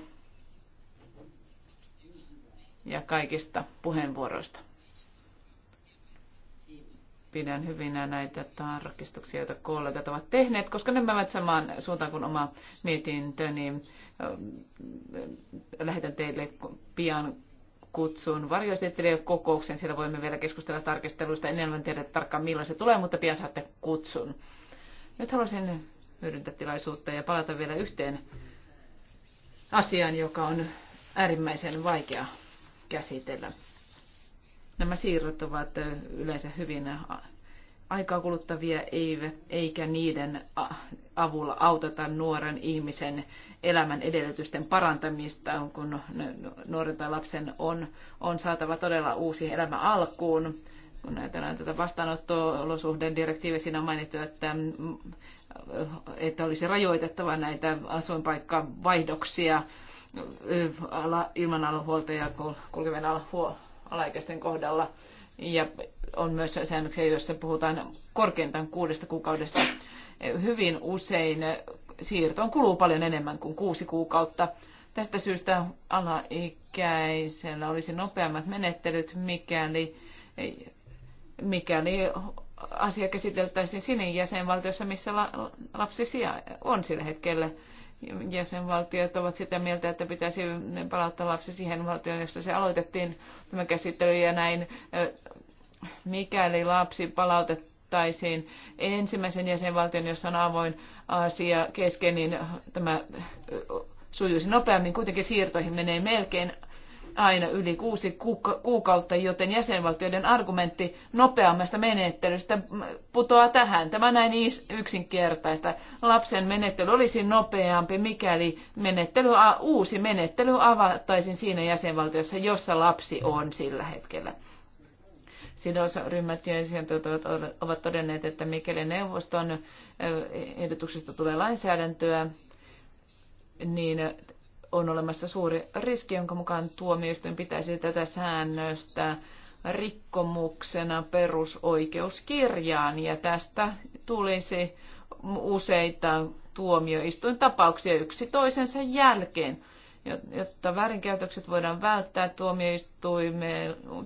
ja kaikista puheenvuoroista. Pidän hyvinä näitä tarkistuksia, joita kollegat ovat tehneet, koska ne menevät samaan suuntaan kuin oma mietintöni. Lähetän teille pian kutsun kokouksen, Siellä voimme vielä keskustella tarkisteluista. En enemmän tiedä tarkkaan milloin se tulee, mutta pian saatte kutsun. Nyt haluaisin hyödyntää tilaisuutta ja palata vielä yhteen asiaan, joka on äärimmäisen vaikea käsitellä. Nämä siirrot ovat yleensä hyvin aikaa kuluttavia eikä niiden avulla auteta nuoren ihmisen elämän edellytysten parantamista, kun nuoren tai lapsen on, on saatava todella uusi elämä alkuun. Kun ajatellaan tätä vastaanotto direktiiviä, siinä on mainittu, että, että olisi rajoitettava näitä asuinpaikkavaihdoksia ilman alahuolta ja kulkevien alaikäisten kohdalla ja on myös säännöksiä, joissa puhutaan korkeintaan kuudesta kuukaudesta. Hyvin usein siirtoon kuluu paljon enemmän kuin kuusi kuukautta. Tästä syystä alaikäisellä olisi nopeammat menettelyt, mikäli, mikäli asia käsiteltäisiin sinne jäsenvaltiossa, missä lapsi on sillä hetkellä jäsenvaltiot ovat sitä mieltä, että pitäisi palauttaa lapsi siihen valtioon, jossa se aloitettiin tämä käsittely ja näin. Mikäli lapsi palautettaisiin ensimmäisen jäsenvaltion, jossa on avoin asia kesken, niin tämä sujuisi nopeammin. Kuitenkin siirtoihin menee melkein aina yli kuusi kuukautta, joten jäsenvaltioiden argumentti nopeammasta menettelystä putoaa tähän. Tämä näin yksinkertaista. Lapsen menettely olisi nopeampi, mikäli menettely, uusi menettely avattaisiin siinä jäsenvaltiossa, jossa lapsi on sillä hetkellä sidosryhmät ja asiantuntijat ovat todenneet, että mikäli neuvoston ehdotuksesta tulee lainsäädäntöä, niin on olemassa suuri riski, jonka mukaan tuomioistuin pitäisi tätä säännöstä rikkomuksena perusoikeuskirjaan. Ja tästä tulisi useita tuomioistuin tapauksia yksi toisensa jälkeen. Jotta väärinkäytökset voidaan välttää,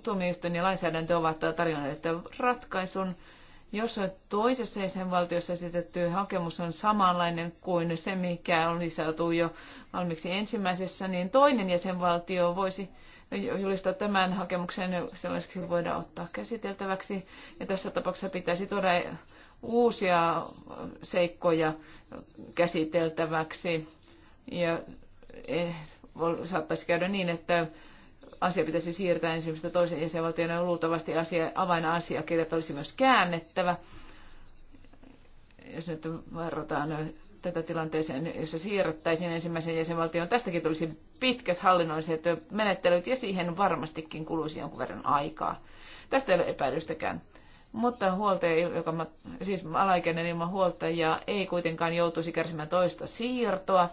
tuomioistuin ja lainsäädäntö ovat tarjonneet ratkaisun jos toisessa jäsenvaltiossa esitetty hakemus on samanlainen kuin se, mikä on lisäiltu jo valmiiksi ensimmäisessä, niin toinen jäsenvaltio voisi julistaa tämän hakemuksen sellaiseksi voidaan ottaa käsiteltäväksi. Ja tässä tapauksessa pitäisi tuoda uusia seikkoja käsiteltäväksi. Ja eh, saattaisi käydä niin, että asia pitäisi siirtää ensimmäisestä toisen jäsenvaltion ja luultavasti asia, avainasiakirjat olisi myös käännettävä. Jos nyt varrotaan tätä tilanteeseen, niin jossa siirrettäisiin ensimmäisen jäsenvaltion, tästäkin tulisi pitkät hallinnolliset menettelyt ja siihen varmastikin kuluisi jonkun verran aikaa. Tästä ei ole epäilystäkään. Mutta huoltaja, joka, siis alaikäinen ilman huoltajaa, ei kuitenkaan joutuisi kärsimään toista siirtoa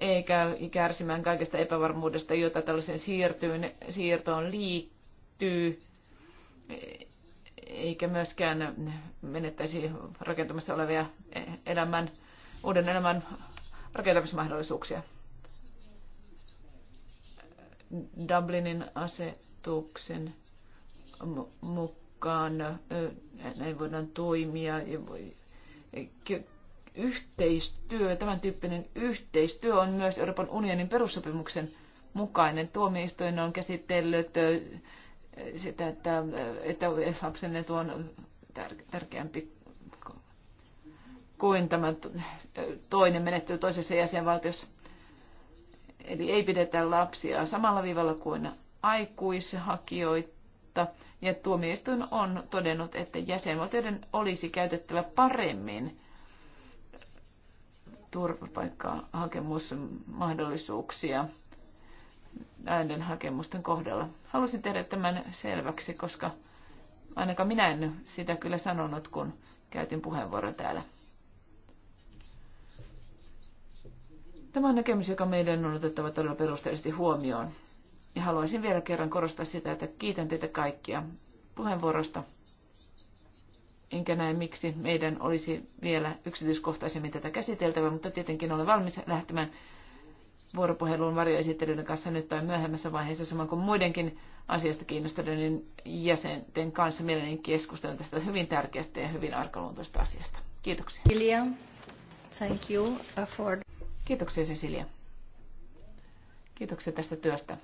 eikä kärsimään kaikesta epävarmuudesta, jota tällaisen siirtyyn, siirtoon liittyy, eikä myöskään menettäisi rakentamassa olevia elämän, uuden elämän rakentamismahdollisuuksia. Dublinin asetuksen mukaan näin voidaan toimia yhteistyö, tämän tyyppinen yhteistyö on myös Euroopan unionin perussopimuksen mukainen. Tuomioistuin on käsitellyt sitä, että, että lapsen etu on tärkeämpi kuin tämä toinen menettely toisessa jäsenvaltiossa. Eli ei pidetä lapsia samalla viivalla kuin aikuishakijoita. Ja tuomioistuin on todennut, että jäsenvaltioiden olisi käytettävä paremmin turvapaikkahakemusmahdollisuuksia näiden hakemusten kohdalla. Halusin tehdä tämän selväksi, koska ainakaan minä en sitä kyllä sanonut, kun käytin puheenvuoron täällä. Tämä on näkemys, joka meidän on otettava todella perusteellisesti huomioon. Ja haluaisin vielä kerran korostaa sitä, että kiitän teitä kaikkia puheenvuorosta enkä näe miksi meidän olisi vielä yksityiskohtaisemmin tätä käsiteltävä, mutta tietenkin olen valmis lähtemään vuoropuheluun varjoesittelyiden kanssa nyt tai myöhemmässä vaiheessa, samoin kuin muidenkin asiasta kiinnostuneiden jäsenten kanssa mielelläni keskustelen tästä hyvin tärkeästä ja hyvin arkaluontoisesta asiasta. Kiitoksia. Cecilia, thank you uh, for... Kiitoksia Cecilia. Kiitoksia tästä työstä.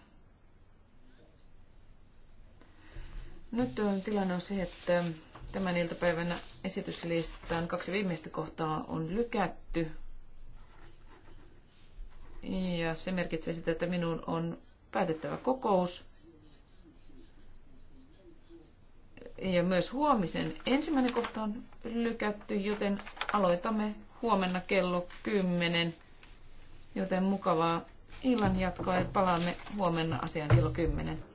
Nyt tilanne on se, että Tämän iltapäivän esityslistan kaksi viimeistä kohtaa on lykätty. Ja se merkitsee sitä, että minun on päätettävä kokous. Ja myös huomisen ensimmäinen kohta on lykätty, joten aloitamme huomenna kello 10. Joten mukavaa illan jatkoa ja palaamme huomenna asiaan kello 10.